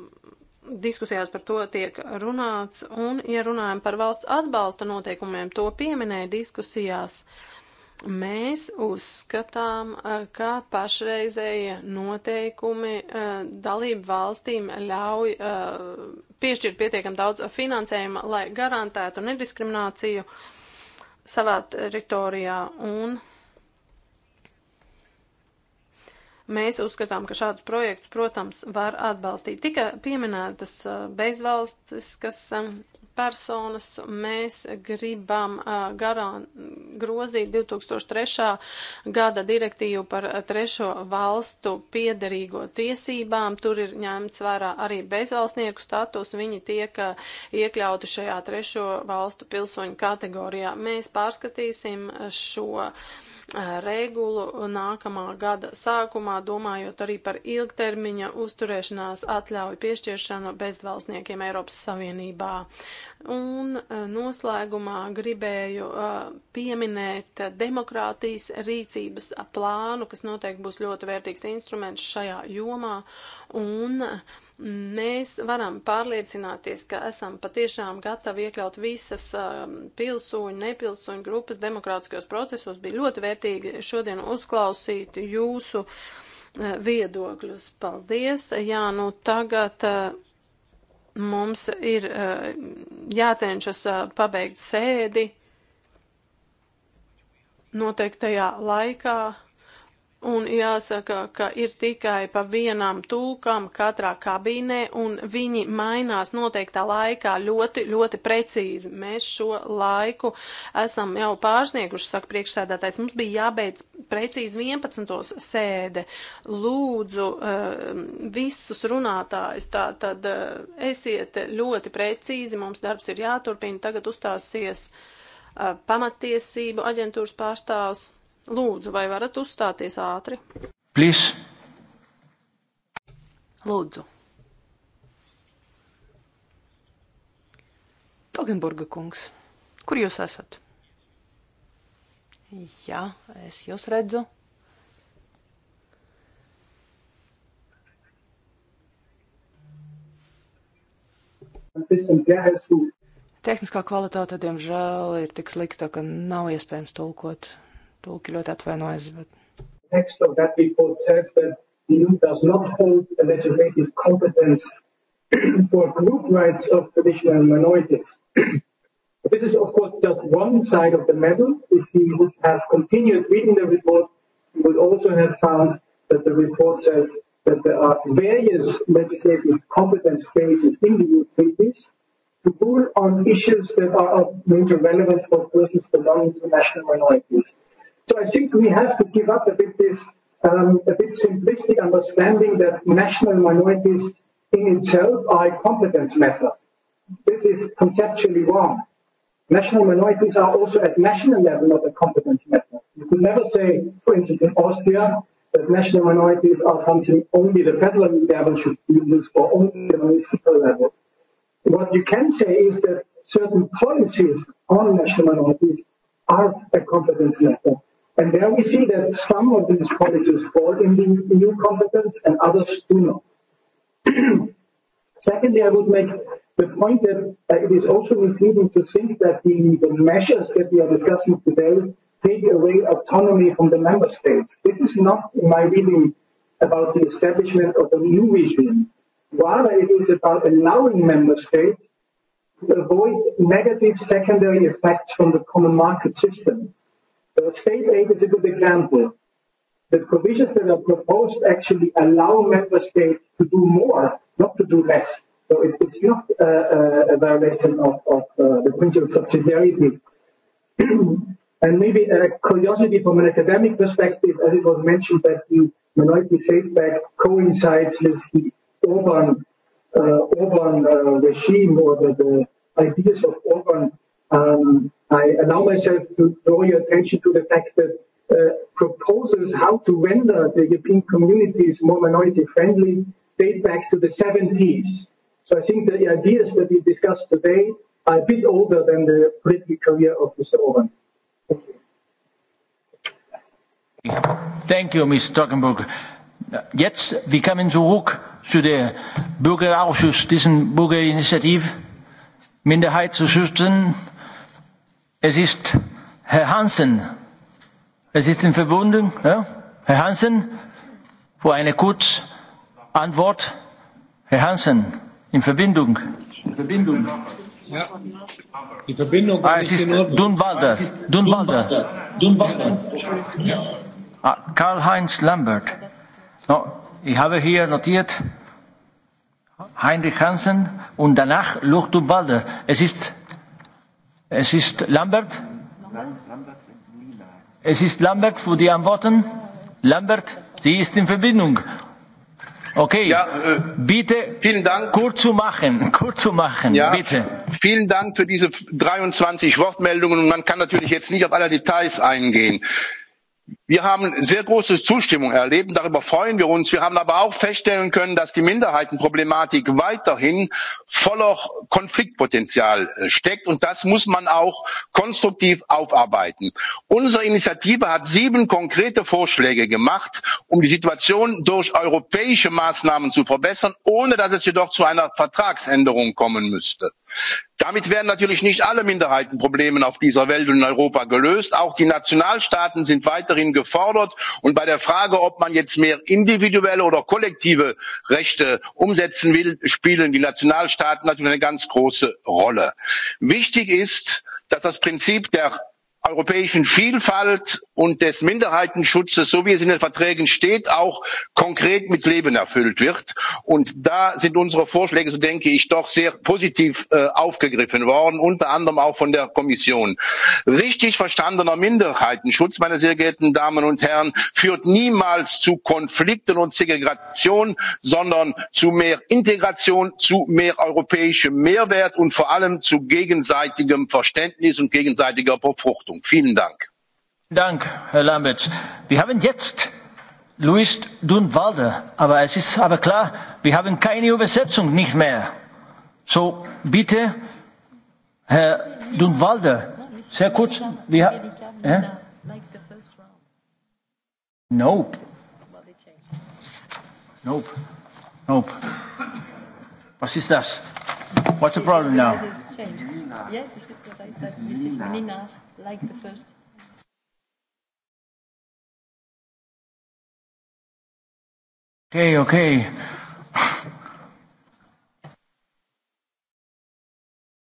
diskusijās par to tiek runāts, un, ja runājam par valsts atbalsta noteikumiem, to pieminēja diskusijās. Mēs uzskatām, eh, ka pašreizēja noteikumi eh, dalību valstīm ļauj eh, piešķirt pietiekam daudz finansējuma, lai garantētu nediskrimināciju savā teritorijā un. Mēs uzskatām, ka šādus projektus, protams, var atbalstīt. Tika pieminētas bezvalstiskas personas mēs gribam garām grozīt 2003. gada direktīvu par trešo valstu piederīgo tiesībām. Tur ir ņemts vērā arī bezvalstnieku status. Viņi tiek iekļauti šajā trešo valstu pilsoņu kategorijā. Mēs pārskatīsim šo Eh, regulu nākamā gada sākumā, domājot arī par ilgtermiņa uzturēšanās atļauju piešķiršanu bezvalstniekiem Eiropas Savienībā. Un eh, noslēgumā gribēju eh, pieminēt demokrātijas rīcības plānu, kas noteikti būs ļoti vērtīgs instruments šajā jomā. Un mēs varam pārliecināties, ka esam patiešām gatavi iekļaut visas um, pilsoņu, nepilsoņu grupas demokrātiskajos procesos. Bija ļoti vērtīgi šodien uzklausīt jūsu uh, viedokļus. Paldies! Jā, nu tagad. Uh, Mums ir uh, jācenšas uh, pabeigt sēdi noteiktajā laikā. Un jāsaka, ka ir tikai pa vienam tūkam katrā kabīnē, un viņi mainās noteiktā laikā ļoti, ļoti precīzi. Mēs šo laiku esam jau pārsnieguši, saka priekšsēdētājs. Mums bija jābeidz precīzi 11. sēde. Lūdzu eh, visus runātājus, tā tad eh, esiet ļoti precīzi, mums darbs ir jāturpina. Tagad uzstāsies eh, pamatiesību aģentūras pārstāvs. Lūdzu, vai varat uzstāties ātri? Please. Lūdzu. Togenburga kungs, kur jūs esat? Jā, es jūs redzu. Tehniskā kvalitāte, diemžēl, ir tik slikta, ka nav iespējams tulkot Tūki ļoti atvainojas, bet. Text of that report says that the EU does not hold a legislative competence for group rights of traditional minorities. this is, of course, just one side of the medal. If we would have continued reading the report, we would also have found that the report says that there are various legislative competence spaces in the EU treaties to rule on issues that are of major relevance for persons belonging to national minorities. So I think we have to give up a bit this um, a bit simplistic understanding that national minorities in itself are a competence matter. This is conceptually wrong. National minorities are also at national level not a competence matter. You could never say, for instance, in Austria, that national minorities are something only the federal level should use or only the municipal level. What you can say is that certain policies on national minorities are a competence matter. And there we see that some of these colleges fall in the new competence and others do not. Secondly, I would make the point that uh, it is also misleading to think that the, the measures that we are discussing today take away autonomy from the member states. This is not, in my reading, about the establishment of a new regime. Rather, it is about allowing member states to avoid negative secondary effects from the common market system. So state aid is a good example. The provisions that are proposed actually allow member states to do more, not to do less. So it, it's not uh, uh a violation of, of uh, the principle of subsidiarity. and maybe a curiosity from an academic perspective, as it was mentioned that the minority safeback coincides with the Orban, uh, Orban uh, regime or the, the ideas of Orban Um, I allow myself to draw your attention to the fact that uh, proposals how to render the European communities more minority friendly date back to the 70s. So I think the ideas that we discussed today are a bit older than the political career of Mr. Orban. Thank you. Thank you, Ms. Stockenburg. Jetzt, wir kommen zurück zu der Bürgerausschuss, diesen Bürgerinitiative, Minderheit zu schützen. Es ist Herr Hansen. Es ist in Verbindung, ja? Herr Hansen, für eine kurze Antwort. Herr Hansen, in Verbindung. In Verbindung. Ja. Die Verbindung ah, es ist Dunwalder. Dunwalder. Dunwalder. Ja. Ah, Karl-Heinz Lambert. No, ich habe hier notiert Heinrich Hansen und danach Luch Dunwalder. Es ist Es ist Lambert? Es ist Lambert, wo die antworten? Lambert, sie ist in Verbindung. Okay, ja, äh, bitte vielen Dank. kurz zu machen, kurz zu machen, ja, bitte. Vielen Dank für diese 23 Wortmeldungen und man kann natürlich jetzt nicht auf alle Details eingehen wir haben sehr große zustimmung erlebt darüber freuen wir uns. wir haben aber auch feststellen können dass die minderheitenproblematik weiterhin voller konfliktpotenzial äh, steckt und das muss man auch konstruktiv aufarbeiten. unsere initiative hat sieben konkrete vorschläge gemacht um die situation durch europäische maßnahmen zu verbessern ohne dass es jedoch zu einer vertragsänderung kommen müsste. damit werden natürlich nicht alle minderheitenprobleme auf dieser welt und in europa gelöst auch die nationalstaaten sind weiterhin rechten gefordert und bei der frage ob man jetzt mehr individuelle oder kollektive rechte umsetzen will spielen die nationalstaaten natürlich eine ganz große rolle. wichtig ist dass das prinzip europäischen Vielfalt und des Minderheitenschutzes, so wie es in den Verträgen steht, auch konkret mit Leben erfüllt wird. Und da sind unsere Vorschläge, so denke ich, doch sehr positiv äh, aufgegriffen worden, unter anderem auch von der Kommission. Richtig verstandener Minderheitenschutz, meine sehr geehrten Damen und Herren, führt niemals zu Konflikten und Segregation, sondern zu mehr Integration, zu mehr europäischem Mehrwert und vor allem zu gegenseitigem Verständnis und gegenseitiger Befruchtung. Verantwortung. Vielen Dank. Dank, Herr Lamberts. Wir haben jetzt Luis Dunwalde, aber es ist aber klar, wir haben keine Übersetzung nicht mehr. So, bitte, Herr Dunwalde, sehr kurz. Wir, äh? Nope. Nope. Nope. Was ist das? What's the problem now? Yes, this is what I said. This is Nina like the first. Okay, okay.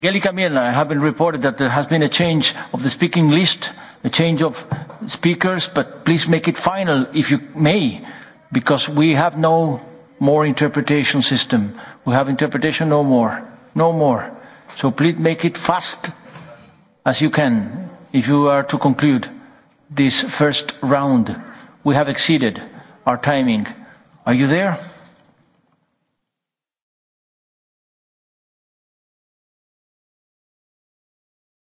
Gelica Miela, I have been reported that there has been a change of the speaking list, a change of speakers, but please make it final if you may, because we have no more interpretation system. We have interpretation no more, no more. So please make it fast as you can if you are to conclude this first round. We have exceeded our timing. Are you there?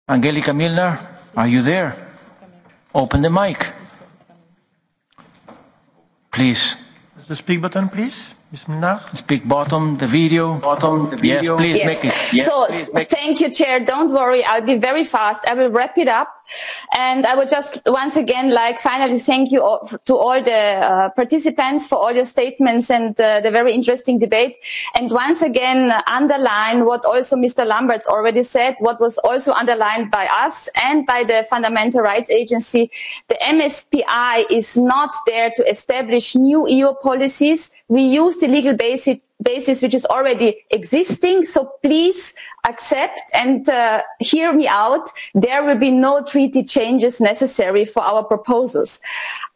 Angelika Milner, are you there? Open the mic. Please. Is the speak button, please? Bismillah. Speak bottom, the video. Bottom, the video. Yes, please yes. make it. Yes, so, please make thank you, Chair. Don't worry, I'll be very fast. I will wrap it up And I would just once again like finally thank you all, to all the uh, participants for all your statements and uh, the very interesting debate. And once again underline what also Mr. Lambert already said, what was also underlined by us and by the Fundamental Rights Agency. The MSPI is not there to establish new EU policies. We use the legal basis basis which is already existing. So please accept and uh, hear me out. There will be no treaty changes necessary for our proposals.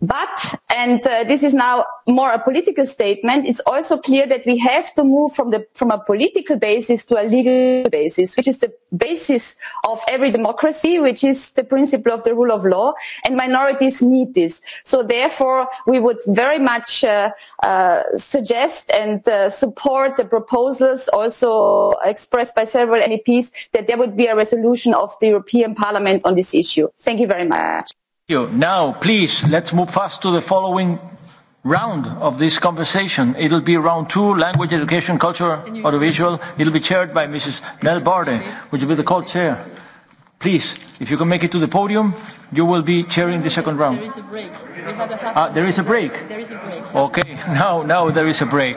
But, and uh, this is now more a political statement, it's also clear that we have to move from the, from a political basis to a legal basis, which is the basis of every democracy, which is the principle of the rule of law and minorities need this. So therefore we would very much uh, uh, suggest and uh, support support the proposals also expressed by several MEPs that there would be a resolution of the European Parliament on this issue. Thank you very much. Thank you. Now, please, let's move fast to the following round of this conversation. It'll be round two, language, education, culture, audiovisual. It'll be chaired by Mrs. Nell Barde, which will be the co-chair. Please, if you can make it to the podium, you will be chairing the second round. There is a break. We have a half ah, there is a break? There is a break. Okay, now, now there is a break.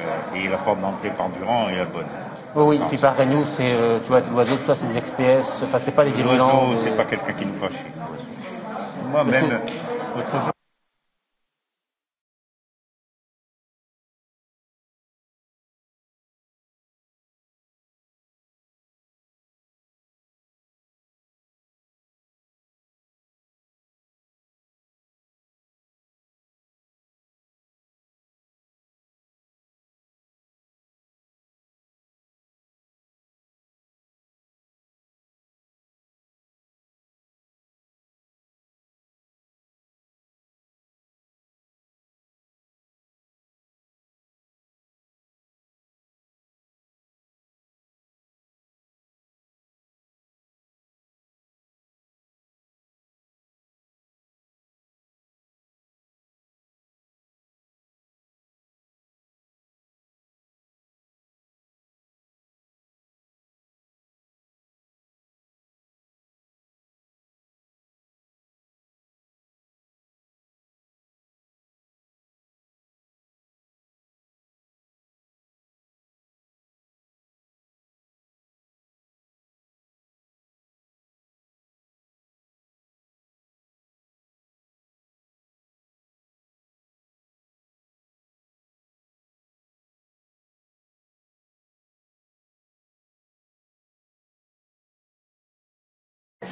Euh, et la porte d'entrée par Durand est la bonne. Oh oui, puis par Renou, c'est, euh, tu vois, l'oiseau, tu vois, c'est des XPS, enfin, c'est pas les virulents. L'oiseau, mais... c'est euh. pas quelqu'un qui nous fâche. Moi-même, autre jour,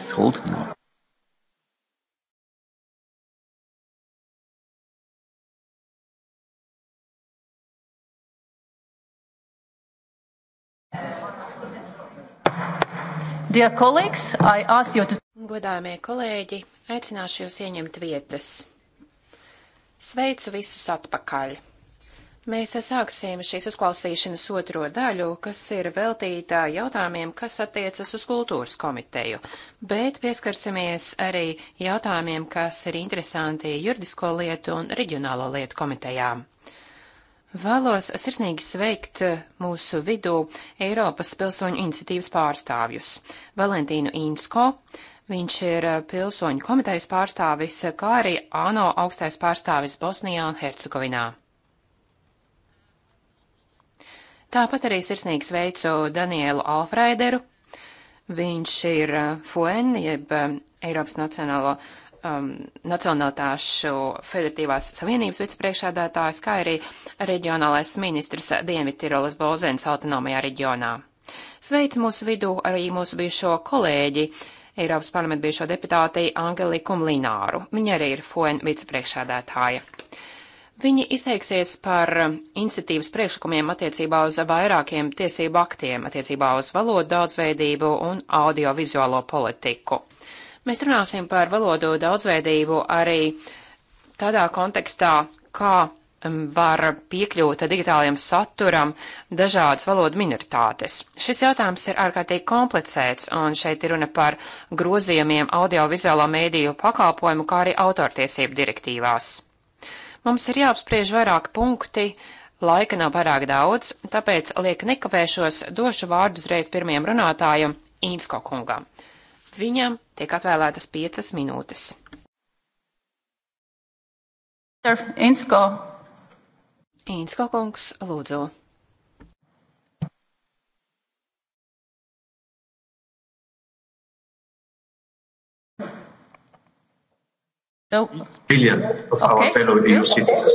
soltumā Dear colleagues, I ask you to... Godāmie kolēģi, aicināšu jūs ieņemt vietas. Sveicu visus atpakaļ! Mēs sāksim šīs uzklausīšanas otro daļu, kas ir veltīta jautājumiem, kas attiecas uz kultūras komiteju, bet pieskarsimies arī jautājumiem, kas ir interesanti juridisko lietu un reģionālo lietu komitejām. Vēlos sirsnīgi sveikt mūsu vidū Eiropas pilsoņu iniciatīvas pārstāvjus - Valentīnu Insko, Viņš ir pilsoņu komitejas pārstāvis, kā arī ANO augstais pārstāvis Bosnijā un Hercegovinā. Tāpat arī sirsnīgs veicu Danielu Alfraideru. Viņš ir eh, FUN, jeb eh, Eiropas Nacionālo um, Nacionalitāšu Federatīvās Savienības vicepriekšādātājs, kā arī reģionālais ministrs Dienvidtirolas Bolzenas autonomajā reģionā. Sveicu mūsu vidū arī mūsu bijušo kolēģi, Eiropas parlamenta bijušo deputāti Angeliku Mlināru. Viņa arī ir FUN vicepriekšādātāja. Viņi izteiksies par iniciatīvas priekšlikumiem attiecībā uz vairākiem tiesību aktiem, attiecībā uz valodu daudzveidību un audiovizuālo politiku. Mēs runāsim par valodu daudzveidību arī tādā kontekstā, kā var piekļūt digitālajam saturam dažādas valodu minoritātes. Šis jautājums ir ārkārtīgi komplicēts, un šeit ir runa par grozījumiem audiovizuālo mēdīju pakalpojumu, kā arī autortiesību direktīvās. Mums ir jāapspriež vairāk punkti, Laika nav pārāk daudz, tāpēc lieka nekavēšos došu vārdu uzreiz pirmajam runātājam Īnsko kungam. Viņam tiek atvēlētas piecas minūtes. Īnsko kungs, lūdzu. Oh. Billion of okay. our fellow EU citizens.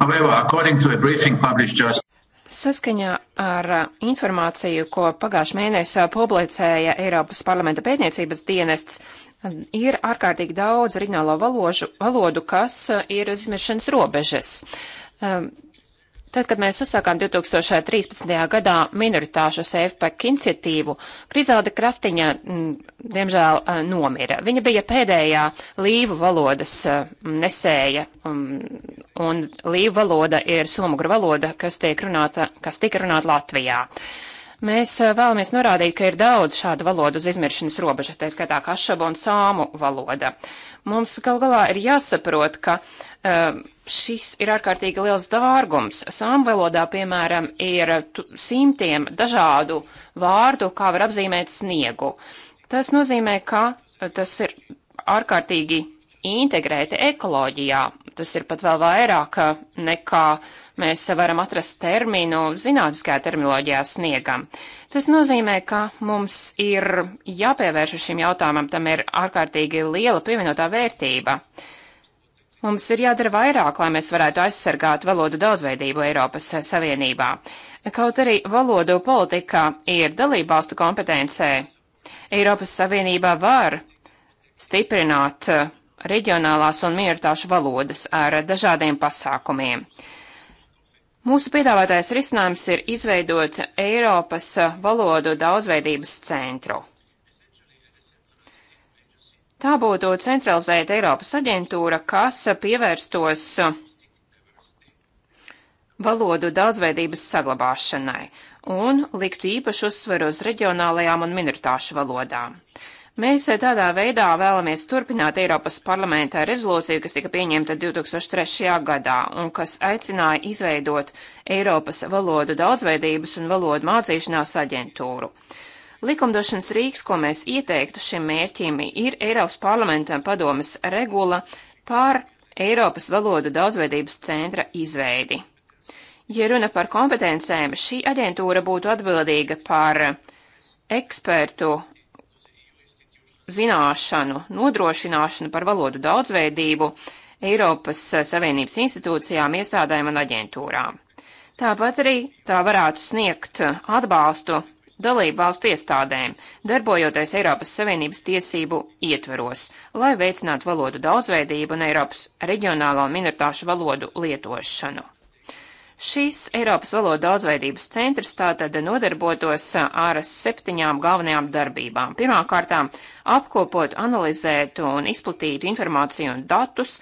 However, according to a briefing published just Saskaņā ar uh, informāciju, ko pagājušajā mēnesī uh, publicēja Eiropas parlamenta pētniecības dienests, um, ir ārkārtīgi daudz reģionālo valožu, valodu, kas uh, ir uz izmešanas robežas. Um, Tad, kad mēs uzsākām 2013. gadā minoritāšu SafePack iniciatīvu, Krizalda Krastiņa, mm, diemžēl, eh, nomira. Viņa bija pēdējā līvu valodas eh, nesēja, mm, un līvu valoda ir somugru valoda, kas, runāta, kas tika runāta Latvijā. Mēs eh, vēlamies norādīt, ka ir daudz šādu valodu uz izmiršanas robežas, tā skaitā kašaba un sāmu valoda. Mums gal galā ir jāsaprot, ka uh, šis ir ārkārtīgi liels dārgums. Sāmu valodā, piemēram, ir simtiem dažādu vārdu, kā var apzīmēt sniegu. Tas nozīmē, ka tas ir ārkārtīgi integrēti ekoloģijā. Tas ir pat vēl vairāk nekā mēs varam atrast terminu zinātniskajā terminoloģijā sniegam. Tas nozīmē, ka mums ir jāpievērš šim jautājumam, tam ir ārkārtīgi liela pievienotā vērtība. Uh, Mums ir jādara vairāk, lai mēs varētu aizsargāt valodu daudzveidību Eiropas Savienībā. Kaut arī valodu politikā ir dalībvalstu kompetencē, Eiropas Savienībā var stiprināt eh, reģionālās un minoritāšu valodas ar dažādiem pasākumiem. Mūsu piedāvātais risinājums ir izveidot Eiropas valodu daudzveidības centru. Tā būtu centralizēta Eiropas aģentūra, kas pievērstos valodu daudzveidības saglabāšanai un liktu īpašu uzsveru uz reģionālajām un minoritāšu valodām. Mēs tādā veidā vēlamies turpināt Eiropas parlamentā rezolūciju, kas tika pieņemta 2003. gadā un kas aicināja izveidot Eiropas valodu daudzveidības un valodu mācīšanās aģentūru. Likumdošanas rīks, ko mēs ieteiktu šim mērķim, ir Eiropas parlamentam padomas regula par Eiropas valodu daudzveidības centra izveidi. Ja runa par kompetencēm, šī aģentūra būtu atbildīga par ekspertu zināšanu, nodrošināšanu par valodu daudzveidību Eiropas Savienības institūcijām, iestādēm un aģentūrām. Tāpat arī tā varētu sniegt atbalstu dalību valstu iestādēm, darbojoties Eiropas Savienības tiesību ietveros, lai veicinātu valodu daudzveidību un Eiropas reģionālo minoritāšu valodu lietošanu. Šīs Eiropas valodu daudzveidības centrs tātad nodarbotos ar septiņām galvenajām darbībām. Pirmkārtām apkopot, analizēt un izplatīt informāciju un datus,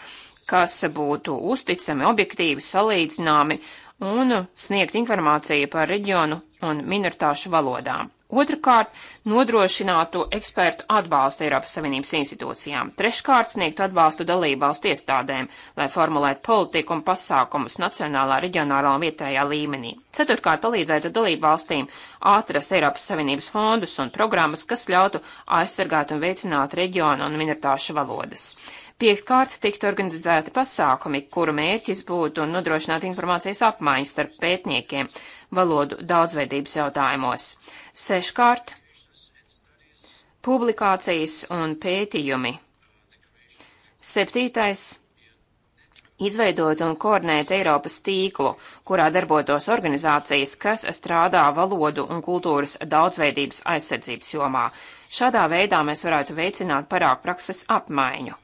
kas būtu uzticami, objektīvi, salīdzināmi un sniegt informāciju par reģionu un minoritāšu valodām. Otrakārt, nodrošinātu ekspertu atbalstu Eiropas Savienības institūcijām. Treškārt, sniegtu atbalstu dalībvalstu iestādēm, lai formulētu politiku un pasākumus nacionālā, reģionālā un vietējā līmenī. Ceturtkārt, palīdzētu dalībvalstīm atrast Eiropas Savienības fondus un programmas, kas ļautu aizsargāt un veicināt reģionu un minoritāšu valodas. Piektkārt tiktu organizēti pasākumi, kuru mērķis būtu nodrošināt informācijas apmaiņu starp pētniekiem valodu daudzveidības jautājumos. Seškārt publikācijas un pētījumi. Septītais izveidot un koordinēt Eiropas tīklu, kurā darbotos organizācijas, kas strādā valodu un kultūras daudzveidības aizsardzības jomā. Šādā veidā mēs varētu veicināt parāk prakses apmaiņu.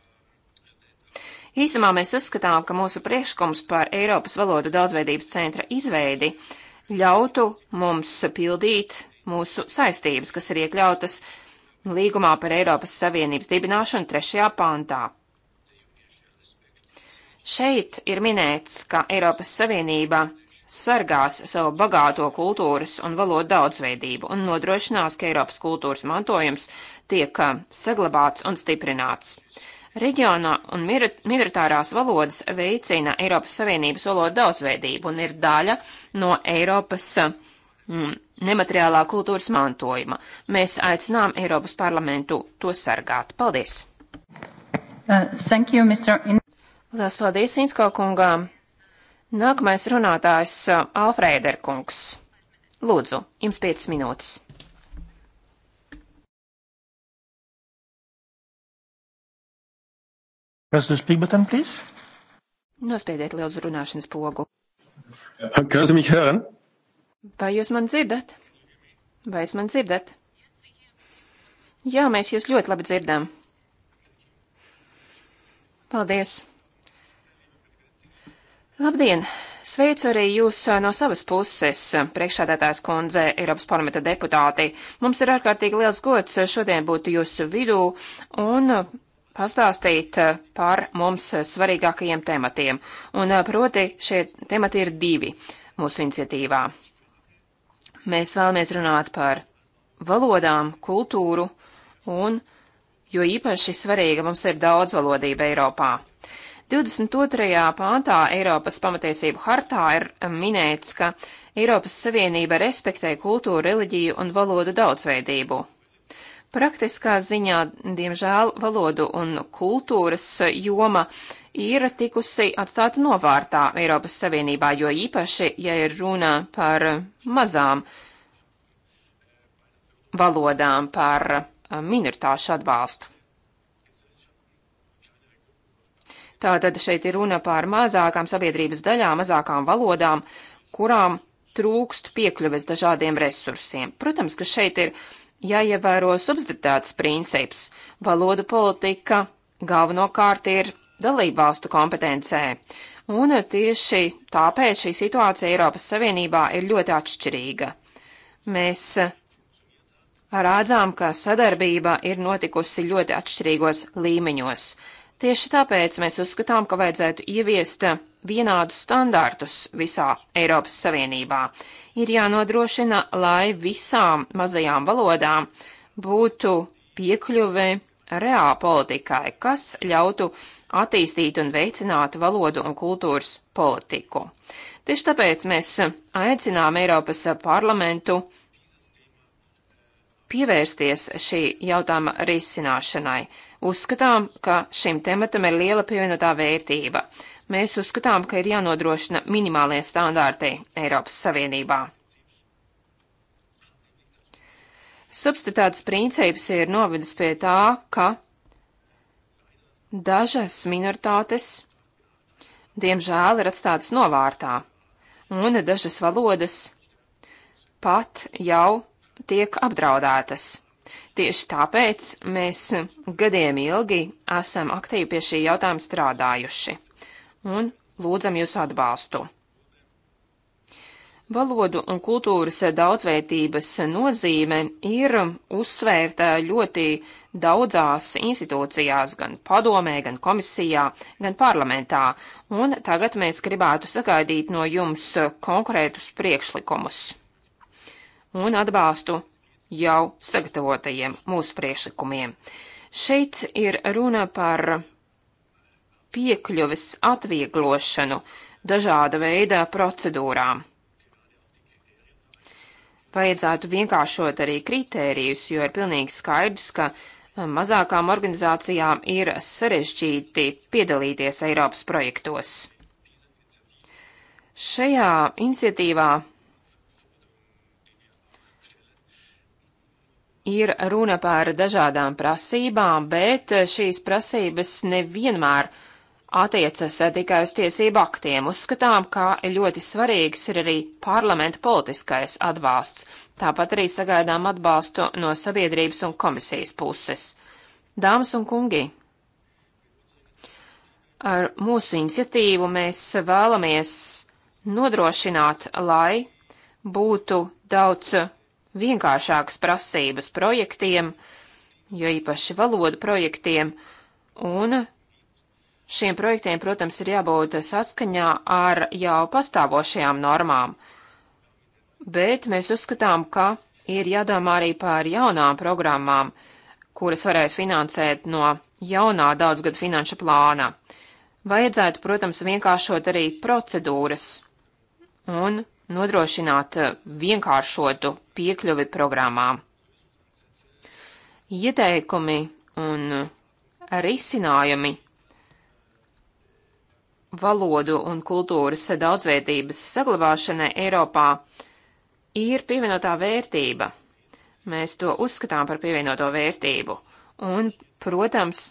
Īsumā mēs uzskatām, ka mūsu priekšlikums par Eiropas valodu daudzveidības centra izveidi ļautu mums pildīt mūsu saistības, kas ir iekļautas līgumā par Eiropas Savienības dibināšanu trešajā pantā. Šeit ir minēts, ka Eiropas Savienība sargās savu bagāto kultūras un valodu daudzveidību un nodrošinās, ka Eiropas kultūras mantojums tiek saglabāts un stiprināts. Reģionā un minoritārās valodas veicina Eiropas Savienības valodu daudzveidību un ir daļa no Eiropas mm, nemateriālā kultūras mantojuma. Mēs aicinām Eiropas parlamentu to sargāt. Paldies! Uh, thank you, Mr. In Lielas paldies, Insko kungām! Nākamais runātājs uh, Alfrēderkungs. Lūdzu, jums 5 minūtes. Press the speak button, please. Nospiediet lūdzu runāšanas pogu. Kannst du mich hören? Vai jūs man dzirdat? Vai jūs man dzirdat? Jā, mēs jūs ļoti labi dzirdam. Paldies! Labdien! Sveicu arī jūs no savas puses, priekšādātājs kundze, Eiropas parlamenta deputāti. Mums ir ārkārtīgi liels gods šodien būt jūsu vidū un pastāstīt eh, par mums svarīgākajiem tematiem. Un eh, proti šie temati ir divi mūsu iniciatīvā. Mēs vēlamies runāt par valodām, kultūru un, jo īpaši svarīga mums ir daudzvalodība Eiropā. 22. pāntā Eiropas pamatiesību hartā ir eh, minēts, ka Eiropas Savienība respektē kultūru, reliģiju un valodu daudzveidību. Praktiskā ziņā, diemžēl, valodu un kultūras joma ir tikusi atstāta novārtā Eiropas Savienībā, jo īpaši, ja ir runa par mazām valodām, par minoritāšu atbalstu. Tātad šeit ir runa par mazākām sabiedrības daļām, mazākām valodām, kurām trūkst piekļuves dažādiem resursiem. Protams, ka šeit ir jāievēro subsidiotātes princips. Valodu politika galvenokārt ir dalībvalstu kompetencē. Un tieši tāpēc šī situācija Eiropas Savienībā ir ļoti atšķirīga. Mēs rādzām, ka sadarbība ir notikusi ļoti atšķirīgos līmeņos. Tieši tāpēc mēs uzskatām, ka vajadzētu ieviest vienādus standārtus visā Eiropas Savienībā. Ir jānodrošina, lai visām mazajām valodām būtu piekļuve reālpolitikai, kas ļautu attīstīt un veicināt valodu un kultūras politiku. Tieši tāpēc mēs aicinām Eiropas parlamentu pievērsties šī jautājuma risināšanai. Uzskatām, ka šim tematam ir liela pievienotā vērtība. Mēs uzskatām, ka ir jānodrošina minimālie standārti Eiropas Savienībā. Substitāts princips ir novedis pie tā, ka dažas minoritātes, diemžēl, ir atstātas novārtā, un dažas valodas pat jau tiek apdraudētas. Tieši tāpēc mēs gadiem ilgi esam aktīvi pie šī jautājuma strādājuši un lūdzam jūs atbalstu. Valodu un kultūras daudzveidības nozīme ir uzsvērta ļoti daudzās institūcijās, gan padomē, gan komisijā, gan parlamentā, un tagad mēs gribētu sagaidīt no jums konkrētus priekšlikumus un atbalstu jau sagatavotajiem mūsu priekšlikumiem. Šeit ir runa par piekļuves atvieglošanu dažāda veida procedūrām. Vajadzētu vienkāršot arī kritērijus, jo ir pilnīgi skaidrs, ka eh, mazākām organizācijām ir sarežģīti piedalīties Eiropas projektos. Šajā iniciatīvā ir runa par dažādām prasībām, bet šīs prasības nevienmēr uh, attiecas eh, tikai uz tiesību aktiem. Uzskatām, ka ļoti svarīgs ir arī parlamenta politiskais atbalsts, tāpat arī sagaidām atbalstu no sabiedrības un komisijas puses. Dāmas un kungi, ar mūsu iniciatīvu mēs vēlamies nodrošināt, lai būtu daudz vienkāršākas prasības projektiem, jo īpaši valodu projektiem, un Šiem projektiem, protams, ir jābūt saskaņā ar jau pastāvošajām normām, bet mēs uzskatām, ka ir jādomā arī par jaunām programmām, kuras varēs finansēt no jaunā daudzgada finanšu plāna. Vajadzētu, protams, vienkāršot arī procedūras un nodrošināt vienkāršotu piekļuvi programmām. Ieteikumi un risinājumi valodu un kultūras daudzveidības saglabāšanai Eiropā ir pievienotā vērtība. Mēs to uzskatām par pievienoto vērtību. Un, protams,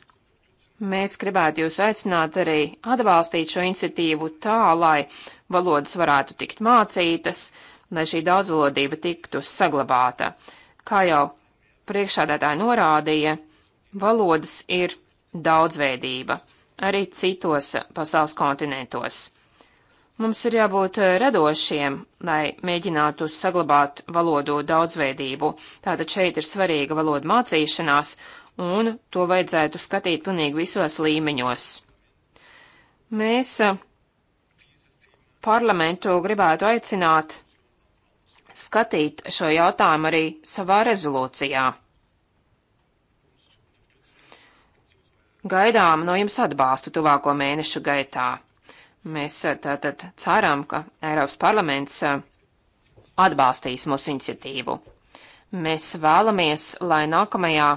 mēs gribētu jūs aicināt arī atbalstīt šo iniciatīvu tā, lai valodas varētu tikt mācītas, lai šī daudzvalodība tiktu saglabāta. Kā jau priekšādātāji norādīja, valodas ir daudzveidība arī citos pasaules kontinentos. Mums ir jābūt radošiem, lai mēģinātu saglabāt valodu daudzveidību. Tātad šeit ir svarīga valoda mācīšanās, un to vajadzētu skatīt pilnīgi visos līmeņos. Mēs eh, parlamentu gribētu aicināt skatīt šo jautājumu arī savā rezolūcijā. gaidām no jums atbalstu tuvāko mēnešu gaitā. Mēs eh, tātad ceram, ka Eiropas parlaments eh, atbalstīs mūsu iniciatīvu. Mēs vēlamies, lai nākamajā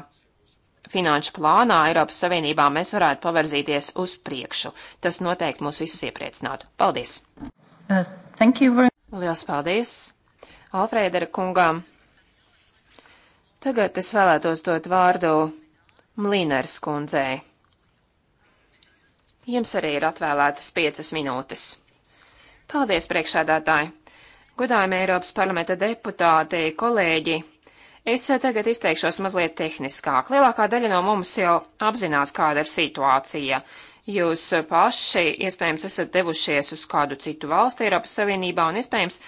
finanšu plānā Eiropas Savienībā mēs varētu pavirzīties uz priekšu. Tas noteikti mūs visus iepriecinātu. Paldies! Uh, very... Lielas paldies Alfrēdera kungām! Tagad es vēlētos dot vārdu Mlīneres kundzei. Jums arī ir atvēlētas piecas minūtes. Paldies, priekšādātāji! Godājumi Eiropas parlamenta deputāti, kolēģi! Es tagad izteikšos mazliet tehniskāk. Lielākā daļa no mums jau apzinās, kāda ir situācija. Jūs paši iespējams esat devušies uz kādu citu valsti Eiropas Savienībā un iespējams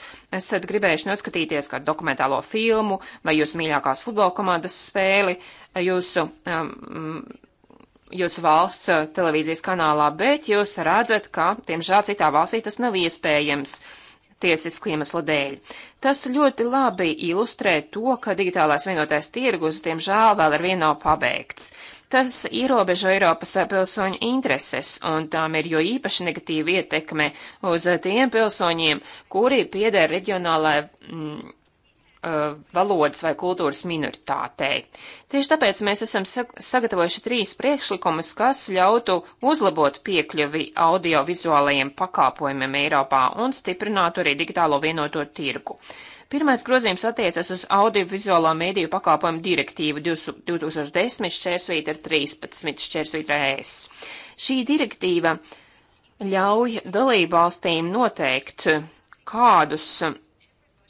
esat gribējuši noskatīties kādu dokumentālo filmu vai jūsu mīļākās futbola komandas spēli, jūsu um, jūsu valsts eh, televīzijas kanālā, bet jūs redzat, ka, diemžēl, citā valstī tas nav iespējams tiesisku iemeslu dēļ. Tas ļoti labi ilustrē to, ka digitālais vienotais tirgus, diemžēl, vēl ar vienu nav pabeigts. Tas ierobežo Eiropas pilsoņu intereses, un tām ir jo īpaši negatīva ietekme uz tiem pilsoņiem, kuri pieder reģionālai mm, Uh, valodas vai kultūras minoritātei. Tieši tāpēc mēs esam sagatavojuši trīs priekšlikumus, kas ļautu uzlabot piekļuvi audiovizuālajiem pakāpojumiem Eiropā un stiprinātu arī digitālo vienoto tirgu. Pirmais grozījums attiecas uz audiovizuālā mēdīju pakāpojumu direktīvu 2010 šķērsvītra 13 šķērsvītra ES. Šī direktīva ļauj dalībvalstīm noteikt, kādus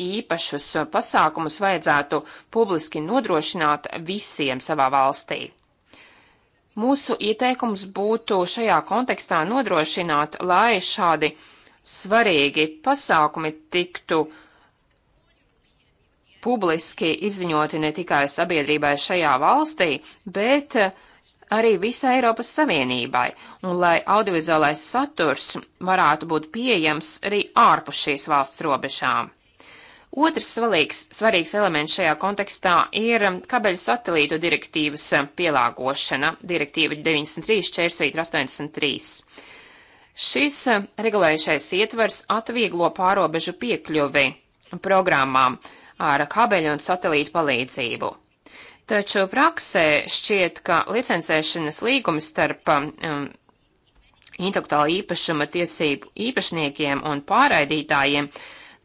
īpašus uh, pasākumus vajadzētu publiski nodrošināt visiem savā valstī. Mūsu ieteikums būtu šajā kontekstā nodrošināt, lai šādi svarīgi pasākumi tiktu publiski izziņoti ne tikai sabiedrībai šajā valstī, bet uh, arī visai Eiropas Savienībai, un lai audiovizuālais saturs varētu būt pieejams arī ārpus šīs valsts robežām. Otrs svalīgs, svarīgs elements šajā kontekstā ir kabeļu satelītu direktīvas eh, pielāgošana, direktīva 93, 4, 83. Šis eh, regulējušais ietvers atvieglo pārobežu piekļuvi programmām ar kabeļu un satelītu palīdzību. Taču praksē šķiet, ka licencēšanas līgums starp um, intelektuāla īpašuma tiesību īpašniekiem un pārraidītājiem uh,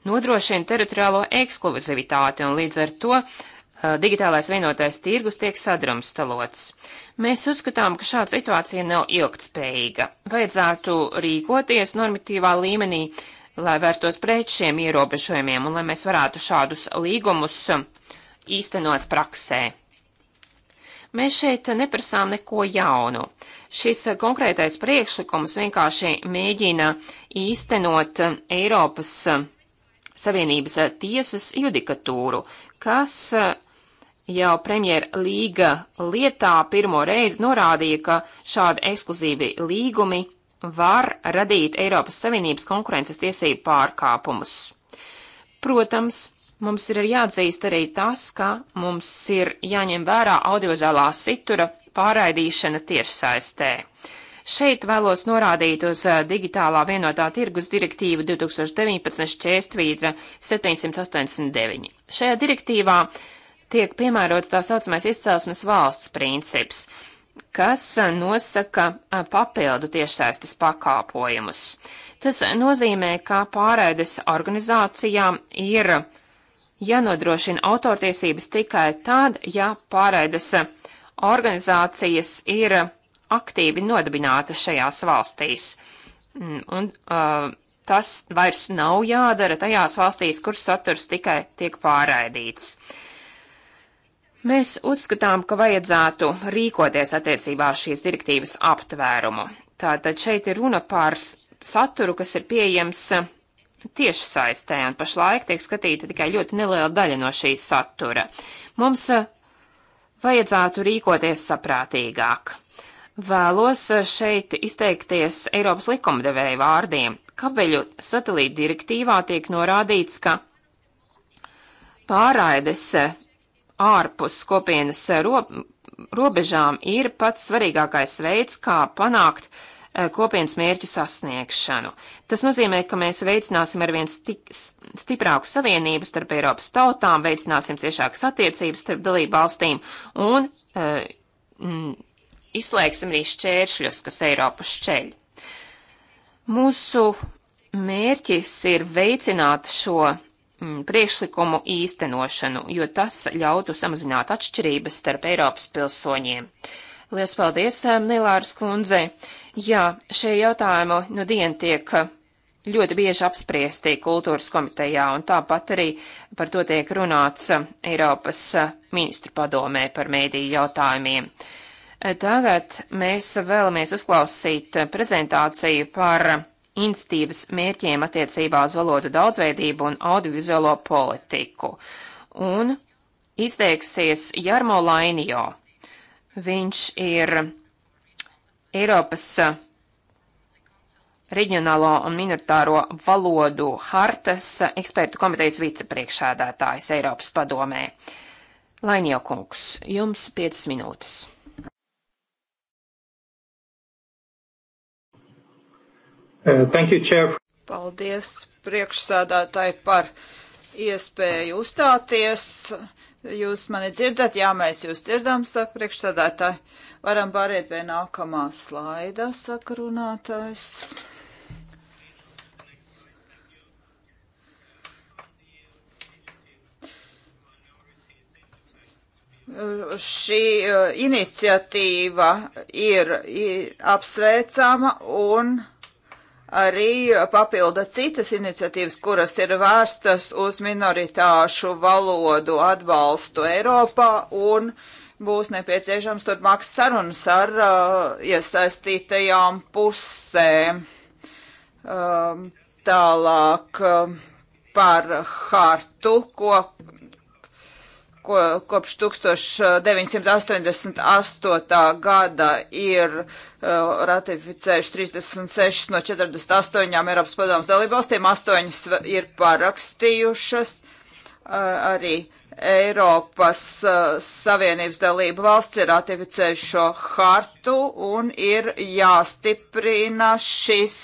nodrošina teritoriālo ekskluzivitāti, un līdz ar to uh, digitālais vienotais tirgus tiek sadrumstalots. Mēs uzskatām, ka šāda situācija nav ilgtspējīga. Vajadzētu rīkoties normatīvā līmenī, lai vērstos pret šiem ierobežojumiem un lai mēs varētu šādus līgumus um, īstenot praksē. Mēs šeit neprasām neko jaunu. Šis uh, konkrētais priekšlikums vienkārši mēģina īstenot um, Eiropas um, Savienības eh, tiesas judikatūru, kas eh, jau premjera līga lietā pirmo reizi norādīja, ka šādi ekskluzīvi līgumi var radīt Eiropas Savienības konkurences tiesību pārkāpumus. Protams, mums ir jāatzīst arī tas, ka mums ir jāņem vērā audiovizuālā satura pārraidīšana tiešsaistē. Šeit vēlos norādīt uz eh, digitālā vienotā tirgus direktīvu 2019.4.789. Šajā direktīvā tiek piemērots tā saucamais izcelsmes valsts princips, kas eh, nosaka eh, papildu tiešsaistes pakāpojumus. Tas nozīmē, ka pārēdes organizācijām ir jānodrošina autortiesības tikai tad, ja pārēdes organizācijas ir aktīvi nodabinātas šajās valstīs. Mm, un, uh, tas vairs nav jādara tajās valstīs, kur saturs tikai tiek pārraidīts. Mēs uzskatām, ka vajadzētu rīkoties attiecībā uz šīs direktīvas aptvērumu. Tātad šeit ir runa par saturu, kas ir pieejams tieši saistē, un pašlaik tiek skatīta tikai ļoti neliela daļa no šīs satura. Mums uh, vajadzētu rīkoties saprātīgāk. Vēlos eh, šeit izteikties Eiropas likumdevēja vārdiem. Kabeļu satelīta direktīvā tiek norādīts, ka pārraides eh, ārpus kopienas eh, ro robežām ir pats svarīgākais veids, kā panākt kopienas mērķu sasniegšanu. Tas nozīmē, ka mēs veicināsim arvien stiprāku savienību starp Eiropas tautām, veicināsim ciešākas attiecības starp dalību valstīm un uh, mm, izslēgsim arī šķēršļus, kas Eiropu šķeļ. Mūsu mērķis ir veicināt šo mm, priekšlikumu īstenošanu, jo tas ļautu samazināt atšķirības starp Eiropas pilsoņiem. Lielas paldies, eh, Nilāras kundze! Jā, šie jautājumi nu dien tiek ļoti bieži apspriesti kultūras komitejā, un tāpat arī par to tiek runāts Eiropas eh, ministru padomē par mēdīju jautājumiem. Uh, Tagad mēs vēlamies uzklausīt prezentāciju par institīvas mērķiem attiecībā uz valodu daudzveidību un audiovizuālo politiku. Un izteiksies Jarmo Lainio. Viņš ir Eiropas Reģionālo un minoritāro valodu hartas ekspertu komitejas vicepriekšādātājs Eiropas padomē. Lainio kungs, jums 5 minūtes. Uh, thank you, Chair. Paldies priekšsādātāji par iespēju uzstāties. Jūs mani dzirdat? Jā, mēs jūs dzirdam, saka priekšsādātāji. Varam pāriet pie nākamā slaida, saka runātājs. šī uh, iniciatīva ir, ir apsveicama un arī papilda citas iniciatīvas, kuras ir vērstas uz minoritāšu valodu atbalstu Eiropā un būs nepieciešams turpmāk sarunas ar uh, iesaistītajām pusēm. Um, tālāk um, par hartu, ko ko, kopš 1988. gada ir uh, ratificējuši 36 no 48 Eiropas padomus dalībvalstīm, 8 ir parakstījušas uh, arī. Eiropas uh, Savienības dalība valsts ir ratificējuši šo hartu un ir jāstiprina šis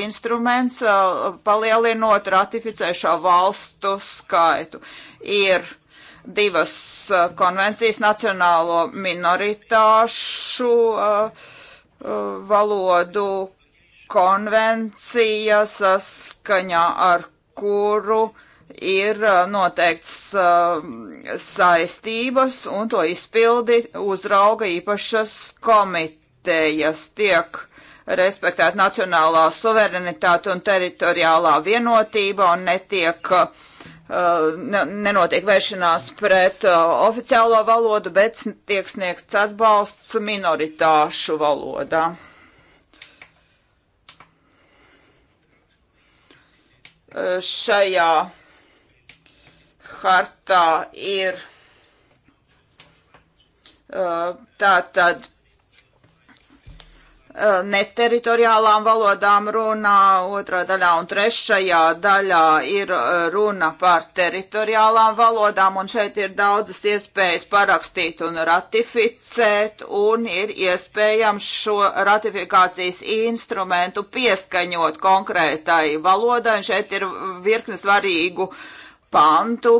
instruments, uh, palielinot ratificējušo valstu skaitu. Ir uh, divas uh, konvencijas nacionālo minoritāšu uh, uh, valodu konvencija saskaņā ar kuru ir noteikts saistības un to izpildi uzrauga īpašas komitejas tiek respektēt nacionālā suverenitāte un teritoriālā vienotība un netiek uh, Uh, nenotiek vēršanās pret uh, oficiālo valodu, bet tiek sniegts atbalsts minoritāšu valodā. Uh, šajā hartā ir tātad Eh, neteritoriālām valodām runā, otrā daļā un trešajā daļā ir eh, runa par teritoriālām valodām, un šeit ir daudzas iespējas parakstīt un ratificēt, un ir iespējams šo ratifikācijas instrumentu pieskaņot konkrētai valodai, un šeit ir virknes varīgu pantu,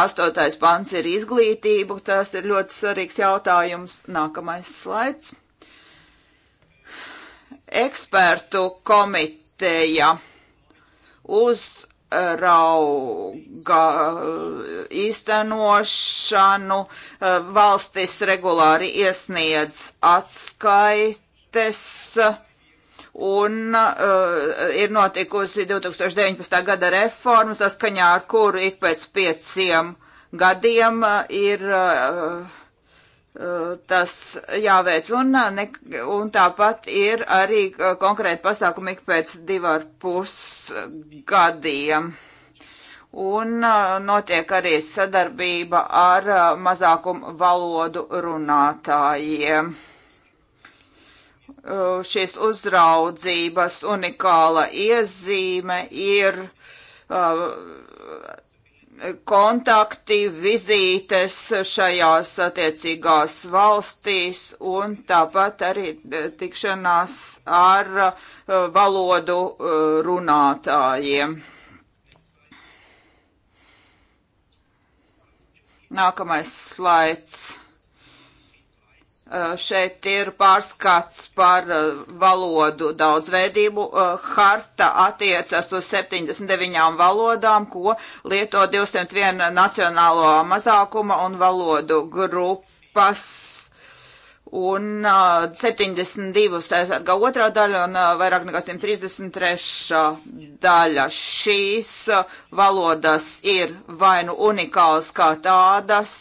astotais pants ir izglītība, tas ir ļoti svarīgs jautājums. Nākamais slaids ekspertu komiteja uzrauga uh, īstenošanu, uh, valstis regulāri iesniedz atskaites un uh, ir notikusi 2019. gada reforma, saskaņā ar kuru ik pēc pieciem gadiem uh, ir uh, tas jāveic. Un, ne, un tāpat ir arī konkrēti pasākumi ik pēc divu ar pus gadiem. Un notiek arī sadarbība ar mazākumu valodu runātājiem šīs uzraudzības unikāla iezīme ir uh, kontakti, vizītes šajās attiecīgās valstīs un tāpat arī tikšanās ar uh, valodu uh, runātājiem. Nākamais slaids. Eh, šeit ir pārskats par eh, valodu daudzveidību. Eh, harta attiecas uz 79 valodām, ko lieto 201 nacionālo mazākuma un valodu grupas un uh, 72 aizsargā otrā daļa un uh, vairāk nekā 133 daļa. Šīs uh, valodas ir vai nu unikāls kā tādas,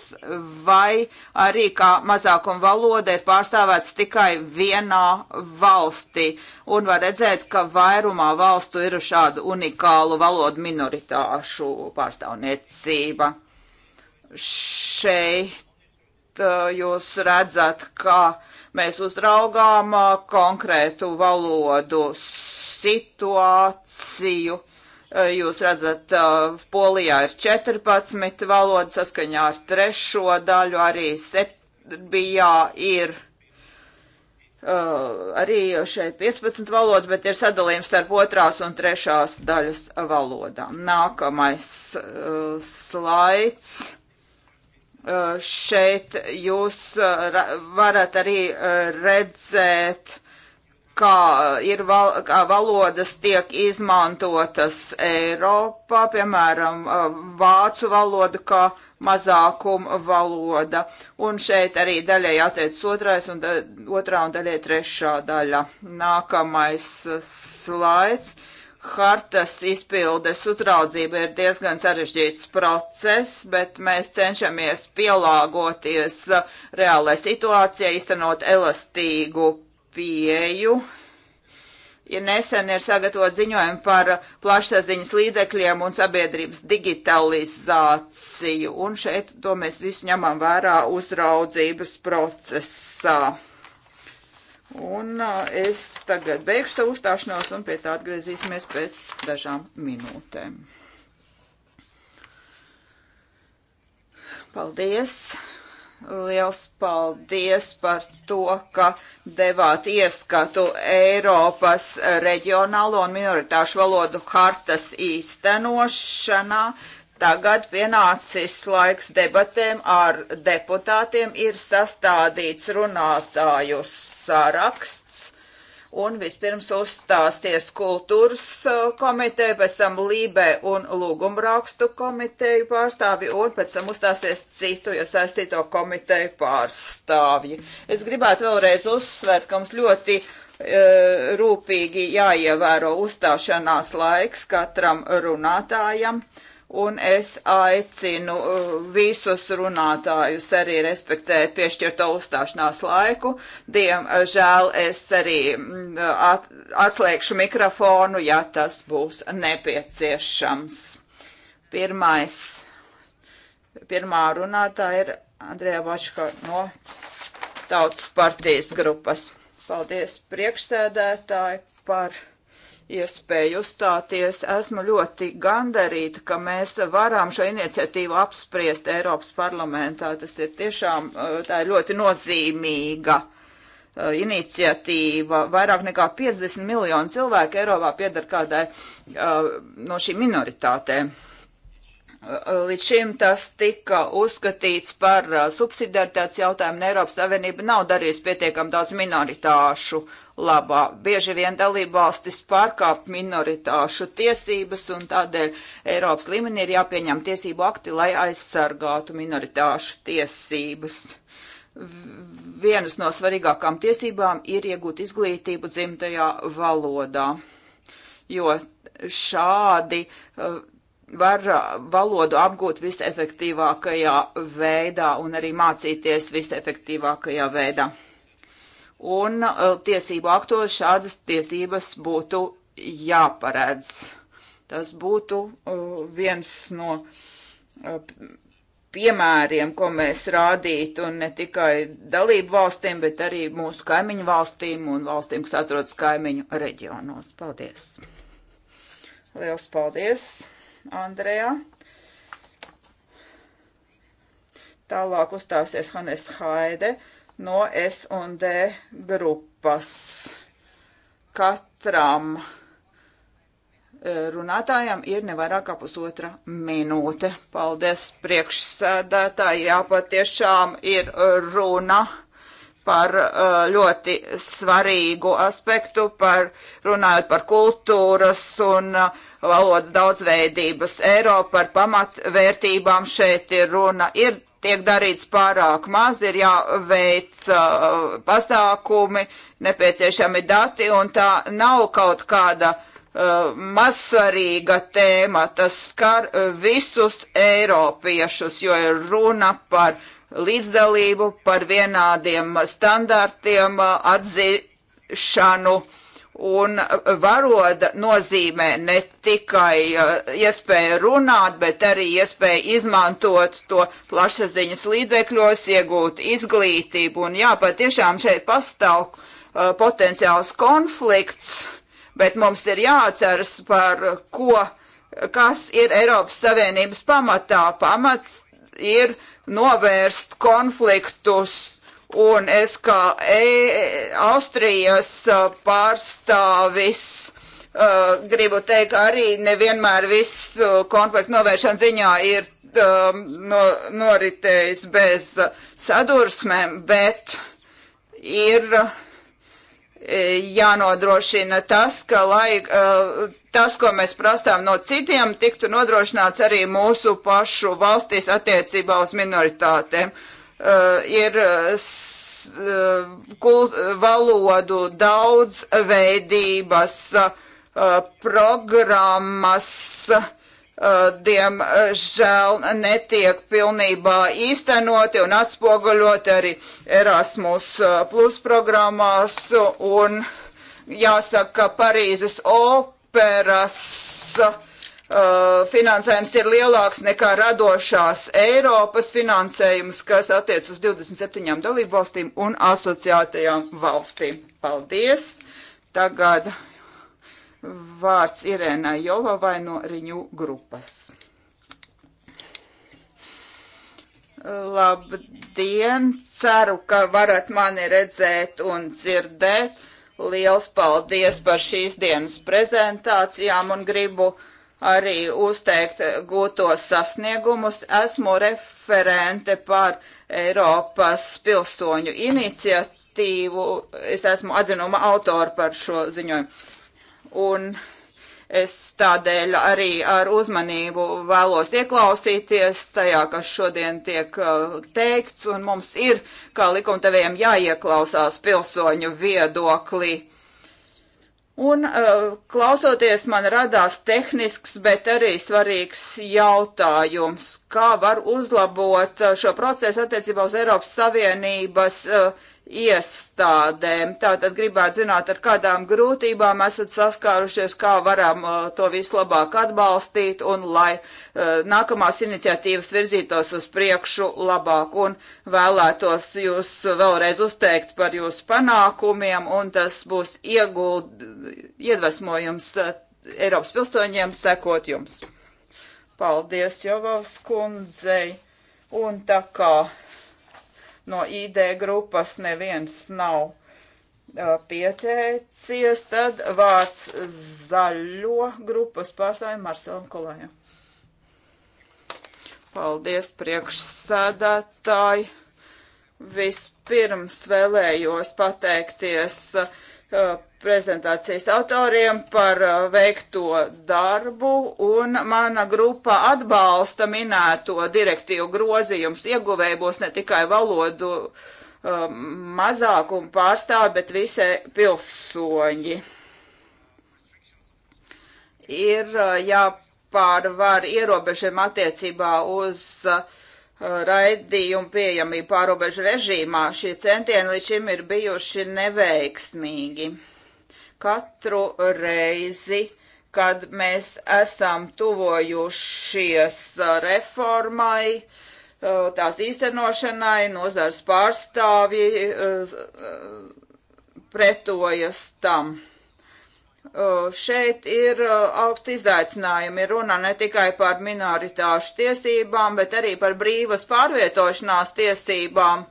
vai arī kā mazākuma valoda ir pārstāvēts tikai vienā valstī. Un var redzēt, ka vairumā valstu ir šādu unikālu valodu minoritāšu pārstāvniecība. Šeit jūs redzat, ka mēs uzraugām konkrētu valodu situāciju. Jūs redzat, Polijā ir 14 valodas, saskaņā ar trešo daļu arī Serbijā ir Uh, arī šeit 15 valodas, bet ir sadalījums starp otrās un trešās daļas valodām. Nākamais uh, slaids. Eh, šeit jūs eh, varat arī eh, redzēt, kā, ir val, kā valodas tiek izmantotas Eiropā, piemēram, vācu valodu kā mazākuma valoda. Un šeit arī daļai attiec otrais un da, otrā un daļai trešā daļa. Nākamais slaids. Uh, hartas izpildes uzraudzība ir diezgan sarežģīts process, bet mēs cenšamies pielāgoties uh, reālai situācijai, iztenot elastīgu pieju. Ja nesen ir sagatavot ziņojumu par plašsaziņas līdzekļiem un sabiedrības digitalizāciju, un šeit to mēs visu ņemam vērā uzraudzības procesā. Un es tagad beigšu savu uzstāšanos un pie tā atgriezīsimies pēc dažām minūtēm. Paldies! Liels paldies par to, ka devāt ieskatu Eiropas reģionālo un minoritāšu valodu hartas īstenošanā. Tagad pienācis laiks debatēm ar deputātiem, ir sastādīts runātājus sāraksts. Un vispirms uzstāsties kultūras uh, komiteja, pēc tam Lībē un lūgumrakstu komiteju pārstāvji, un pēc tam uzstāsies citu iesaistīto komiteju pārstāvji. Es gribētu vēlreiz uzsvērt, ka mums ļoti e, rūpīgi jāievēro uzstāšanās laiks katram runātājam. E, Un es aicinu uh, visus runātājus arī respektēt piešķirto uzstāšanās laiku. Diemžēl es arī mm, at, atslēgšu mikrofonu, ja tas būs nepieciešams. Pirmais, pirmā runātāja ir Andrēja Vačka no Tautas partijas grupas. Paldies priekšsēdētāji par iespēju uzstāties. Esmu ļoti gandarīta, ka mēs varam šo iniciatīvu apspriest Eiropas parlamentā. Tas ir tiešām eh, tā ir ļoti nozīmīga eh, iniciatīva. Vairāk nekā 50 miljonu cilvēku Eiropā piedar kādai eh, no šīm minoritātēm. Līdz šim tas tika uzskatīts par subsidiaritātes jautājumu, un Eiropas Savienība nav darījusi pietiekami daudz minoritāšu labā. Bieži vien dalībvalstis pārkāp minoritāšu tiesības, un tādēļ Eiropas līmenī ir jāpieņem tiesību akti, lai aizsargātu minoritāšu tiesības. Vienas no svarīgākām tiesībām ir iegūt izglītību dzimtajā valodā, jo šādi uh, var uh, valodu apgūt visefektīvākajā veidā un arī mācīties visefektīvākajā veidā. Un uh, tiesību aktos šādas tiesības būtu jāparedz. Tas būtu uh, viens no piemēriem, ko mēs rādītu ne tikai dalību valstīm, bet arī mūsu kaimiņu valstīm un valstīm, kas atrodas kaimiņu reģionos. Paldies! Liels paldies! Andrejā. Tālāk uzstāsies Hanes Haide no S&D grupas. Katram eh, runātājam ir nevairāk kā pusotra minūte. Paldies priekšsēdētāji, jā, patiešām ir runa par uh, ļoti svarīgu aspektu, par runājot par kultūras un uh, valodas daudzveidības Eiropu, par pamatvērtībām šeit ir runa. Ir tiek darīts pārāk maz, ir jāveic uh, pasākumi, nepieciešami dati, un tā nav kaut kāda uh, mazsvarīga tēma. Tas skar visus eiropiešus, jo ir runa par līdzdalību, par vienādiem standartiem, uh, atzīšanu. Un varoda nozīmē ne tikai uh, iespēju runāt, bet arī iespēju izmantot to plašsaziņas līdzekļos, iegūt izglītību. Un jā, patiešām šeit pastāv uh, potenciāls konflikts, bet mums ir jāatceras par uh, ko, kas ir Eiropas Savienības pamatā. Pamats ir uh, novērst konfliktus. Un es kā e Austrijas e, pārstāvis uh, gribu teikt, arī nevienmēr viss e, konfliktu novēršana ziņā ir um, no, noritējis bez sadursmēm, bet ir. Uh, E, jānodrošina tas, ka lai e, tas, ko mēs prasām no citiem, tiktu nodrošināts arī mūsu pašu valstīs attiecībā uz minoritātēm. E, ir valodu daudzveidības programmas, diemžēl eh, netiek pilnībā īstenoti un atspoguļoti arī Erasmus eh, Plus programmās. Un jāsaka, ka Parīzes operas uh, finansējums ir lielāks nekā radošās Eiropas finansējums, kas attiec uz 27 dalību valstīm un asociētajām valstīm. Paldies! Tagad Vārds Irēnai Jovavai no Riņu grupas. Labdien! Ceru, ka varat mani redzēt un dzirdēt. Liels paldies par šīs dienas prezentācijām un gribu arī uzteikt gūtos sasniegumus. Esmu referente par Eiropas pilsoņu iniciatīvu. Es esmu atzinuma autora par šo ziņojumu un es tādēļ arī ar uzmanību vēlos ieklausīties tajā, kas šodien tiek uh, teikts, un mums ir, kā likumtevējiem, jāieklausās pilsoņu viedoklī. Un uh, klausoties man radās tehnisks, bet arī svarīgs jautājums, kā var uzlabot uh, šo procesu attiecībā uz Eiropas Savienības uh, iestādēm. Tātad gribētu zināt, ar kādām grūtībām esat saskārušies, kā varam uh, to visu labāk atbalstīt un lai uh, nākamās iniciatīvas virzītos uz priekšu labāk un vēlētos jūs vēlreiz uzteikt par jūsu panākumiem un tas būs ieguld, iedvesmojums uh, Eiropas pilsoņiem sekot jums. Paldies Jovavs kundzei un tā kā no ID grupas neviens nav uh, pieteicies, tad vārds zaļo grupas pārstāvjiem Marcelam Kolājam. Paldies priekšsādātāji. Vispirms vēlējos pateikties uh, Uh, prezentācijas autoriem par uh, veikto darbu, un mana grupa atbalsta minēto direktīvu grozījums. Ieguvēji būs ne tikai valodu um, mazākumu pārstāvi, bet visi pilsoņi. Ir jāpārvar ierobežiem attiecībā uz uh, raidījumu pieejamību pārobežu režīmā, šie centieni līdz šim ir bijuši neveiksmīgi. Katru reizi, kad mēs esam tuvojušies reformai, tās īstenošanai, nozars pārstāvji eh, pretojas tam. Šeit ir augsti izaicinājumi. Runa ne tikai par minoritāšu tiesībām, bet arī par brīvas pārvietošanās tiesībām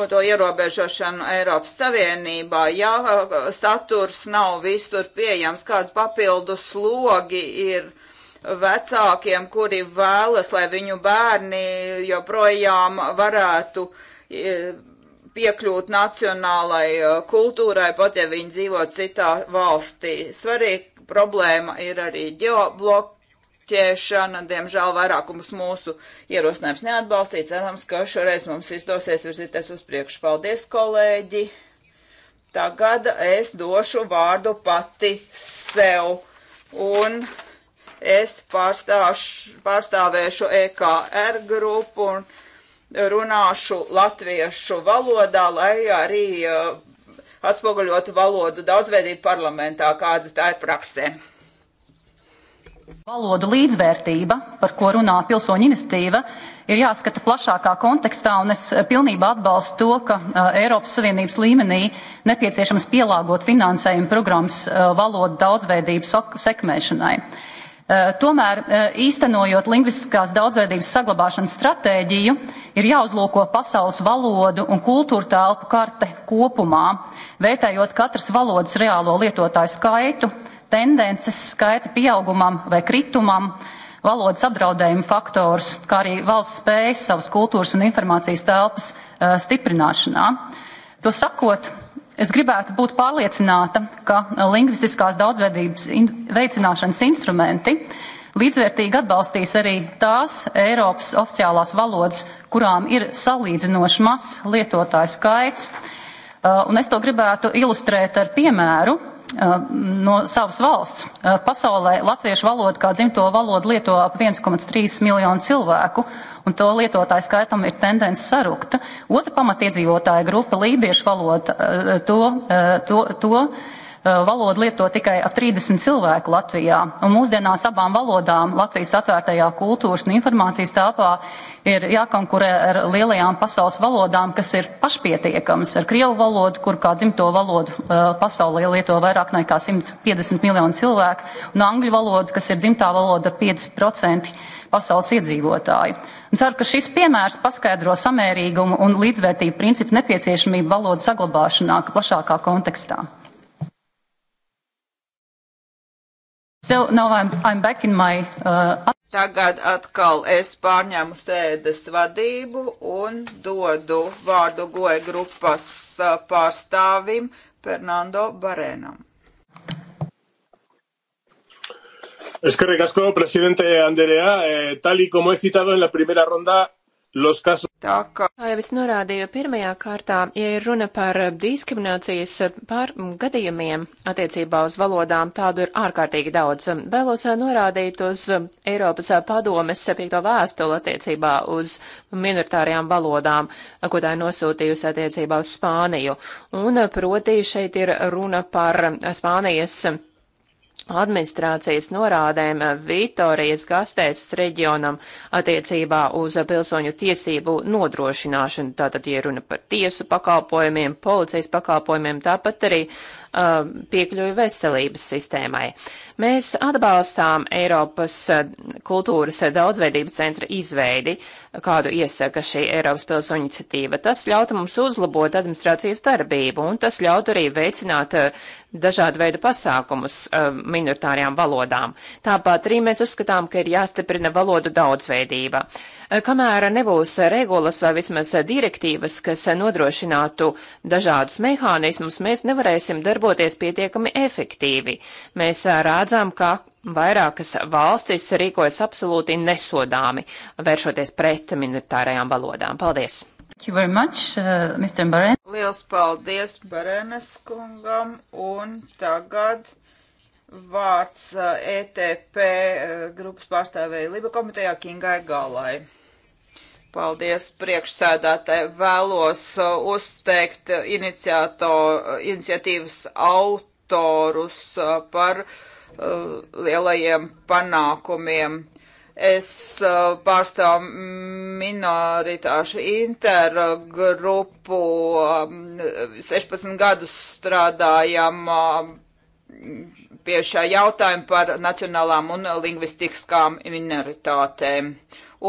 un to ierobežošanu Eiropas Savienībā. Ja saturs nav visur pieejams, kāds papildus slogi ir vecākiem, kuri vēlas, lai viņu bērni joprojām varētu piekļūt nacionālai uh, kultūrai, pat ja viņi dzīvo citā valstī. Svarīga problēma ir arī ģeobloķēšana. Diemžēl vairākums mūsu ierosinājums neatbalstīja. Cerams, ka šoreiz mums izdosies virzīties uz priekšu. Paldies, kolēģi! Tagad es došu vārdu pati sev. Un es pārstāšu, pārstāvēšu EKR grupu un runāšu latviešu valodā, lai arī eh, atspoguļotu valodu daudzveidību parlamentā, kāda tā ir praksē. Valodu līdzvērtība, par ko runā pilsoņu iniciatīva, ir jāskata plašākā kontekstā, un es pilnībā atbalstu to, ka uh, Eiropas Savienības līmenī nepieciešams pielāgot finansējumu programmas uh, valodu daudzveidību sekmēšanai. Uh, Eh, tomēr, eh, īstenojot lingvistiskās daudzveidības saglabāšanas stratēģiju, ir jāuzlūko pasaules valodu un kultūra telpu karte kopumā, vērtējot katras valodas reālo lietotāju skaitu, tendences skaita pieaugumam vai kritumam, valodas apdraudējuma faktors, kā arī valsts spējas savas kultūras un informācijas telpas uh, stiprināšanā. To sakot, Es gribētu būt pārliecināta, ka lingvistiskās daudzveidības in veicināšanas instrumenti līdzvērtīgi atbalstīs arī tās Eiropas oficiālās valodas, kurām ir salīdzinoši mazs lietotāju skaits. Uh, un es to gribētu ilustrēt ar piemēru, Uh, no savas valsts. Uh, pasaulē latviešu valodu kā dzimto valodu lieto ap 1,3 miljonu cilvēku, un to lietotāju skaitam ir tendence sarukta. Otra pamatiedzīvotāja grupa - lībiešu valoda, uh, to, to, to valodu lieto tikai ap 30 cilvēku Latvijā. Un mūsdienās abām valodām Latvijas atvērtajā kultūras un informācijas tāpā ir jākonkurē ar lielajām pasaules valodām, kas ir pašpietiekamas ar krievu valodu, kur kā dzimto valodu uh, pasaulē lieto vairāk nekā 150 miljonu cilvēku, un angļu valodu, kas ir dzimtā valoda 5% pasaules iedzīvotāju. Ceru, ka šis piemērs paskaidro samērīgumu un līdzvērtību principu nepieciešamību valodu saglabāšanā plašākā kontekstā. So now I'm, I'm back in my uh, Tagad atkal es pārņemu sēdes vadību un dodu vārdu goja grupas pārstāvim Fernando Barenam. Es que recasco, presidente Andrea, eh, tal y como he citado en la primera ronda, Los casos. Tā kā jau es norādīju pirmajā kārtā, ja ir runa par diskriminācijas pār gadījumiem attiecībā uz valodām, tādu ir ārkārtīgi daudz. Vēlos norādīt uz Eiropas padomes 7. vēstuli attiecībā uz minoritārajām valodām, ko tā ir nosūtījusi attiecībā uz Spāniju. Un proti šeit ir runa par Spānijas administrācijas norādēm eh, Vitorijas gastēsas reģionam attiecībā uz pilsoņu tiesību nodrošināšanu. Tātad, ja runa par tiesu pakalpojumiem, policijas pakalpojumiem, tāpat arī uh, piekļuvi veselības sistēmai. Uh, Mēs atbalstām Eiropas eh, kultūras eh, daudzveidības centra izveidi, kādu iesaka šī Eiropas pilsoņu iniciatīva. Tas ļautu mums uzlabot administrācijas darbību, un tas ļautu arī veicināt eh, dažādu veidu pasākumus minoritārajām valodām. Tāpat arī mēs uzskatām, ka ir jāstiprina valodu daudzveidība. Kamēr nebūs regulas vai vismaz direktīvas, kas nodrošinātu dažādus mehānismus, mēs nevarēsim darboties pietiekami efektīvi. Mēs rādzam, redzam, ka vairākas valstis rīkojas absolūti nesodāmi, vēršoties pret minoritārajām valodām. Paldies! Much, uh, Liels paldies Barenes kungam un tagad vārds uh, ETP uh, grupas pārstāvēja Liba komitejā Kingai Galai. Paldies priekšsēdātāji. Vēlos uh, uzteikt iniciatīvas autorus par uh, Uh, lielajiem panākumiem. Es uh, pārstāvu minoritāšu intergrupu, um, 16 gadus strādājam um, pie šā jautājuma par nacionālām un lingvistiskām minoritātēm.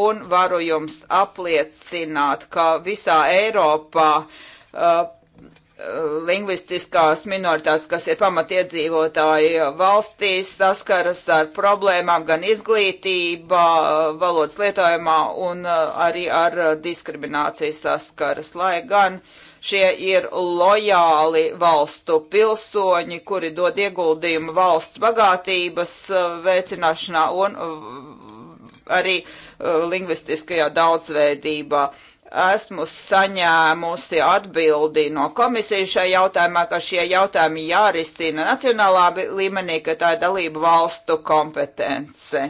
Un varu jums apliecināt, ka visā Eiropā uh, lingvistiskās minoritātes, kas ir pamatiedzīvotāji valstīs, saskaras ar problēmām gan izglītībā, valodas lietojumā un uh, arī ar uh, diskrimināciju saskaras, lai gan šie ir lojāli valstu pilsoņi, kuri dod ieguldījumu valsts bagātības uh, veicināšanā un arī lingvistiskajā daudzveidībā. Esmu saņēmusi atbildi no komisijas šajā jautājumā, ka šie jautājumi jārisina nacionālā līmenī, ka tā ir dalību valstu kompetence.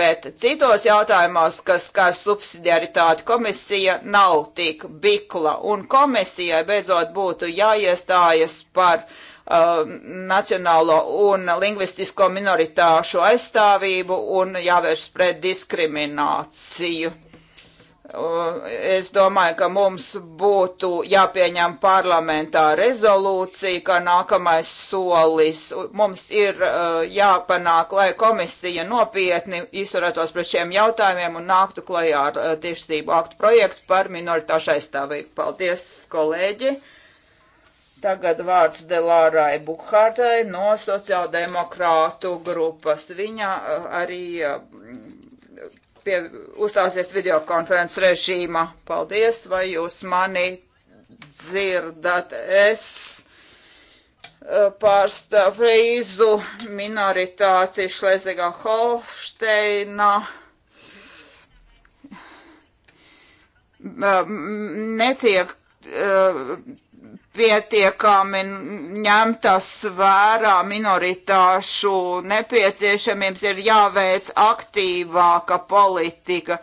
Bet citos jautājumos, kas skar subsidiaritāti, komisija nav tik bikla, un komisijai beidzot būtu jāiestājas par uh, nacionālo un lingvistisko minoritāšu aizstāvību un jāvērš pret diskrimināciju. Es domāju, ka mums būtu jāpieņem parlamentā rezolūcija, ka nākamais solis mums ir uh, jāpanāk, lai komisija nopietni izturētos pret šiem jautājumiem un nāktu klajā ar uh, tiešsību aktu projektu par minoritāšu aizstāvību. Paldies, kolēģi! Tagad vārds Delārai Buhārtai no sociāldemokrātu grupas. Viņa uh, arī pie, uzstāsies videokonferences režīmā. Paldies, vai jūs mani dzirdat? Es eh, pārstāv frīzu minoritāti Šlezigā Holšteinā. Eh, netiek eh, pietiekami ņemtas vērā minoritāšu nepieciešamības, ir jāveic aktīvāka politika,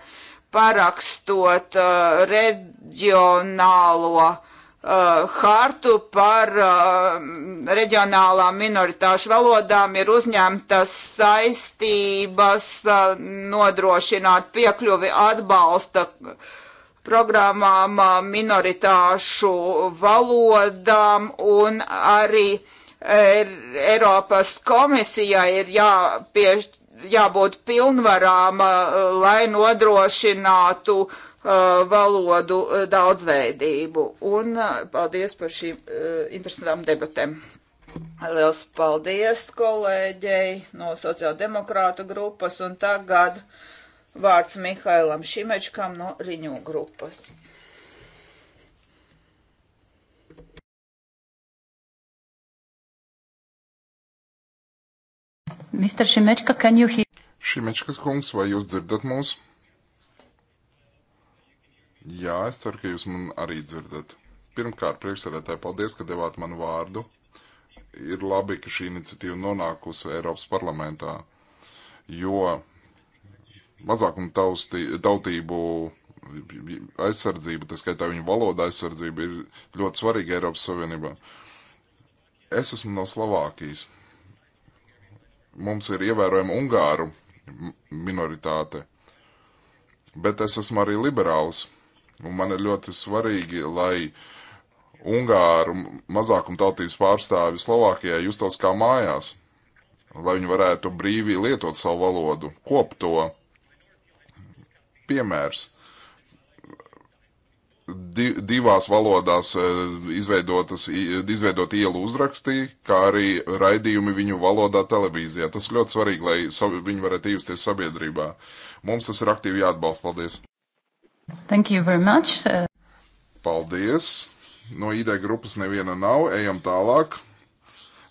parakstot uh, reģionālo uh, hartu par uh, reģionālām minoritāšu valodām, ir uzņemtas saistības uh, nodrošināt piekļuvi atbalsta programmām, minoritāšu valodām un arī Eiropas komisijai ir jāpieš, jābūt pilnvarām, lai nodrošinātu valodu daudzveidību. Un paldies par šīm interesantām debatēm. Liels paldies kolēģei no sociāldemokrātu grupas un tagad. Uh, Vārds Mihailam Šimečkam no Riņu grupas. Mr. Šimečka, can you hear? Šimečkas kungs, vai jūs dzirdat mūs? Jā, es ceru, ka jūs man arī dzirdat. Pirmkārt, priekšsēdētāji, paldies, ka devāt man vārdu. Ir labi, ka šī iniciatīva nonākusi Eiropas parlamentā, jo mazākumu tausti, tautību aizsardzība, tā skaitā viņu valoda aizsardzība, ir ļoti svarīga Eiropas Savienībā. Es esmu no Slovākijas. Mums ir ievērojama ungāru minoritāte, bet es esmu arī liberāls, un man ir ļoti svarīgi, lai ungāru mazākumtautības pārstāvi Slovākijā justos kā mājās, lai viņi varētu brīvi lietot savu valodu, kop to piemērs. Di divās valodās e, izveidotas, izveidot ielu uzrakstī, kā arī raidījumi viņu valodā televīzijā. Tas ļoti svarīgi, lai viņi varētu ījusties sabiedrībā. Mums tas ir aktīvi jāatbalsta. Paldies! Thank you very much. Paldies! No ID grupas neviena nav. Ejam tālāk.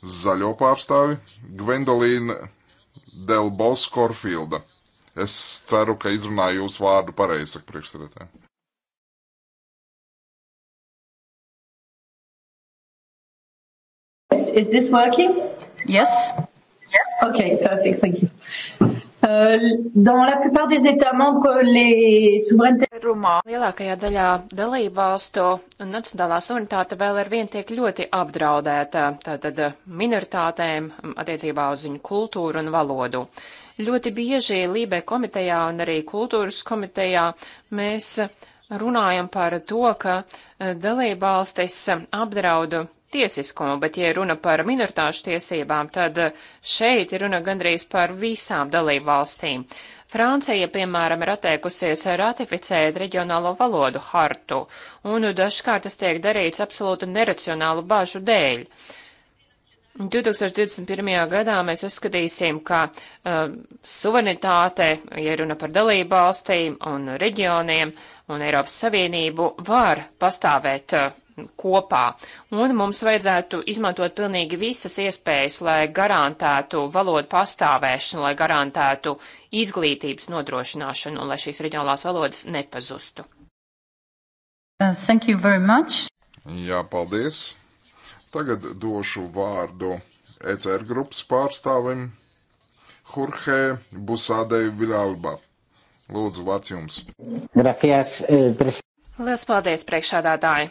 Zaļo pārstāvi Gwendolīna Delbos Korfilda. Es ceru, ka izrunāju jūsu vārdu pareizi, saka priekšsēdētāji. Is this working? Yes. Okay, perfect, thank you. Uh, dans la plupart des États membres, les souverainetés. Rumā lielākajā daļā dalību valstu nacionālā suverenitāte vēl ar vien tiek ļoti apdraudēta tātad minoritātēm attiecībā uz viņu kultūru un valodu. Uh, Ļoti bieži Lībē komitejā un arī kultūras komitejā mēs runājam par to, ka eh, dalībvalstis eh, apdraudu tiesiskumu, bet ja runa par minoritāšu tiesībām, tad eh, šeit runa gandrīz par visām dalībvalstīm. Francija, piemēram, ir atteikusies ratificēt reģionālo valodu hartu, un dažkārt tas tiek darīts absolūti neracionālu bažu dēļ. Uh, 2021. gadā mēs uzskatīsim, ka uh, suverenitāte, ja runa par dalību valstīm un reģioniem un Eiropas Savienību, var pastāvēt uh, kopā. Un mums vajadzētu izmantot pilnīgi visas iespējas, lai garantētu valodu pastāvēšanu, lai garantētu izglītības nodrošināšanu un lai šīs reģionālās valodas nepazustu. Uh, thank you very much. Jā, paldies. Tagad došu vārdu ECR grupas pārstāvim Jorge Busādei Vilalba. Lūdzu, vārds jums. Gracias, eh, pres... Lielas paldies, priekšādātāji!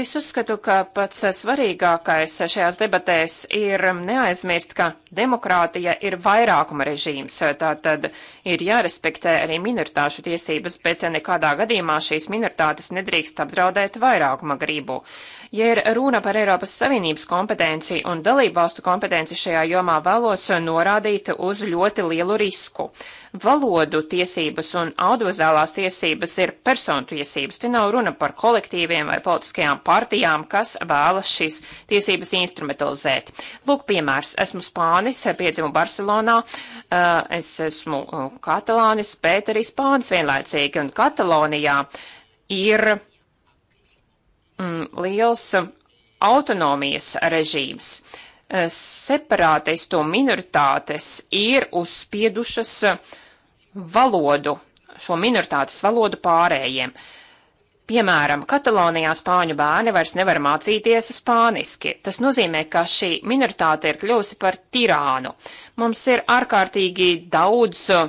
Es uzskatu, ka pats svarīgākais šajās debatēs ir neaizmirst, ka demokrātija ir vairākuma režīms, tātad ir jārespektē arī minoritāšu tiesības, bet nekādā gadījumā šīs minoritātes nedrīkst apdraudēt vairākuma gribu. Ja ir runa par Eiropas Savienības kompetenci un dalību valstu kompetenci šajā jomā, vēlos norādīt uz ļoti lielu risku. Valodu tiesības un audiovizuālās tiesības ir personu tiesības. Te nav runa par kolektīviem vai politiskajām partijām, kas vēlas šīs tiesības instrumentalizēt. Lūk, piemērs. Esmu Spānis, piedzimu Barcelonā, eh, es esmu eh, Katalānis, bet arī Spānis vienlaicīgi. Un Katalonijā ir mm, liels autonomijas režīms. Eh, separātistu minoritātes ir uzspiedušas valodu, šo minoritātes valodu pārējiem. Piemēram, Katalonijā spāņu bērni vairs nevar mācīties spāniski. Tas nozīmē, ka šī minoritāte ir kļuvusi par tirānu. Mums ir ārkārtīgi daudz uh,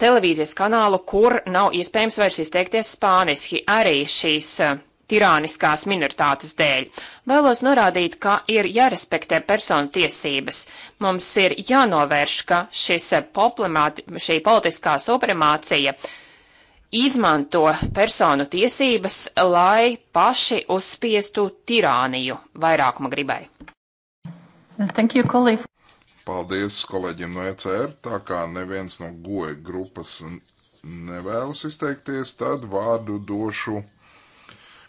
televīzijas kanālu, kur nav iespējams vairs izteikties spāniski. Arī šīs eh, tirāniskās minoritātes dēļ. Vēlos norādīt, ka ir jārespektē personu tiesības. Mums ir jānovērš, ka šis eh, šī politiskā supremācija izmanto personu tiesības, lai paši uzspiestu tirāniju vairākuma gribai. Thank you, colleague. Paldies kolēģiem no ECR, tā kā neviens no goja grupas nevēlas izteikties, tad vārdu došu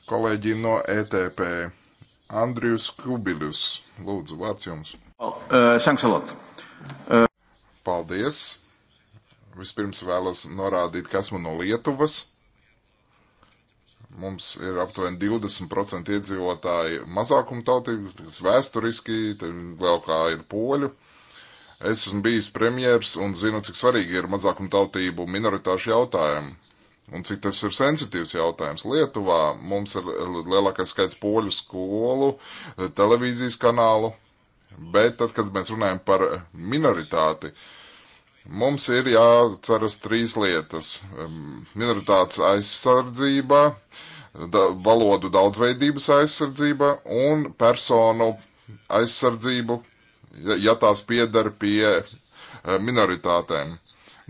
kolēģiem no ETP. Andrijus Kubiļus, lūdzu, vārds jums. Oh, uh, Sanksalot. Uh, Paldies. Vispirms vēlos norādīt, kas man no Lietuvas. Mums ir aptuveni 20% iedzīvotāji mazākuma tautību, kas vēsturiski vēl kā ir poļu. Es esmu bijis premjers un zinu, cik svarīgi ir mazākuma tautību minoritāšu jautājumu Un cik tas ir sensitīvs jautājums. Lietuvā mums ir lielākais skaits poļu skolu, televīzijas kanālu, bet tad, kad mēs runājam par minoritāti, mums ir jāceras trīs lietas. Minoritātes aizsardzība, da, valodu daudzveidības aizsardzība un personu aizsardzību, ja, ja tās piedara pie eh, minoritātēm.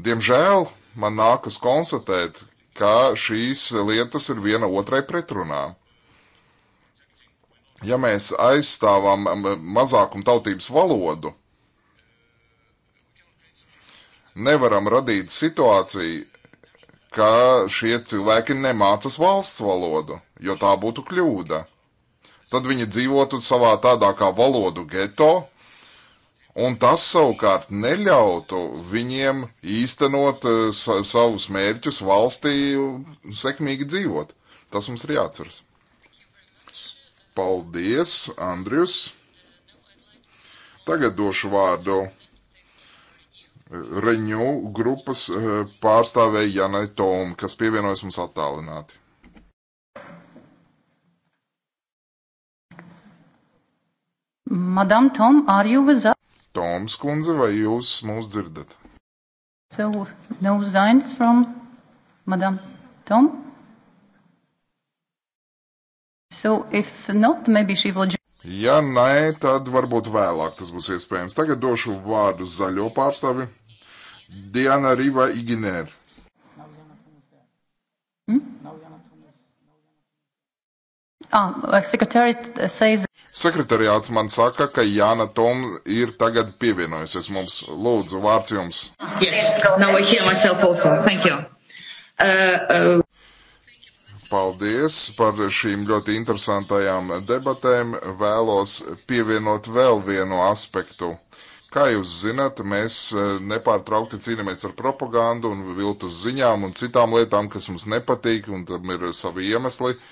Diemžēl man nākas konstatēt, ka šīs lietas ir viena otrai pretrunā. Ja mēs aizstāvam mazākumu tautības valodu, nevaram radīt situāciju, ka šie cilvēki nemācas valsts valodu, jo tā būtu kļūda. Tad viņi dzīvotu savā tādā kā valodu geto, Un tas savukārt neļautu viņiem īstenot eh, savus mērķus valstī sekmīgi dzīvot. Tas mums ir jāatceras. Paldies, Andrius. Tagad došu vārdu eh, Reņu grupas eh, pārstāvēja Janai Tom, kas pievienojas mums attālināti. Madam Tom, are you with us? Toms kundze, vai jūs mūs dzirdat? So, no signs from Madam Tom? So, if not, maybe she will... Ja nē, tad varbūt vēlāk tas būs iespējams. Tagad došu vārdu zaļo pārstāvi Diana Riva Iginēra. Hmm? Ah, like secretary says. Sekretariāts man saka, ka Jāna Tom ir tagad pievienojusies mums. Lūdzu, vārds jums. Yes, now I hear myself also. Thank you. Uh, uh... Paldies par šīm ļoti interesantajām debatēm. Vēlos pievienot vēl vienu aspektu. Kā jūs zināt, mēs uh, nepārtraukti cīnāmies ar propagandu un viltus ziņām un citām lietām, kas mums nepatīk, un tam ir savi iemesli. Uh,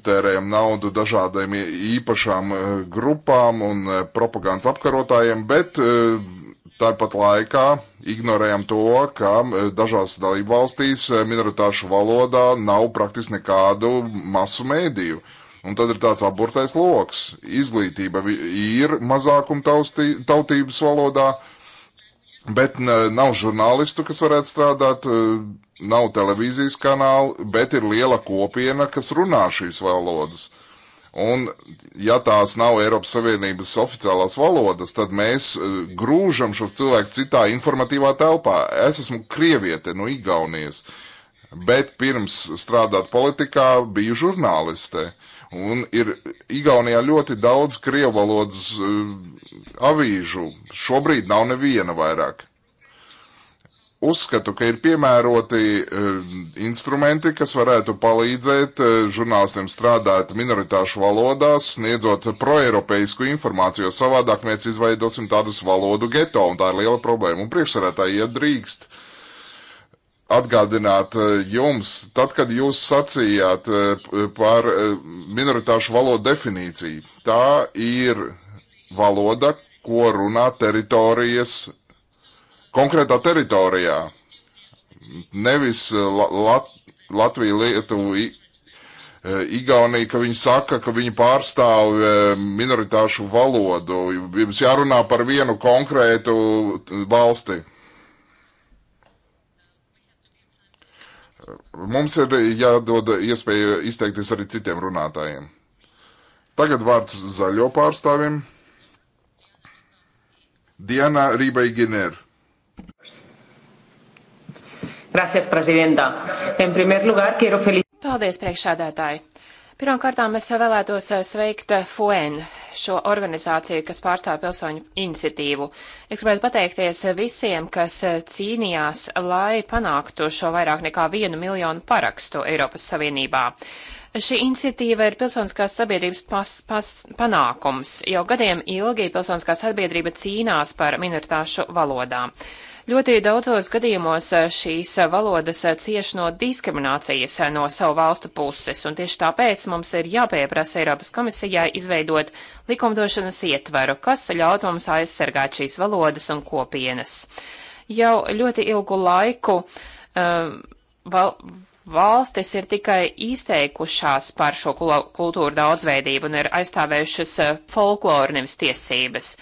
tērējam naudu dažādiem īpašām e, grupām un e, propagandas apkarotājiem, bet e, tāpat laikā ignorējam to, ka dažās dalību valstīs minoritāšu valodā nav praktiski nekādu masu mēdīju. Un tad ir tāds aburtais loks. Izglītība ir mazākuma tautības valodā, Bet nav žurnālistu, kas varētu strādāt, e, nav televīzijas kanāla, bet ir liela kopiena, kas runā šīs valodas. Un, ja tās nav Eiropas Savienības oficiālās valodas, tad mēs e, grūžam šos cilvēkus citā informatīvā telpā. Es esmu krieviete no Igaunijas, bet pirms strādāt politikā biju žurnāliste. Uh, Un ir Igaunijā ļoti daudz krievu valodas uh, eh, avīžu. Šobrīd nav neviena vairāk. Uzskatu, ka ir piemēroti uh, instrumenti, kas varētu palīdzēt uh, žurnālistiem strādāt minoritāšu valodās, sniedzot proeiropeisku informāciju, jo savādāk mēs izveidosim tādus valodu geto, un tā ir liela problēma. Un priekšsarētāji iedrīkst. Ja atgādināt eh, jums, tad, kad jūs sacījāt eh, par eh, minoritāšu valodu definīciju, tā ir valoda, ko runā teritorijas, konkrētā teritorijā, nevis la, la, Latvija, Lietuva, Igaunija, ka viņi saka, ka viņi pārstāv minoritāšu valodu. Jums jārunā par vienu konkrētu valsti. Mums ir jādod iespēja izteikties arī citiem runātājiem. Tagad vārds zaļo pārstāvim. Diana Rībai Giner. Gracias, Presidenta. En primer lugar, quiero felicitar. Paldies, priekšādātāji. Pirmkārtām es vēlētos eh, sveikt eh, FUEN, šo organizāciju, kas pārstāv pilsoņu iniciatīvu. Es gribētu pateikties eh, visiem, kas cīnījās, lai panāktu šo vairāk nekā vienu miljonu parakstu Eiropas Savienībā. Šī iniciatīva ir pilsoniskās sabiedrības pas, pas, panākums. Jau gadiem ilgi pilsoniskā sabiedrība cīnās par minoritāšu valodām. Ļoti daudzos gadījumos eh, šīs eh, valodas eh, cieš no diskriminācijas no savu valstu puses, un tieši tāpēc mums ir jāpieprasa Eiropas komisijai izveidot likumdošanas ietveru, kas ļaut mums aizsargāt šīs valodas un kopienas. Jau ļoti ilgu laiku um, val valstis ir tikai izteikušās par šo kultūru daudzveidību un ir aizstāvējušas folkloru nevis tiesības.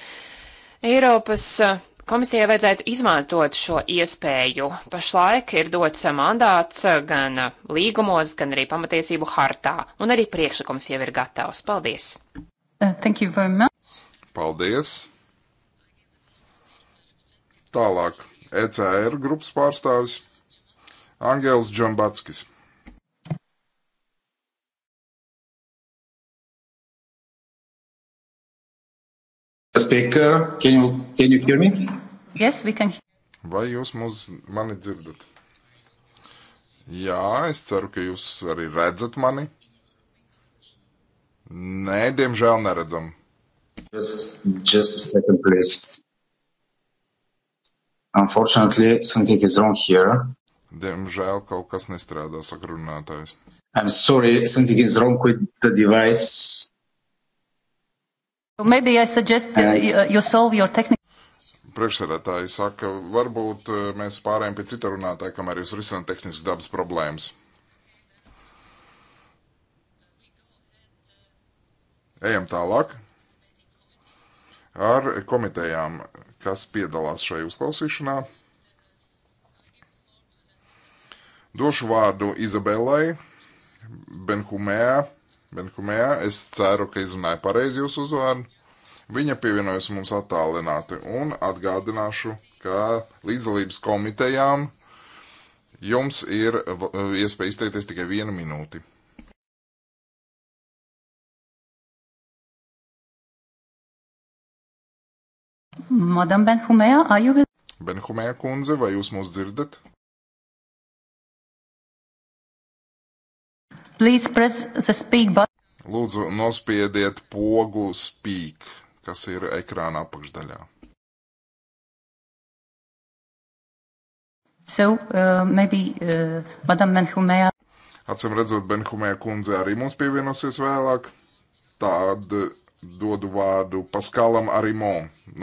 Eiropas uh, Komisijai vajadzētu izmantot šo iespēju. Pašlaik ir dots mandāts gan līgumos, gan arī pamatiesību hartā, un arī priekšlikums jau ir gatavs. Paldies! Uh, Paldies! Tālāk ECR grupas pārstāvis Angēls Džambatskis. speaker. Can you, can you hear me? Yes, we can. Vai jūs mūs, mani dzirdat? Jā, es ceru, ka jūs arī redzat mani. Nē, diemžēl neredzam. Just, just a second, please. Unfortunately, something is wrong here. Diemžēl kaut kas nestrādā, saka runātājs. I'm sorry, something is wrong with the device. Uh, uh, Priekšsēdētāji saka, varbūt uh, mēs pārējām pie cita runātāja, kamēr jūs risināt tehniskas dabas problēmas. Ejam tālāk ar komitejām, kas piedalās šajā uzklausīšanā. Došu vārdu Izabelai Benhumē Benkumējā. Es ceru, ka izrunāju pareizi jūsu uzvārdu. Viņa pievienojas mums attālināti un atgādināšu, ka līdzdalības komitejām jums ir iespēja izteikties tikai vienu minūti. Madam Benhumea, are you with... Benhumea kundze, vai jūs mūs dzirdat? Please press the speak button. Lūdzu, nospiediet pogu speak, kas ir ekrāna apakšdaļā. So, uh, maybe, uh, Madam Benhumea. Acim redzot, Benhumea kundze arī mums pievienosies vēlāk. Tad dodu vārdu Paskalam Arimo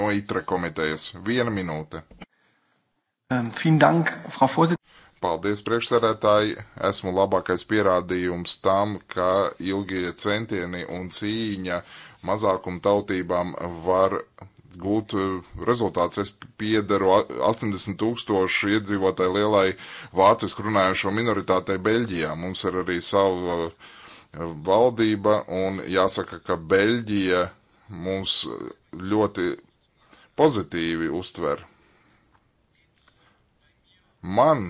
no ITRE komitejas. Viena minūte. Um, dank, Paldies, priekšsēdētāji! Esmu labākais pierādījums tam, ka ilgie centieni un cīņa mazākuma tautībām var gūt eh, rezultāts. Es piederu 80 tūkstošu iedzīvotāju lielai vācisku runājušo minoritātei Beļģijā. Mums ir arī sava eh, valdība, un jāsaka, ka Beļģija mūs ļoti pozitīvi uztver. Man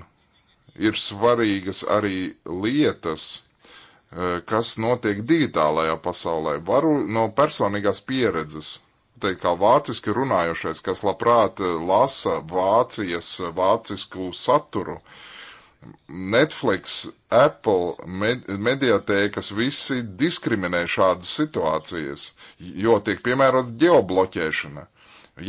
ir svarīgas arī lietas, eh, kas notiek digitālajā pasaulē. Varu no personīgās pieredzes teikt, kā vāciski runājošais, kas labprāt eh, lasa Vācijas eh, vācisku saturu. Netflix, Apple, med mediatēkas visi diskriminē šādas situācijas, jo tiek piemērots geobloķēšana.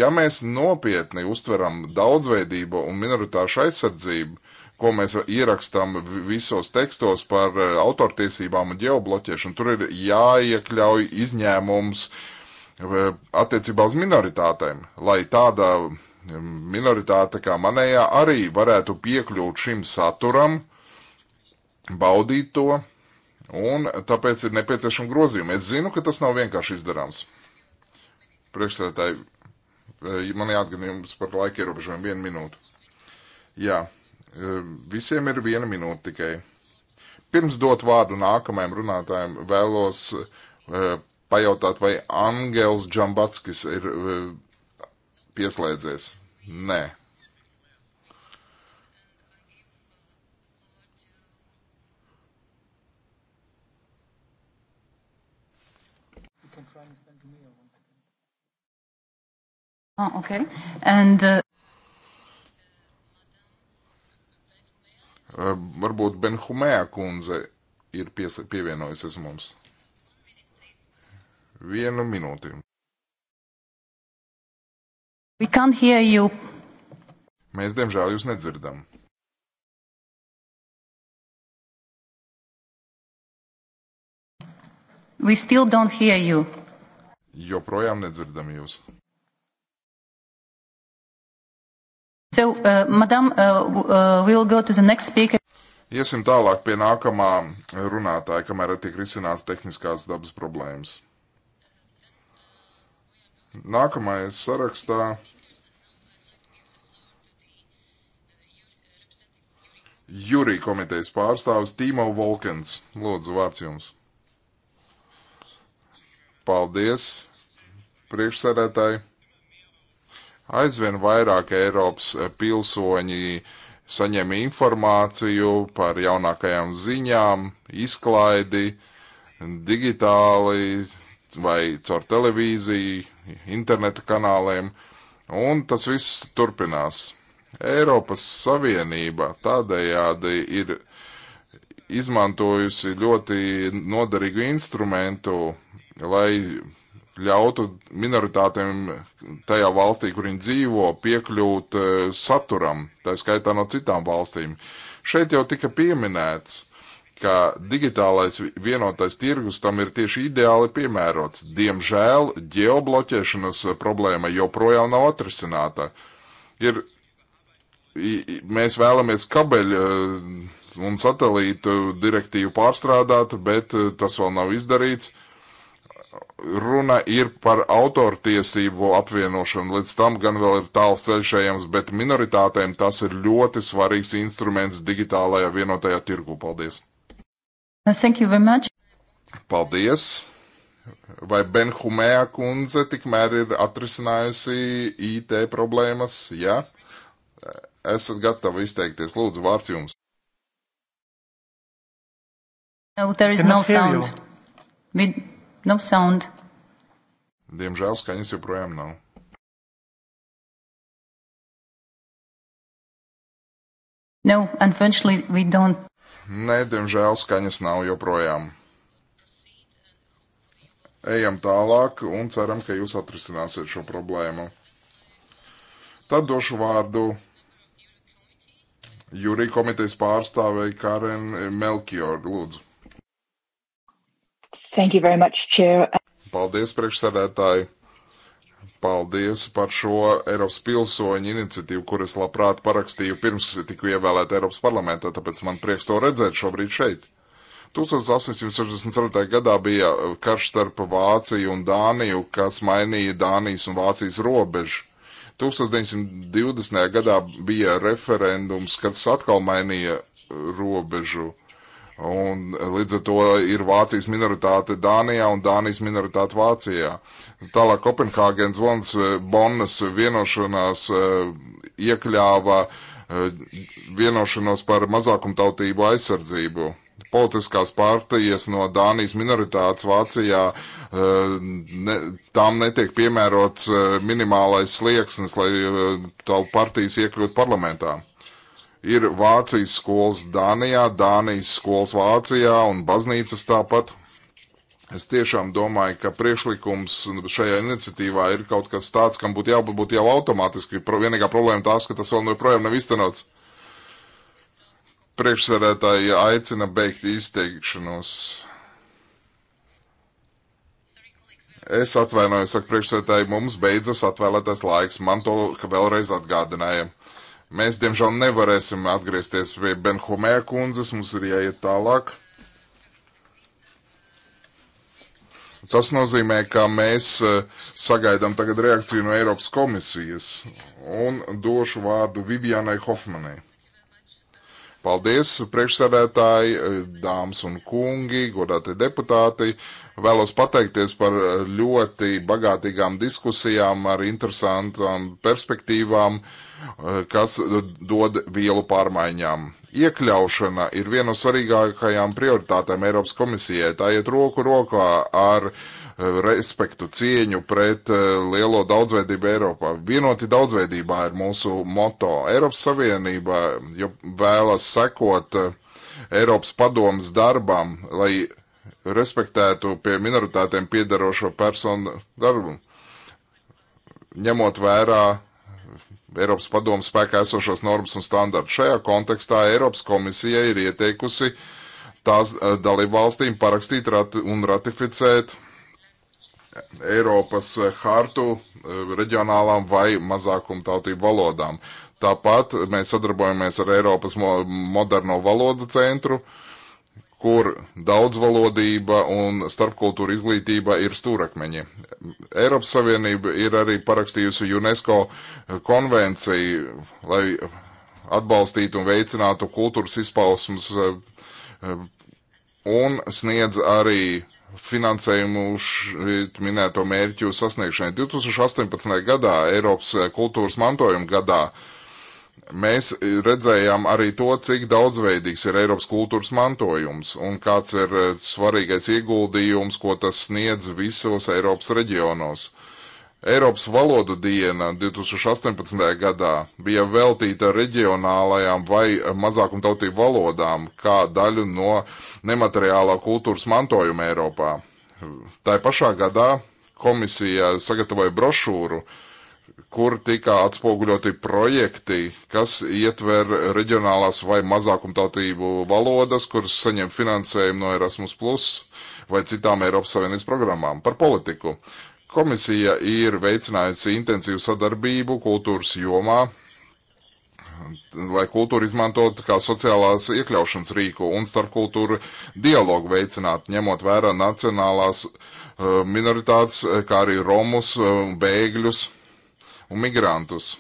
Ja mēs nopietni uztveram daudzveidību un minoritāšu aizsardzību, ko mēs ierakstām visos tekstos par eh, autortiesībām un ģeobloķēšanu, tur ir jāiekļauj izņēmums eh, attiecībā uz minoritātēm, lai tāda mm, minoritāte kā manējā arī varētu piekļūt šim saturam, baudīt to, un tāpēc ir nepieciešama grozījuma. Es zinu, ka tas nav vienkārši izdarāms. Priekšsēdētāji, eh, man jāatgan jums par laika ierobežojumu vienu minūtu. Jā. Yeah. Eh, visiem ir viena minūte tikai. Pirms dot vārdu nākamajam runātājam, vēlos eh, pajautāt, vai Angels Džambatskis ir eh, pieslēdzies. Nē. Oh, okay. And, uh... Eh, varbūt Benhumēja kundze ir pievienojusies mums. Vienu minūti. Mēs, diemžēl, jūs nedzirdam. We still don't hear you. Joprojām nedzirdam jūs. So, uh, madam, uh, uh, we'll go to the next speaker. Iesim tālāk pie nākamā runātāja, kamēr tiek risināts tehniskās dabas problēmas. Nākamais sarakstā Jurija komitejas pārstāvis Tīmo Volkens. Lūdzu, vārds jums. Paldies, priekšsēdētāji. Aizvien vairāk Eiropas eh, pilsoņi saņem informāciju par jaunākajām ziņām, izklaidi, digitāli vai caur televīziju, interneta kanāliem, un tas viss turpinās. Eiropas Savienība tādējādi ir izmantojusi ļoti noderīgu instrumentu, lai ļautu minoritātēm tajā valstī, kur viņi dzīvo, piekļūt e, saturam, tā skaitā no citām valstīm. Šeit jau tika pieminēts, ka digitālais vienotais tirgus tam ir tieši ideāli piemērots. Diemžēl ģeobloķēšanas problēma joprojām nav atrisināta. Ir, mēs vēlamies kabeļu e, un satelītu direktīvu pārstrādāt, bet e, tas vēl nav izdarīts runa ir par autortiesību apvienošanu. Līdz tam gan vēl ir tāls ceļš ejams, bet minoritātēm tas ir ļoti svarīgs instruments digitālajā vienotajā tirgu. Paldies! Uh, thank you very much! Paldies! Vai Benhumēja kundze tikmēr ir atrisinājusi IT problēmas? Jā? Ja? Esat gatavi izteikties. Lūdzu, vārds jums. No, there is Can no sound. You? We... No sound. Diemžēl skaņas joprojām nav. No, unfortunately, we don't. Nē, diemžēl skaņas nav joprojām. Ejam tālāk un ceram, ka jūs atrisināsiet šo problēmu. Tad došu vārdu jūrī komitejas pārstāvei Karen Melkior, lūdzu. Thank you very much, Chair. Paldies, priekšsēdētāji. Paldies par šo Eiropas pilsoņu iniciatīvu, kuras labprāt parakstīju pirms, kas tiku ievēlēta Eiropas parlamentā, tāpēc man prieks to redzēt šobrīd šeit. 1864. gadā bija karš starp Vāciju un Dāniju, kas mainīja Dānijas un Vācijas robežu. 1920. gadā bija referendums, kas atkal mainīja robežu. Un eh, līdz ar to ir Vācijas minoritāte Dānijā un Dānijas minoritāte Vācijā. Tālāk Kopenhāgenes Lons eh, Bonnas vienošanās eh, iekļāva vienošanos par mazākumtautību aizsardzību. Politiskās partijas no Dānijas minoritātes Vācijā ne, tām netiek piemērots minimālais slieksnis, lai tavu partijas iekļūtu parlamentā. Ir Vācijas skolas Dānijā, Dānijas skolas Vācijā un baznīcas tāpat. Es tiešām domāju, ka priekšlikums šajā iniciatīvā ir kaut kas tāds, kam būtu jābūt būt jau automātiski. Vienīgā problēma tās, ka tas vēl joprojām nav iztenots. Priekšsēdētāji aicina beigt izteikšanos. Es atvainojos, saka priekšsēdētāji, mums beidzas atvēlētais laiks. Man to vēlreiz atgādināja. Mēs, diemžēl, nevarēsim atgriezties pie Benhomē kundzes, mums ir jāiet tālāk. Tas nozīmē, ka mēs eh, sagaidām tagad reakciju no Eiropas komisijas un došu vārdu Vivianai Hofmanai. Paldies, priekšsēdētāji, eh, dāmas un kungi, godātie deputāti. Vēlos pateikties par eh, ļoti bagātīgām diskusijām ar interesantām perspektīvām. Uh, Eh, kas dod vielu pārmaiņām. Iekļaušana ir viena no svarīgākajām prioritātēm Eiropas komisijai. Tā iet roku rokā ar eh, respektu, cieņu pret eh, lielo daudzveidību Eiropā. Vienoti daudzveidībā ir mūsu moto. Eiropas Savienība vēlas sekot Eiropas padomas darbam, lai respektētu pie minoritātiem piedarošo personu darbu, ņemot vērā Eiropas padomu spēkā esošās normas un standartus. Šajā kontekstā Eiropas komisija ir ieteikusi tās eh, dalību valstīm parakstīt rati un ratificēt Eiropas eh, hartu eh, reģionālām vai mazākumtautību valodām. Tāpat mēs sadarbojamies ar Eiropas moderno valodu centru, uh, kur daudzvalodība un starpkultūra izglītība ir stūrakmeņi. Eiropas Savienība ir arī parakstījusi UNESCO konvenciju, lai atbalstītu un veicinātu kultūras izpausmas eh, un sniedz arī finansējumu minēto mērķu sasniegšanai. 2018. gadā, Eiropas kultūras mantojuma gadā, uh, mēs redzējām arī to, cik daudzveidīgs ir Eiropas kultūras mantojums un kāds ir eh, svarīgais ieguldījums, ko tas sniedz visos Eiropas reģionos. Eiropas valodu diena 2018. gadā bija veltīta reģionālajām vai mazākumtautību valodām kā daļu no nemateriālā kultūras mantojuma Eiropā. Tā pašā gadā komisija sagatavoja brošūru uh, kur tika atspoguļoti projekti, kas ietver reģionālās vai mazākumtautību valodas, kuras saņem finansējumu no Erasmus, vai citām Eiropas Savienības programmām par politiku. Komisija ir veicinājusi intensīvu sadarbību kultūras jomā, lai kultūru izmantotu kā sociālās iekļaušanas rīku un starpkultūru dialogu veicinātu, ņemot vērā nacionālās eh, minoritātes, eh, kā arī romus, eh, bēgļus un migrantus.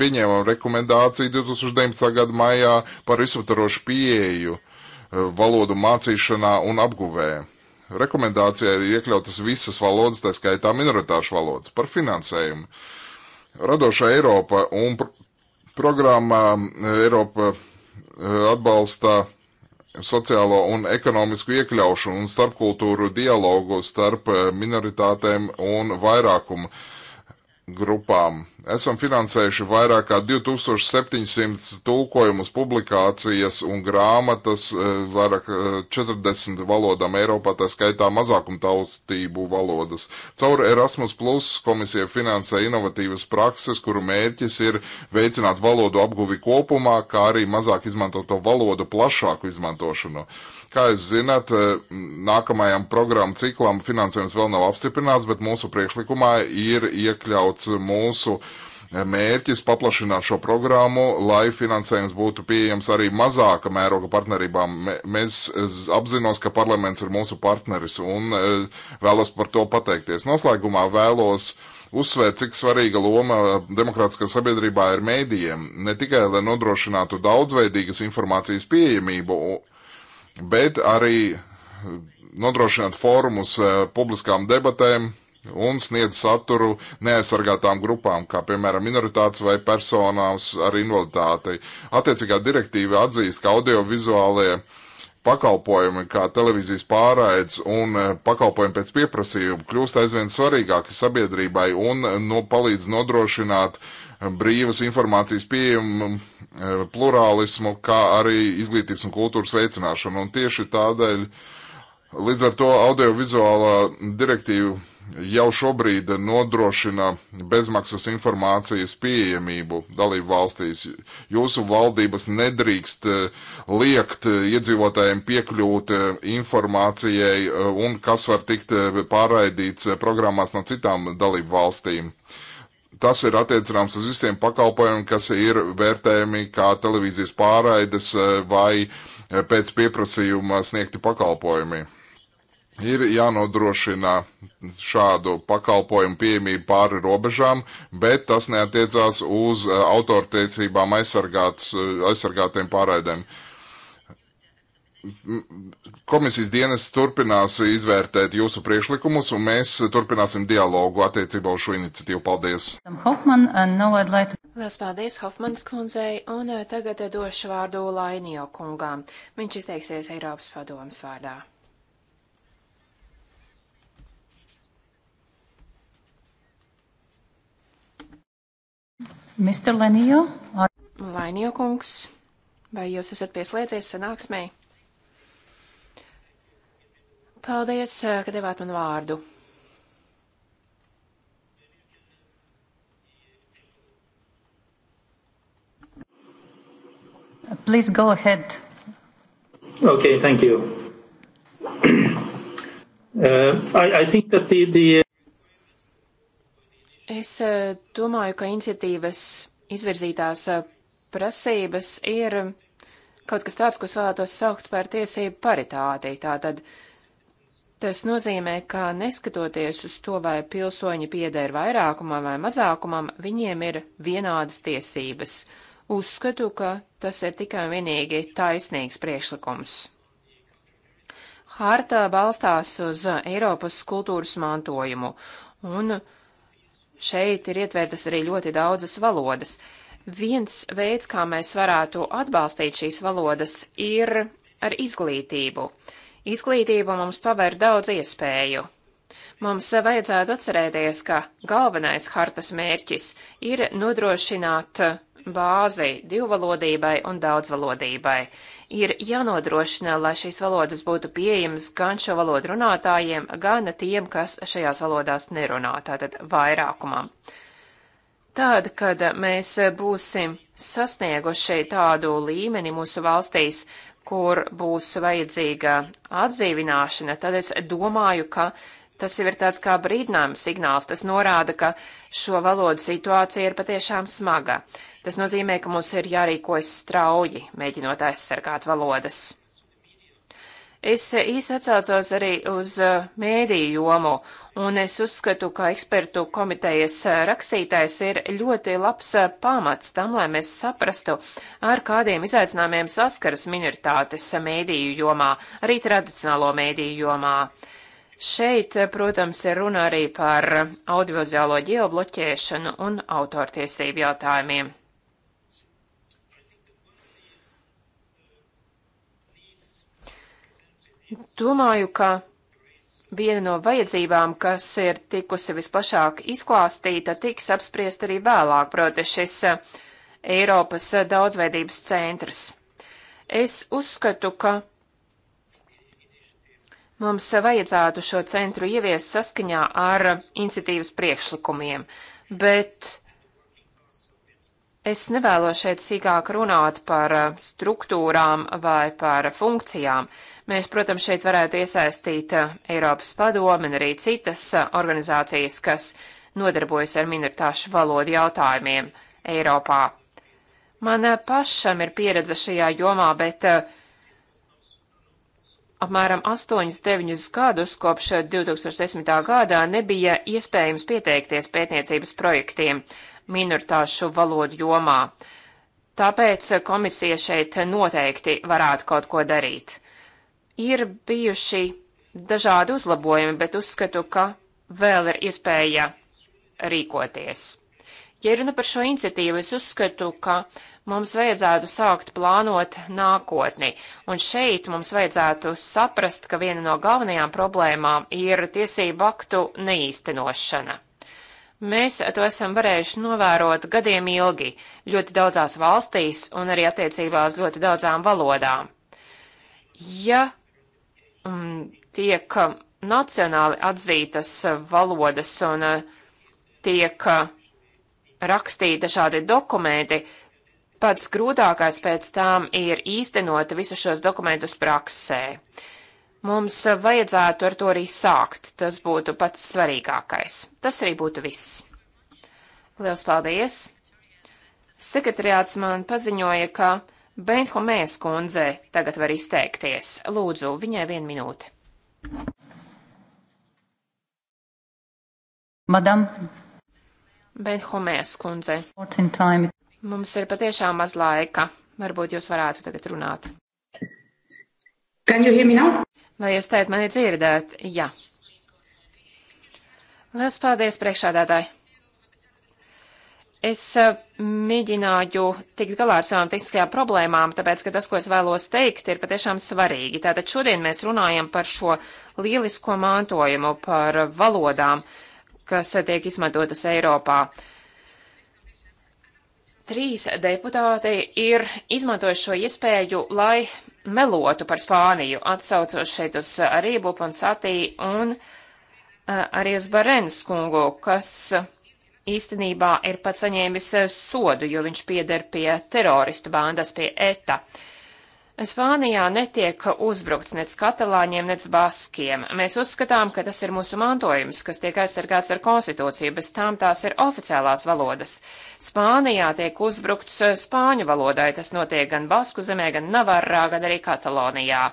Pieņēmām rekomendāciju 2019. gada maijā par izsvatarošu pieeju eh, valodu mācīšanā un apguvē. Rekomendācijā ir iekļautas visas valodas, tā skaitā minoritāšu valodas, par finansējumu. Radošā Eiropa un pr programmā eh, Eiropa eh, atbalsta sociālo un ekonomisku iekļaušanu un starpkultūru dialogu starp minoritātēm un vairākumu grupām. Esam finansējuši vairāk kā 2700 tulkojumus, publikācijas un grāmatas eh, vairāk 40 eh, valodām Eiropā, tā skaitā mazākumtaustību valodas. Caur Erasmus Plus komisija finansē inovatīvas prakses, kuru mērķis ir veicināt valodu apguvi kopumā, kā arī mazāk izmantoto valodu plašāku izmantošanu. Uh, Kā jūs zināt, eh, nākamajam programmu ciklam finansējums vēl nav apstiprināts, bet mūsu priekšlikumā ir iekļauts mūsu eh, mērķis paplašināt šo programmu, lai finansējums būtu pieejams arī mazāka mēroga partnerībām. Mēs eh, apzinos, ka parlaments ir mūsu partneris un vēlos par to pateikties. Noslēgumā vēlos uzsvērt, cik svarīga loma demokrātiskā sabiedrībā ir mēdījiem, ne tikai, lai nodrošinātu daudzveidīgas informācijas pieejamību bet arī eh, nodrošināt fórumus eh, publiskām debatēm un sniedz saturu neaizsargātām grupām, kā piemēram minoritātes vai personām ar invaliditāti. Attiecīgā direktīva atzīst, ka audiovizuālie pakalpojumi, kā televīzijas pārraids un eh, pakalpojumi pēc pieprasījuma, kļūst aizvien svarīgāki sabiedrībai un no, palīdz nodrošināt uh, brīvas informācijas pieejamu, e, plurālismu, kā arī izglītības un kultūras veicināšanu. Un tieši tādēļ līdz ar to audiovizuālā direktīva jau šobrīd nodrošina bezmaksas informācijas pieejamību dalību valstīs. Jūsu valdības nedrīkst e, liekt iedzīvotājiem piekļūt e, informācijai un kas var tikt pārraidīts programmās no citām dalību valstīm. Uh, tas ir attiecināms uz visiem pakalpojumiem, kas ir vērtējami kā televīzijas pārraides eh, vai eh, pēc pieprasījuma sniegti pakalpojumi. Ir jānodrošina šādu pakalpojumu pieejamību pāri robežām, bet tas neatiecās uz eh, autortiecībām aizsargātiem pārraidēm komisijas dienas turpinās izvērtēt jūsu priekšlikumus, un mēs turpināsim dialogu attiecībā uz šo iniciatīvu. Paldies! Hopman, like to... Lielas paldies Hofmanas kundzei, un eh, tagad eh, došu vārdu Lainijo kungām. Viņš izteiksies Eiropas padomas vārdā. Mr. Lainijo? Or... Lainijo kungs, vai jūs esat pieslēdzies sanāksmei? Paldies, eh, ka devāt man vārdu. Please go ahead. Okay, thank you. uh, I, I think that the, the... Uh, es eh, domāju, ka iniciatīvas izvirzītās eh, prasības ir kaut kas tāds, ko es vēlētos saukt par tiesību paritāti. Tātad Tas nozīmē, ka neskatoties uz to, vai pilsoņi pieder vairākumam vai mazākumam, viņiem ir vienādas tiesības. Uzskatu, ka tas ir tikai un vienīgi taisnīgs priekšlikums. Harta balstās uz Eiropas kultūras mantojumu, un šeit ir ietvērtas arī ļoti daudzas valodas. Viens veids, kā mēs varētu atbalstīt šīs valodas, ir ar izglītību. Uh, Izglītība mums paver daudz iespēju. Mums vajadzētu atcerēties, ka galvenais hartas mērķis ir nodrošināt bāzi divvalodībai un daudzvalodībai. Ir jānodrošina, lai šīs valodas būtu pieejamas gan šo valodu runātājiem, gan tiem, kas šajās valodās nerunā, tātad vairākumam. Tad, kad mēs būsim sasnieguši tādu līmeni mūsu valstīs, kur būs vajadzīga atdzīvināšana, tad es domāju, ka tas jau ir tāds kā brīdinājums signāls. Tas norāda, ka šo valodu situācija ir patiešām smaga. Tas nozīmē, ka mums ir jārīkojas strauji, mēģinot aizsargāt valodas. Es eh, īsi atsaucos arī uz eh, mēdīju jomu, un es uzskatu, ka ekspertu komitejas eh, rakstītājs ir ļoti labs pamats tam, lai mēs saprastu, ar kādiem izaicinājumiem saskaras minoritātes mēdīju jomā, arī tradicionālo mēdīju jomā. Šeit, protams, ir runa arī par audiovizuālo ģeobloķēšanu un autortiesību jautājumiem. Domāju, ka viena no vajadzībām, kas ir tikusi visplašāk izklāstīta, tiks apspriest arī vēlāk, proti šis eh, Eiropas eh, daudzveidības centrs. Es uzskatu, ka mums vajadzētu šo centru ieviest saskaņā ar eh, iniciatīvas priekšlikumiem, bet Es nevēlos šeit sīkāk runāt par eh, struktūrām vai par funkcijām. Mēs, protams, šeit varētu iesaistīt eh, Eiropas padomu un arī citas eh, organizācijas, kas nodarbojas ar minoritāšu valodu jautājumiem Eiropā. Man pašam ir pieredze šajā jomā, bet apmēram 8-9 gadus kopš 2010. gadā nebija iespējams pieteikties pētniecības projektiem minoritāšu valodu jomā. Tāpēc komisija šeit noteikti varētu kaut ko darīt. Ir bijuši dažādi uzlabojumi, bet uzskatu, ka vēl ir iespēja rīkoties. Ja runa par šo iniciatīvu, es uzskatu, ka mums vajadzētu sākt plānot nākotni. Un šeit mums vajadzētu saprast, ka viena no galvenajām problēmām ir tiesību aktu neīstenošana. Mēs to esam varējuši novērot gadiem ilgi, ļoti daudzās valstīs un arī attiecībā uz ļoti daudzām valodām. Ja m, um, tiek um, nacionāli atzītas uh, valodas un uh, tiek uh, rakstīti šādi dokumenti, pats grūtākais pēc tām ir īstenot visus šos dokumentus praksē. Mums eh, vajadzētu ar to arī sākt. Tas būtu pats svarīgākais. Tas arī būtu viss. Lielas paldies! Sekretariāts man paziņoja, ka Benhomēs kundze tagad var izteikties. Lūdzu, viņai vienu minūti. Madam. Benhomēs kundze. Mums ir patiešām maz laika. Varbūt jūs varētu tagad runāt. Can you hear me now? Vai nu, jūs teikt mani dzirdēt? Jā. Lielas paldies priekšādātāji. Es eh, mēģināju tikt galā ar savām tehniskajām problēmām, tāpēc, ka tas, ko es vēlos teikt, ir patiešām svarīgi. Tātad šodien mēs runājam par šo lielisko mantojumu, par valodām, kas tiek izmantotas Eiropā. Trīs deputāti ir izmantojuši šo iespēju, lai melotu par Spāniju, atsaucos šeit uz eh, Arību Ponsatī un eh, arī uz Barens kungu, kas eh, īstenībā ir pats saņēmis sodu, jo viņš pieder pie teroristu bandas, pie ETA. Uh, Spānijā netiek uzbrukts nec katalāņiem, nec baskiem. Mēs uzskatām, ka tas ir mūsu mantojums, kas tiek aizsargāts ar konstitūciju, bez tām tās ir oficiālās valodas. Spānijā tiek uzbrukts spāņu valodai, tas notiek gan basku zemē, gan Navarrā, gan arī Katalonijā.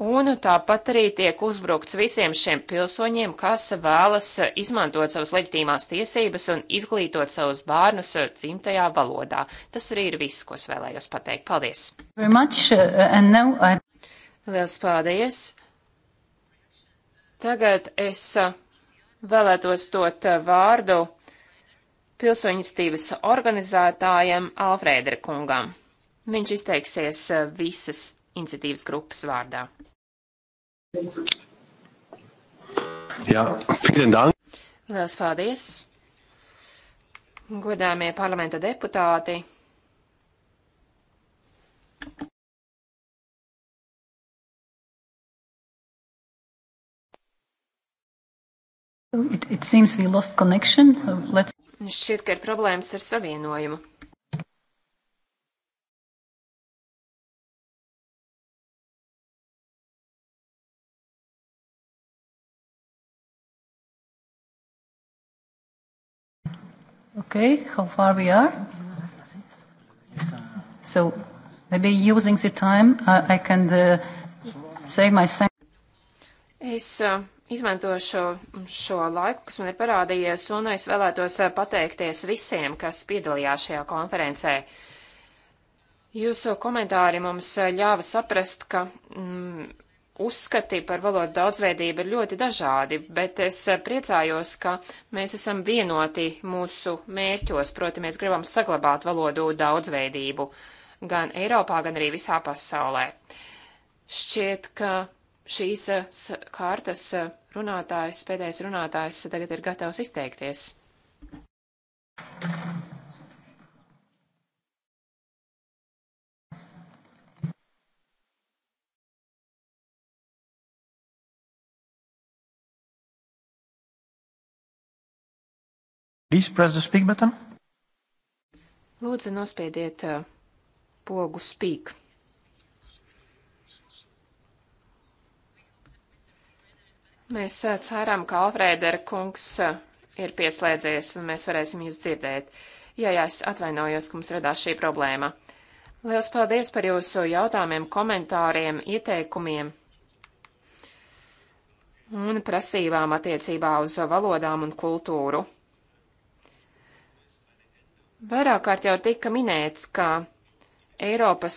Un tāpat arī tiek uzbrukts visiem šiem pilsoņiem, kas vēlas izmantot savas leģitīmās tiesības un izglītot savus bērnus dzimtajā valodā. Tas arī ir viss, ko es vēlējos pateikt. Paldies! Much, uh, now I... Liels paldies! Tagad es uh, vēlētos dot uh, vārdu pilsoņistības organizētājam Alfrēdera kungam. Viņš izteiksies uh, visas iniciatīvas grupas vārdā. Jā, vielen dank! Lielas paldies! Godāmie parlamenta deputāti! It, it seems we lost connection. Let's... Šķiet, ka ir problēmas ar savienojumu. Okay, how far we are? So maybe using the time uh, I can uh, say my Es uh, izmantošu šo laiku, kas man ir parādījies, un es vēlētos uh, pateikties visiem, kas piedalījās šajā konferencē. Jūsu komentāri mums uh, ļāva saprast, ka mm, uzskati par valodu daudzveidību ir ļoti dažādi, bet es priecājos, ka mēs esam vienoti mūsu mērķos, proti mēs gribam saglabāt valodu daudzveidību gan Eiropā, gan arī visā pasaulē. Šķiet, ka šīs kārtas runātājs, pēdējais runātājs tagad ir gatavs izteikties. Thank you. Please press the speak button. Lūdzu, nospiediet uh, pogu speak. Mēs uh, ceram, ka Alfrēdera kungs uh, ir pieslēdzies un mēs varēsim jūs dzirdēt. Jā, jā, es atvainojos, ka mums radās šī problēma. Liels paldies par jūsu jautājumiem, komentāriem, ieteikumiem un prasībām attiecībā uz valodām un kultūru. Vairāk kārt jau tika minēts, ka Eiropas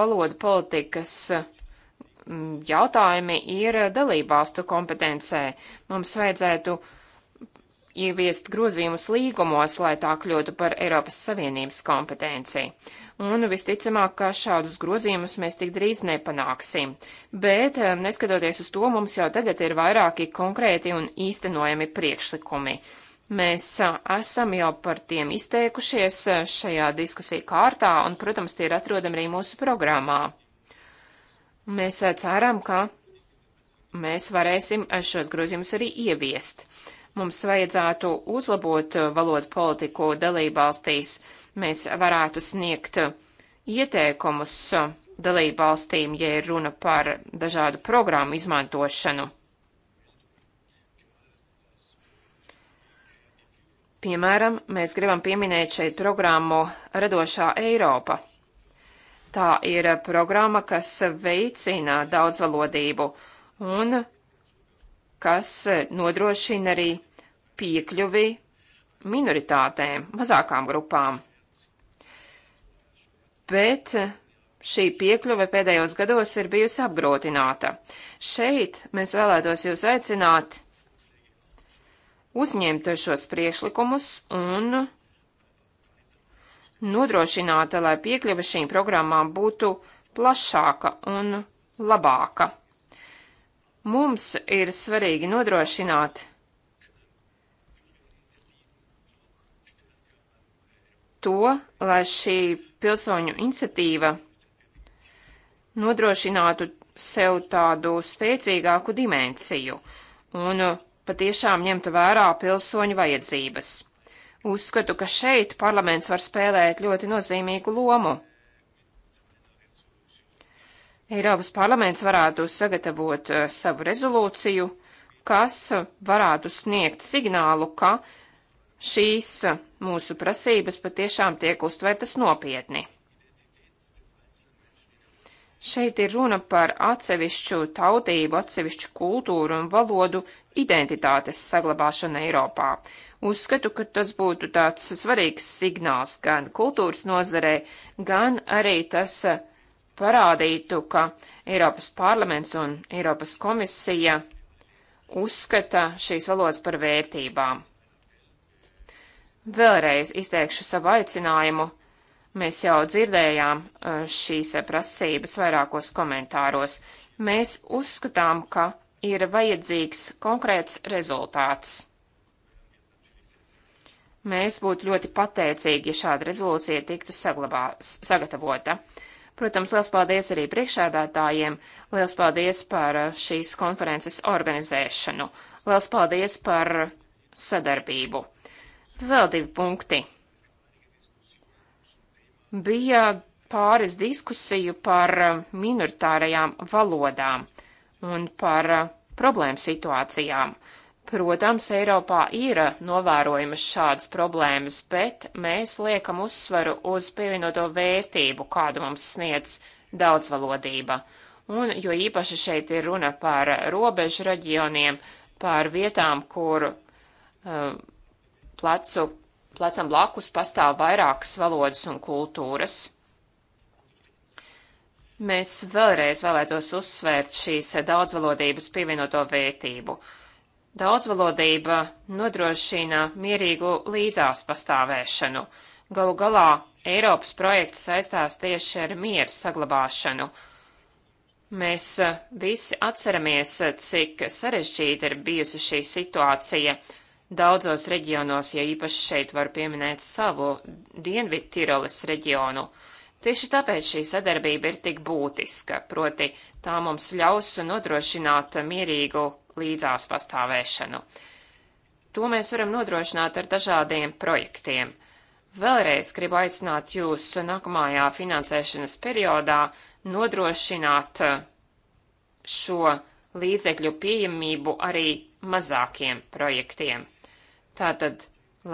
valodu politikas mm, jautājumi ir dalībvalstu kompetencē. Mums vajadzētu ieviest grozījumus līgumos, lai tā kļūtu par Eiropas Savienības kompetenci. Un visticamāk, ka šādus grozījumus mēs tik drīz nepanāksim. Bet, eh, neskatoties uz to, mums jau tagad ir vairāki konkrēti un īstenojami priekšlikumi. Mēs esam jau par tiem izteikušies šajā diskusiju kārtā, un, protams, tie ir atrodami arī mūsu programmā. Mēs ceram, ka mēs varēsim šos grozījumus arī ieviest. Mums vajadzētu uzlabot valodu politiku dalībvalstīs. Mēs varētu sniegt ieteikumus dalībvalstīm, ja ir runa par dažādu programmu izmantošanu. Piemēram, mēs gribam pieminēt šeit programmu Radošā Eiropa. Tā ir programma, kas veicina daudzvalodību un kas nodrošina arī piekļuvi minoritātēm, mazākām grupām. Bet Šī piekļuve pēdējos gados ir bijusi apgrūtināta. Šeit mēs vēlētos jūs aicināt uzņemt šos priekšlikumus un nodrošināt, lai piekļuve šīm programmām būtu plašāka un labāka. Mums ir svarīgi nodrošināt to, lai šī pilsoņu iniciatīva nodrošinātu sev tādu spēcīgāku dimensiju un patiešām ņemtu vērā pilsoņu vajadzības. Uzskatu, ka šeit parlaments var spēlēt ļoti nozīmīgu lomu. Eiropas parlaments varētu sagatavot eh, savu rezolūciju, kas varētu sniegt signālu, ka šīs eh, mūsu prasības patiešām tiek uztvērtas nopietni. Šeit ir runa par atsevišķu tautību, atsevišķu kultūru un valodu identitātes saglabāšanu Eiropā. Uzskatu, ka tas būtu tāds svarīgs signāls gan kultūras nozarē, gan arī tas parādītu, ka Eiropas parlaments un Eiropas komisija uzskata šīs valodas par vērtībām. Vēlreiz izteikšu savu aicinājumu Mēs jau dzirdējām uh, šīs uh, prasības vairākos komentāros. Mēs uzskatām, ka ir vajadzīgs konkrēts rezultāts. Mēs būtu ļoti pateicīgi, ja šāda rezolūcija tiktu saglabā, sagatavota. Protams, liels paldies arī priekšādātājiem, liels paldies par uh, šīs konferences organizēšanu, liels paldies par sadarbību. Vēl divi punkti bija pāris diskusiju par uh, minoritārajām valodām un par uh, problēmu situācijām. Protams, Eiropā ir uh, novērojamas šādas problēmas, bet mēs liekam uzsvaru uz pievienoto vērtību, kādu mums sniedz daudzvalodība. Un, jo īpaši šeit ir runa par robežu reģioniem, par vietām, kur uh, plecu plecam blakus pastāv vairākas valodas un kultūras. Mēs vēlreiz vēlētos uzsvērt šīs daudzvalodības pievienoto vērtību. Daudzvalodība nodrošina mierīgu līdzās pastāvēšanu. Galu galā Eiropas projekts saistās tieši ar mieru saglabāšanu. Mēs eh, visi atceramies, eh, cik sarežģīta ir bijusi šī situācija Daudzos reģionos, ja īpaši šeit var pieminēt savu Dienvidu Tiroles reģionu, tieši tāpēc šī sadarbība ir tik būtiska, proti tā mums ļaus nodrošināt mierīgu līdzās pastāvēšanu. To mēs varam nodrošināt ar dažādiem projektiem. Vēlreiz gribu aicināt jūs nākamajā finansēšanas periodā nodrošināt šo līdzekļu pieejamību arī mazākiem projektiem. Tātad,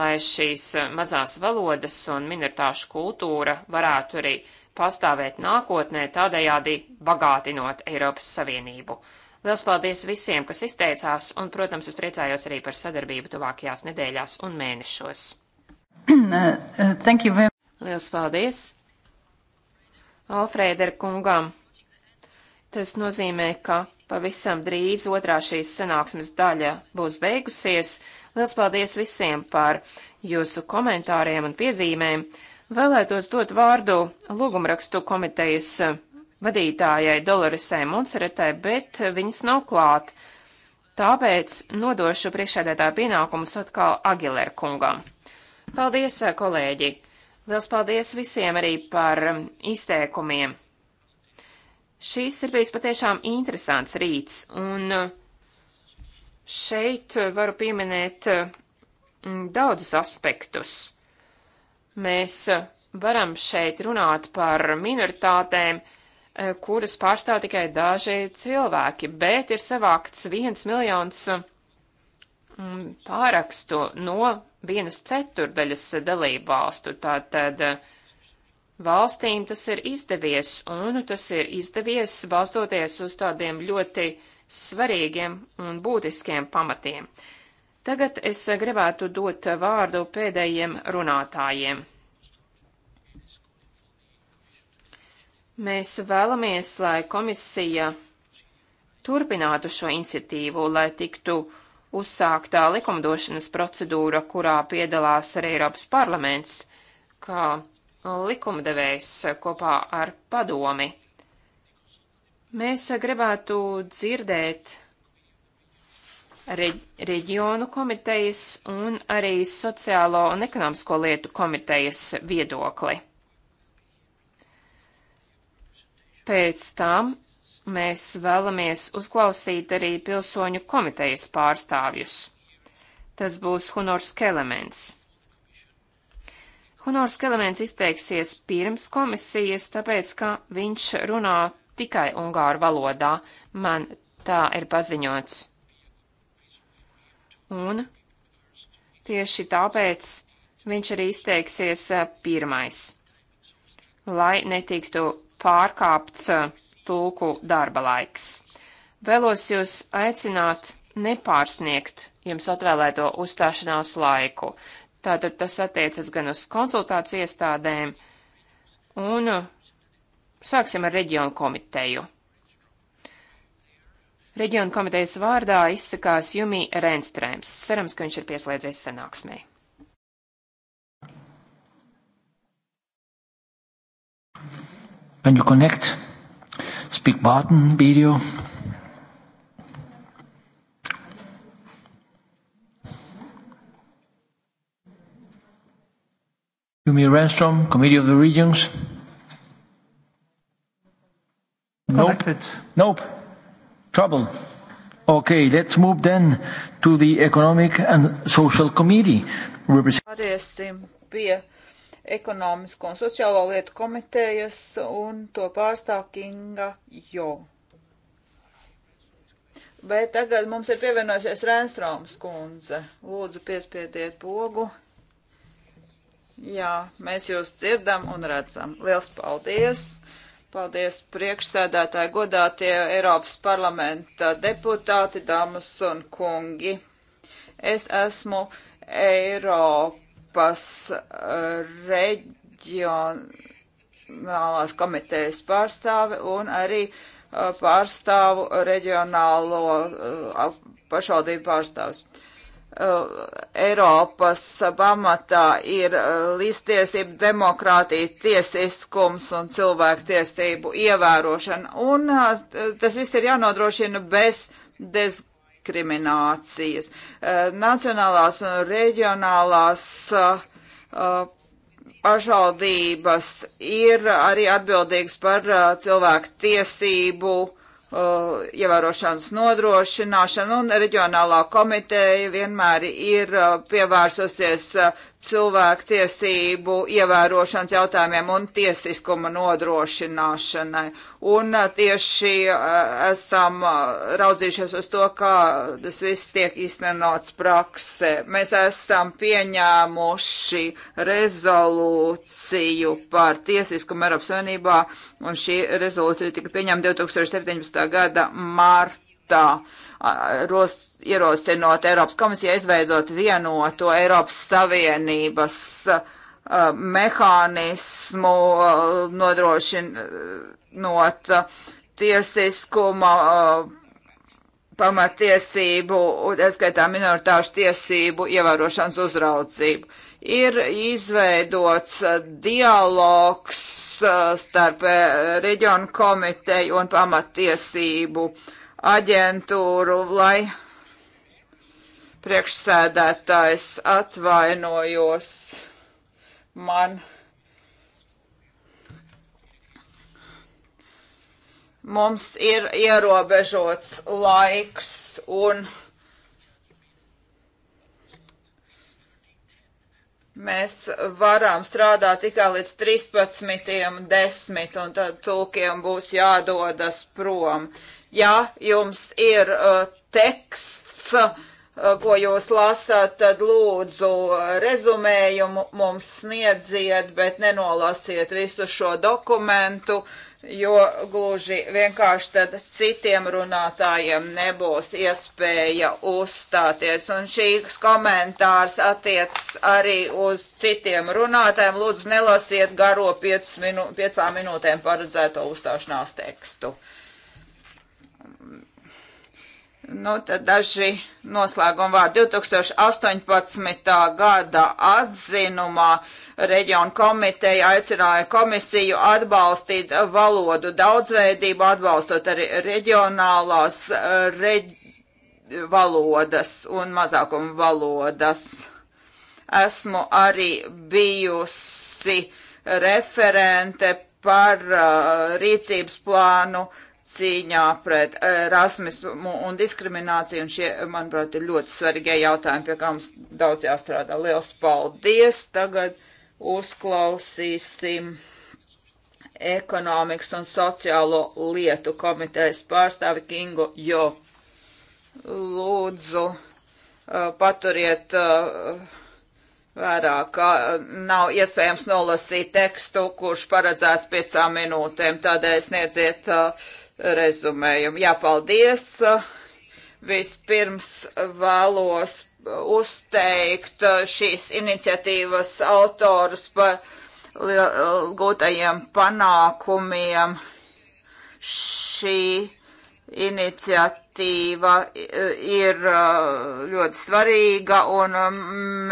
lai šīs eh, mazās valodas un minoritāšu kultūra varētu arī pastāvēt nākotnē, tādējādi bagātinot Eiropas Savienību. Liels paldies visiem, kas izteicās, un, protams, es priecājos arī par sadarbību tuvākajās nedēļās un mēnešos. Thank you very much. Liels paldies Alfrēder kungam. Tas nozīmē, ka pavisam drīz otrā šīs sanāksmes daļa būs beigusies. Lielas paldies visiem par jūsu komentāriem un piezīmēm. Vēlētos dot vārdu lūgumrakstu komitejas vadītājai Dolorisai Monseretai, bet viņas nav klāt. Tāpēc nodošu priekšēdētāju pienākumus atkal Agilera kungam. Paldies, kolēģi! Liels paldies visiem arī par izteikumiem! Šis ir bijis patiešām interesants rīts, un Šeit eh, varu pieminēt eh, daudzus aspektus. Mēs eh, varam šeit runāt par minoritātēm, kuras pārstāv tikai daži cilvēki, bet ir savākts viens miljons pārakstu no vienas ceturdaļas dalību valstu. Tātad valstīm tas ir izdevies, un tas ir izdevies balstoties uz tādiem ļoti uh, svarīgiem un būtiskiem pamatiem. Tagad es gribētu dot vārdu pēdējiem runātājiem. Mēs vēlamies, lai komisija turpinātu šo iniciatīvu, lai tiktu uzsāktā likumdošanas procedūra, kurā piedalās arī Eiropas parlaments, kā likumdevējs kopā ar padomi. Mēs eh, gribētu dzirdēt reģionu komitejas un arī sociālo un ekonomisko lietu komitejas viedokli. Pēc tam mēs vēlamies uzklausīt arī pilsoņu komitejas pārstāvjus. Tas būs Hunors Kelements. Hunors Kelements izteiksies pirms komisijas, tāpēc, ka viņš runā tikai ungāru valodā, man tā ir paziņots. Un tieši tāpēc viņš arī izteiksies eh, pirmais, lai netiktu pārkāpts eh, tulku darba laiks. Vēlos jūs aicināt nepārsniegt jums atvēlēto uzstāšanās laiku. Tātad tas attiecas gan uz konsultāciju iestādēm un Sāksim ar reģionu komiteju. Reģionu komitejas vārdā izsakās Jumī Renstrēms. Cerams, ka viņš ir pieslēdzies sanāksmei. Can you connect? Speak button, video. Yumi Renstrom, Committee of the Regions. Connected. Nope. Nope. Trouble. Okay, let's move then to the Economic and Social Committee. Pāriesim pie ekonomisko un sociālo lietu komitejas un to pārstāv Kinga Jo. Bet tagad mums ir pievienojusies Rēnstroms kundze. Lūdzu, piespiediet pogu. Jā, mēs jūs dzirdam un redzam. Liels paldies! Mm. Paldies priekšsēdētāji, godātie Eiropas parlamenta deputāti, dāmas un kungi. Es esmu Eiropas eh, reģionālās komitejas pārstāve un arī eh, pārstāvu reģionālo eh, pašvaldību pārstāvis. Uh, Eiropas pamatā ir uh, līdztiesība, demokrātija, tiesiskums un cilvēktiesību ievērošana. Un uh, tas viss ir jānodrošina bez diskriminācijas. Nacionālās un reģionālās pašvaldības ir arī atbildīgas par cilvēku tiesību uh, ievērošanas nodrošināšanu, un reģionālā komiteja vienmēr ir uh, pievērsusies uh, cilvēktiesību ievērošanas jautājumiem un tiesiskuma nodrošināšanai. Un uh, tieši uh, esam uh, raudzījušies uz to, kā tas viss tiek īstenots praksē. Mēs esam pieņēmuši rezolūciju par tiesiskumu Eiropas Savienībā, un šī rezolūcija tika pieņemta 2017. gada martā ros, ierosinot Eiropas komisijai izveidot vienoto Eiropas Savienības mehānismu nodrošinot tiesiskuma pamatiesību, skaitā minoritāšu tiesību ievērošanas uzraudzību. Ir izveidots dialogs starp e, reģionu komiteju un pamatiesību uh, aģentūru, lai priekšsēdētājs atvainojos man. Mums ir ierobežots laiks un mēs varam strādāt tikai līdz 13.10 un tad tulkiem būs jādodas prom ja jums ir uh, teksts, uh, ko jūs lasāt, tad lūdzu uh, rezumējumu mums sniedziet, bet nenolasiet visu šo dokumentu, jo gluži vienkārši tad citiem runātājiem nebūs iespēja uzstāties. Un šīs komentārs attiec arī uz citiem runātājiem. Lūdzu, nelasiet garo 5 minū, minūtēm paredzēto uzstāšanās tekstu. Uh, Nu, tad daži noslēguma vārdi. 2018. gada atzinumā reģionu komiteja aicināja komisiju atbalstīt valodu daudzveidību, atbalstot arī reģionālās eh, reģ... valodas un mazākuma valodas. Esmu arī bijusi referente par uh, rīcības plānu uh, cīņā pret eh, rasismu un diskrimināciju, un šie, manuprāt, ir ļoti svarīgie jautājumi, pie kā mums daudz jāstrādā. Liels paldies! Tagad uzklausīsim ekonomikas un sociālo lietu komitejas pārstāvi Kingu Jo. Lūdzu, eh, paturiet eh, vērā, ka nav iespējams nolasīt tekstu, kurš paredzēts piecām minūtēm, tādēļ sniedziet uh, rezumējumu. Jā, paldies! Vispirms vēlos uzteikt šīs iniciatīvas autorus par gūtajiem panākumiem. Šī iniciatīva ir ļoti svarīga un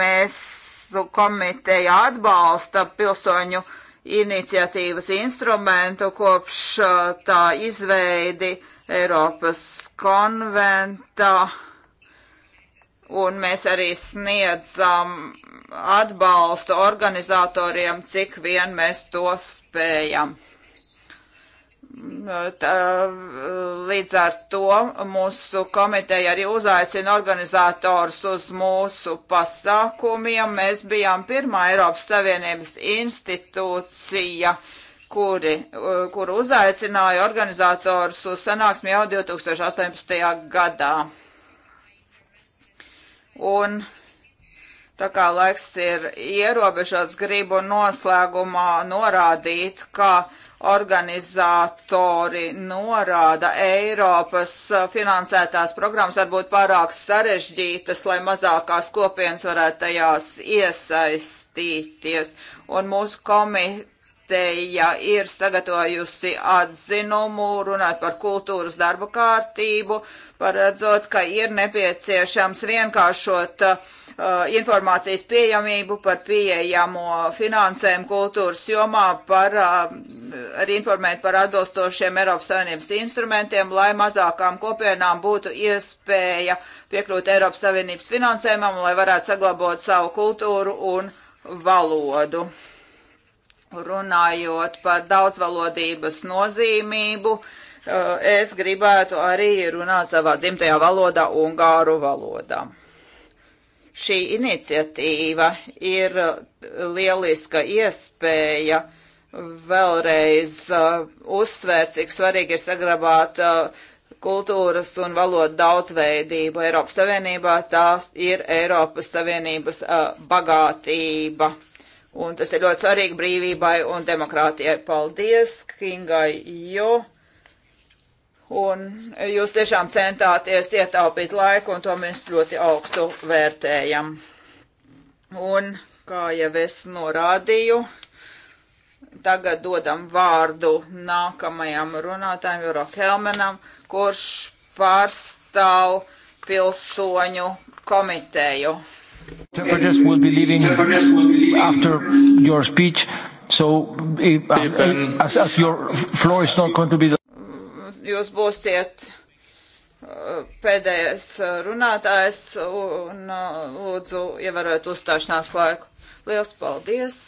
mēs komiteja atbalsta pilsoņu uh, iniciatīvas instrumentu kopš uh, tā izveidi Eiropas konventā. Un mēs arī sniedzam atbalstu organizatoriem, cik vien mēs to spējam. Tā, līdz ar to mūsu komiteja arī uzaicina organizatorus uz mūsu pasākumiem. Mēs bijām pirmā Eiropas Savienības institūcija, kuri, kur uzaicināja organizatorus uz sanāksmi jau 2018. gadā. Un Tā kā laiks ir ierobežots, gribu noslēgumā norādīt, ka uh, organizatori norāda, Eiropas finansētās programmas var būt pārāk sarežģītas, lai mazākās kopienas varētu tajās iesaistīties. Un mūsu komi komiteja ir sagatavojusi atzinumu runāt par kultūras darba kārtību, paredzot, ka ir nepieciešams vienkāršot uh, informācijas pieejamību par pieejamo finansējumu kultūras jomā, par, uh, arī informēt par atbilstošiem Eiropas Savienības instrumentiem, lai mazākām kopienām būtu iespēja piekļūt Eiropas Savienības finansējumam, lai varētu saglabot savu kultūru un valodu. Runājot par daudzvalodības nozīmību, eh, es gribētu arī runāt savā dzimtajā valodā, ungāru valodā. Šī iniciatīva ir eh, lieliska iespēja vēlreiz eh, uzsvērt, cik svarīgi ir saglabāt kultūras un valodu daudzveidību Eiropas Savienībā. Tās ir Eiropas Savienības bagātība. Un tas ir ļoti svarīgi brīvībai un demokrātijai. Paldies, Kingai, jo. Un jūs tiešām centāties ietaupīt laiku, un to mēs ļoti augstu vērtējam. Un, kā jau es norādīju, tagad dodam vārdu nākamajam runātājam, Juro Helmenam, kurš pārstāv pilsoņu komiteju. Interpreters will be leaving after your speech, so if, as, as your floor is not going to be the... Jūs būsiet uh, pēdējais uh, runātājs un uh, lūdzu ievērojot uzstāšanās laiku. Liels paldies!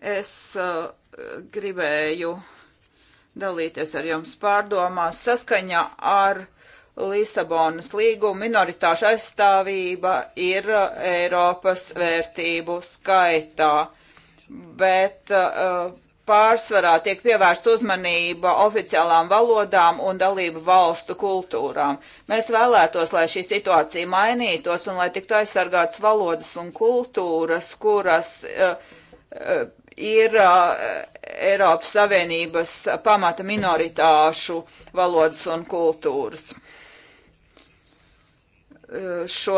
Es gribēju dalīties ar jums pārdomās saskaņā ar Lisabonas līguma minoritāšu aizstāvība ir uh, Eiropas vērtību skaitā, bet uh, pārsvarā tiek pievērst uzmanība oficiālām valodām un dalību valstu kultūrām. Mēs vēlētos, lai šī situācija mainītos un lai tiktu aizsargāts valodas un kultūras, kuras uh, uh, ir uh, Eiropas Savienības pamata minoritāšu valodas un kultūras šo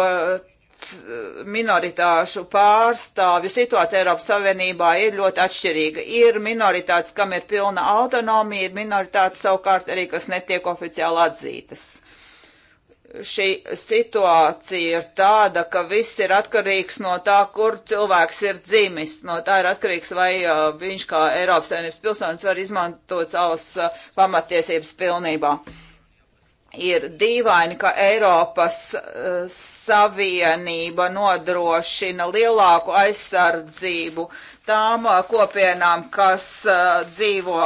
minoritāšu pārstāvju situācija Eiropas Savienībā ir ļoti atšķirīga. Ir minoritātes, kam ir pilna autonomija, ir minoritātes savukārt arī, kas netiek oficiāli atzītas. Šī situācija ir tāda, ka viss ir atkarīgs no tā, kur cilvēks ir dzimis. No tā ir atkarīgs, vai uh, viņš kā Eiropas Savienības pilsonis var izmantot savas uh, pamatiesības pilnībā. Uh, ir dīvaini, ka Eiropas uh, Savienība nodrošina lielāku aizsardzību tām uh, kopienām, kas uh, dzīvo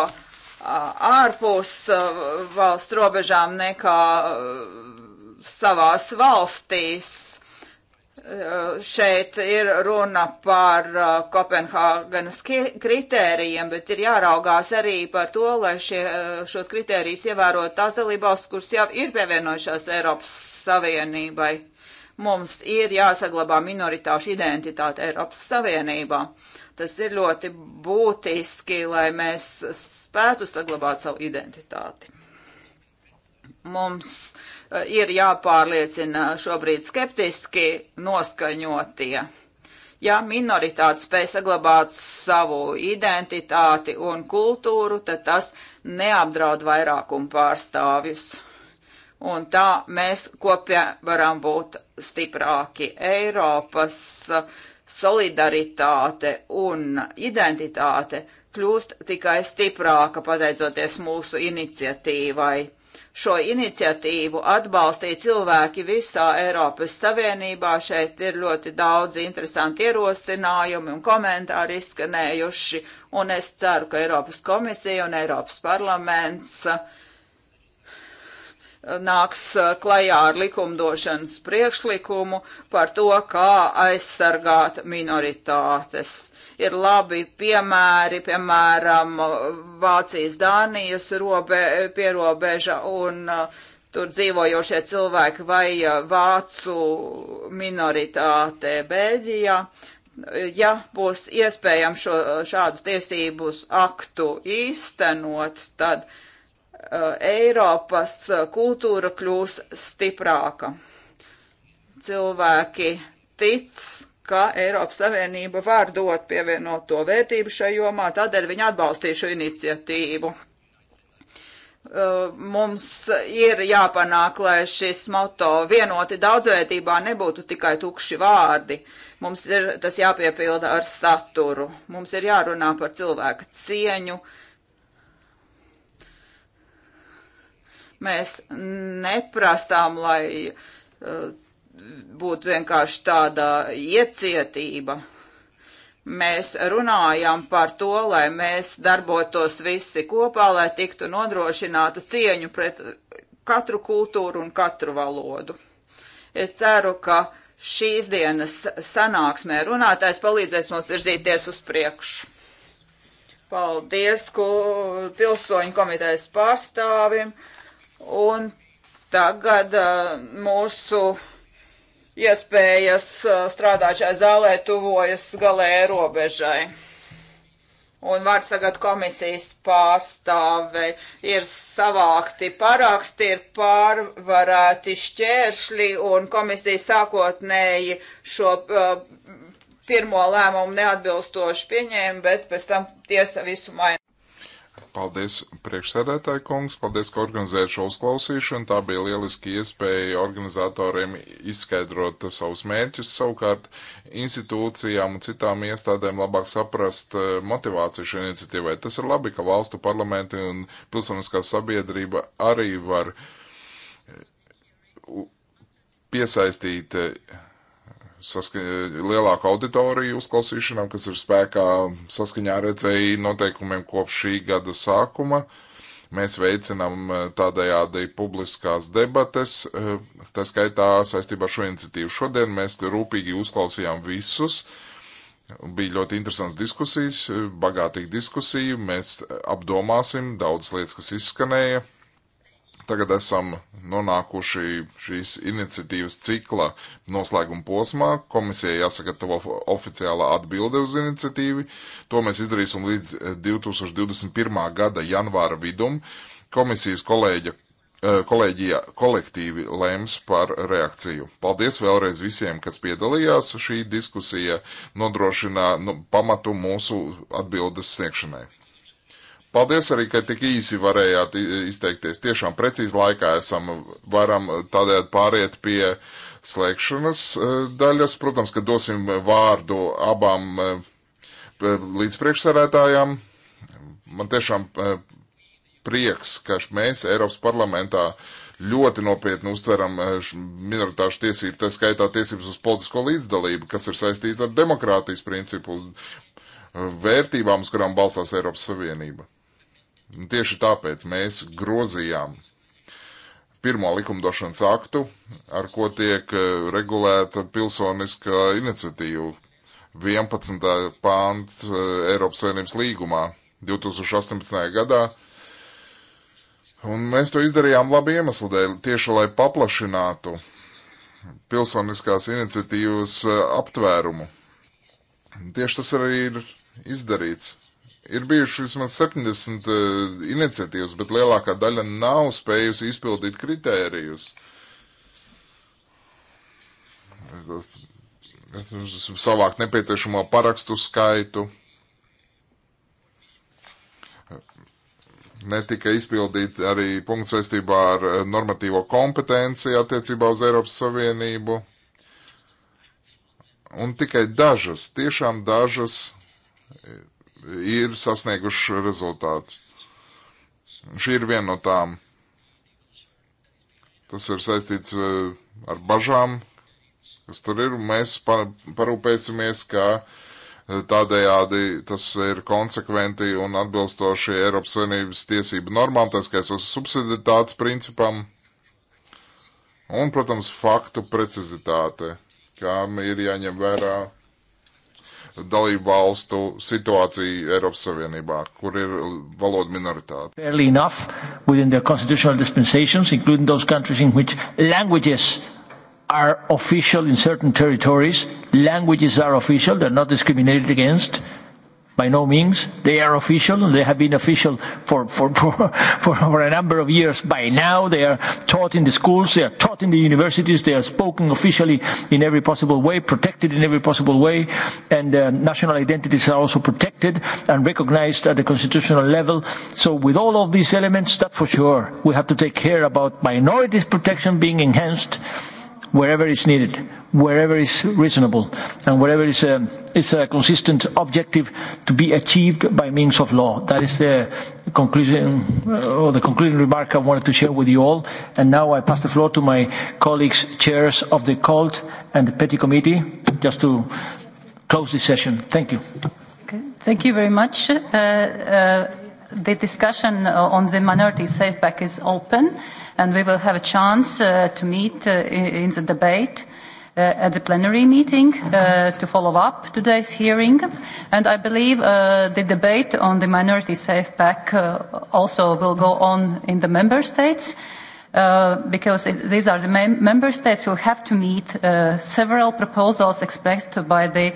ārpus valsts robežām nekā savās valstīs šeit ir runa par uh, Kopenhāgenas kritērijiem, bet ir jāraugās arī par to, lai šie, uh, šos kritērijus ievērotu tās dalībās, kuras jau ir pievienojušās Eiropas Savienībai. Mums ir jāsaglabā minoritāšu identitāte Eiropas Savienībā. Tas ir ļoti būtiski, lai mēs spētu saglabāt savu identitāti. Mums uh, Eh, ir jāpārliecina šobrīd skeptiski noskaņotie. Ja minoritāte spēj saglabāt savu identitāti un kultūru, tad tas neapdraud vairākumu pārstāvjus. Un tā mēs kopā varam būt stiprāki. Eiropas solidaritāte un identitāte kļūst tikai stiprāka pateicoties mūsu iniciatīvai šo iniciatīvu atbalstīja cilvēki visā Eiropas Savienībā. Šeit ir ļoti daudz interesanti ierosinājumi un komentāri izskanējuši, un es ceru, ka Eiropas komisija un Eiropas parlaments uh, nāks uh, klajā ar likumdošanas priekšlikumu par to, kā aizsargāt minoritātes ir labi piemēri, piemēram, Vācijas, Dānijas robe, pierobeža un uh, tur dzīvojošie cilvēki vai uh, vācu minoritāte Beļģijā. Ja būs iespējams šo, šādu tiesību aktu īstenot, tad uh, Eiropas kultūra kļūs stiprāka. Cilvēki tic ka Eiropas Savienība var dot pievienoto vērtību šai jomā, tādēļ viņi atbalstīja šo iniciatīvu. Uh, mums ir jāpanāk, lai šis moto vienoti daudzveidībā nebūtu tikai tukši vārdi. Mums ir tas jāpiepilda ar saturu. Mums ir jārunā par cilvēku cieņu, mēs neprasām, lai uh, būt vienkārši tāda iecietība. Mēs runājam par to, lai mēs darbotos visi kopā, lai tiktu nodrošinātu cieņu pret katru kultūru un katru valodu. Es ceru, ka šīs dienas sanāksmē runātājs palīdzēs mums virzīties uz priekšu. Paldies, ko pilsoņu komitejas pārstāvim. Un tagad uh, mūsu iespējas uh, strādāt šajā zālē tuvojas galēja robežai. Un var tagad komisijas pārstāvei ir savākti paraksti, ir pārvarēti šķēršļi un komisija sākotnēji šo uh, pirmo lēmumu neatbilstoši pieņēma, bet pēc tam tiesa visu maina. Paldies, priekšsēdētāji kungs, paldies, ka organizējat šo uzklausīšanu. Tā bija lieliski iespēja organizatoriem izskaidrot savus mērķus, savukārt institūcijām un citām iestādēm labāk saprast eh, motivāciju šai iniciatīvai. Tas ir labi, ka valstu parlamenti un pilsoniskā sabiedrība arī var eh, piesaistīt eh, saska, lielāku auditoriju uzklausīšanām, kas ir spēkā saskaņā ar ECI noteikumiem kopš šī gada sākuma. Mēs veicinām eh, tādējādi publiskās debates, eh, tā skaitā saistībā ar šo iniciatīvu. Šodien mēs rūpīgi uzklausījām visus. Bija ļoti interesants diskusijas, eh, bagātīgi diskusiju. Mēs apdomāsim daudz lietas, kas izskanēja tagad esam nonākuši šīs iniciatīvas cikla noslēguma posmā. Komisijai jāsagatavo oficiālā atbilde uz iniciatīvu. To mēs izdarīsim līdz 2021. Eh, gada janvāra vidum. Komisijas kolēģa, eh, kolēģija kolektīvi lems par reakciju. Paldies vēlreiz visiem, kas piedalījās. Šī diskusija nodrošina nu, pamatu mūsu atbildes sniegšanai. Paldies arī, ka tik īsi varējāt izteikties. Tiešām precīzi laikā esam, varam tādējādi pāriet pie slēgšanas e, daļas. Protams, ka dosim vārdu abām e, līdzpriekšsarētājām. Man tiešām e, prieks, ka mēs Eiropas parlamentā ļoti nopietni uztveram minoritāšu tiesību, tā skaitā tiesības uz politisko līdzdalību, kas ir saistīta ar demokrātijas principu, vērtībām, uz kurām balstās Eiropas Savienība. Tieši tāpēc mēs grozījām pirmo likumdošanas aktu, ar ko tiek eh, regulēta pilsoniskā iniciatīva 11. pāns eh, Eiropas Savienības līgumā 2018. gadā. Un mēs to izdarījām labi iemeslu dēļ, tieši lai paplašinātu pilsoniskās iniciatīvas eh, aptvērumu. Tieši tas arī ir izdarīts. Ir bijuši vismaz 70 uh, eh, iniciatīvas, bet lielākā daļa nav spējusi izpildīt kritērijus. Savākt nepieciešamo parakstu skaitu. netika izpildīti arī punkts saistībā ar eh, normatīvo kompetenci attiecībā uz Eiropas Savienību. Un tikai dažas, tiešām dažas ir sasnieguši rezultātus. Šī ir viena no tām. Tas ir saistīts eh, ar bažām, kas tur ir. Mēs parūpēsimies, ka eh, tādējādi tas ir konsekventi un atbilstoši Eiropas Savienības tiesību normām, tā skaitā subsidiatātes principam un, protams, faktu precizitāte, kam ir jāņem vērā dalību valstu situāciju Eiropas Savienībā, kur ir valoda minoritāte. Fairly enough, within their constitutional dispensations, including those countries in which languages are official in certain territories, languages are official, they're not discriminated against, By no means. They are official. They have been official for, for, for, for over a number of years. By now, they are taught in the schools. They are taught in the universities. They are spoken officially in every possible way, protected in every possible way. And uh, national identities are also protected and recognized at the constitutional level. So with all of these elements, that for sure, we have to take care about minorities protection being enhanced wherever it's needed, wherever is reasonable, and wherever is a, is a consistent objective to be achieved by means of law. That is the conclusion or the concluding remark I wanted to share with you all. And now I pass the floor to my colleagues, chairs of the COLT and the Petty Committee, just to close this session. Thank you. Okay. Thank you very much. Uh, uh, the discussion on the minority safe pack is open. Uh, and we will have a chance uh, to meet uh, in the debate uh, at the plenary meeting uh, to follow up today's hearing. And I believe uh, the debate on the Minority Safe Pack uh, also will go on in the member states. Uh, because it, these are the mem member states who have to meet uh, several proposals expressed by the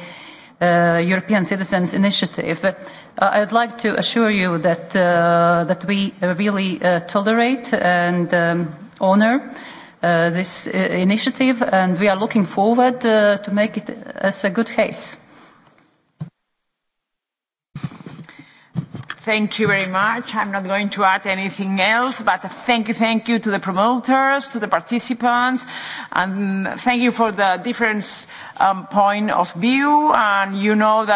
uh, European Citizens Initiative. Uh, I'd like to assure you that, uh, that we really uh, tolerate and um, honor uh, this uh, initiative and we are looking forward uh, to make it as a good case. Thank you very much. I'm not going to add anything else, but thank you, thank you to the promoters, to the participants, and thank you for the different um, point of view. And you know that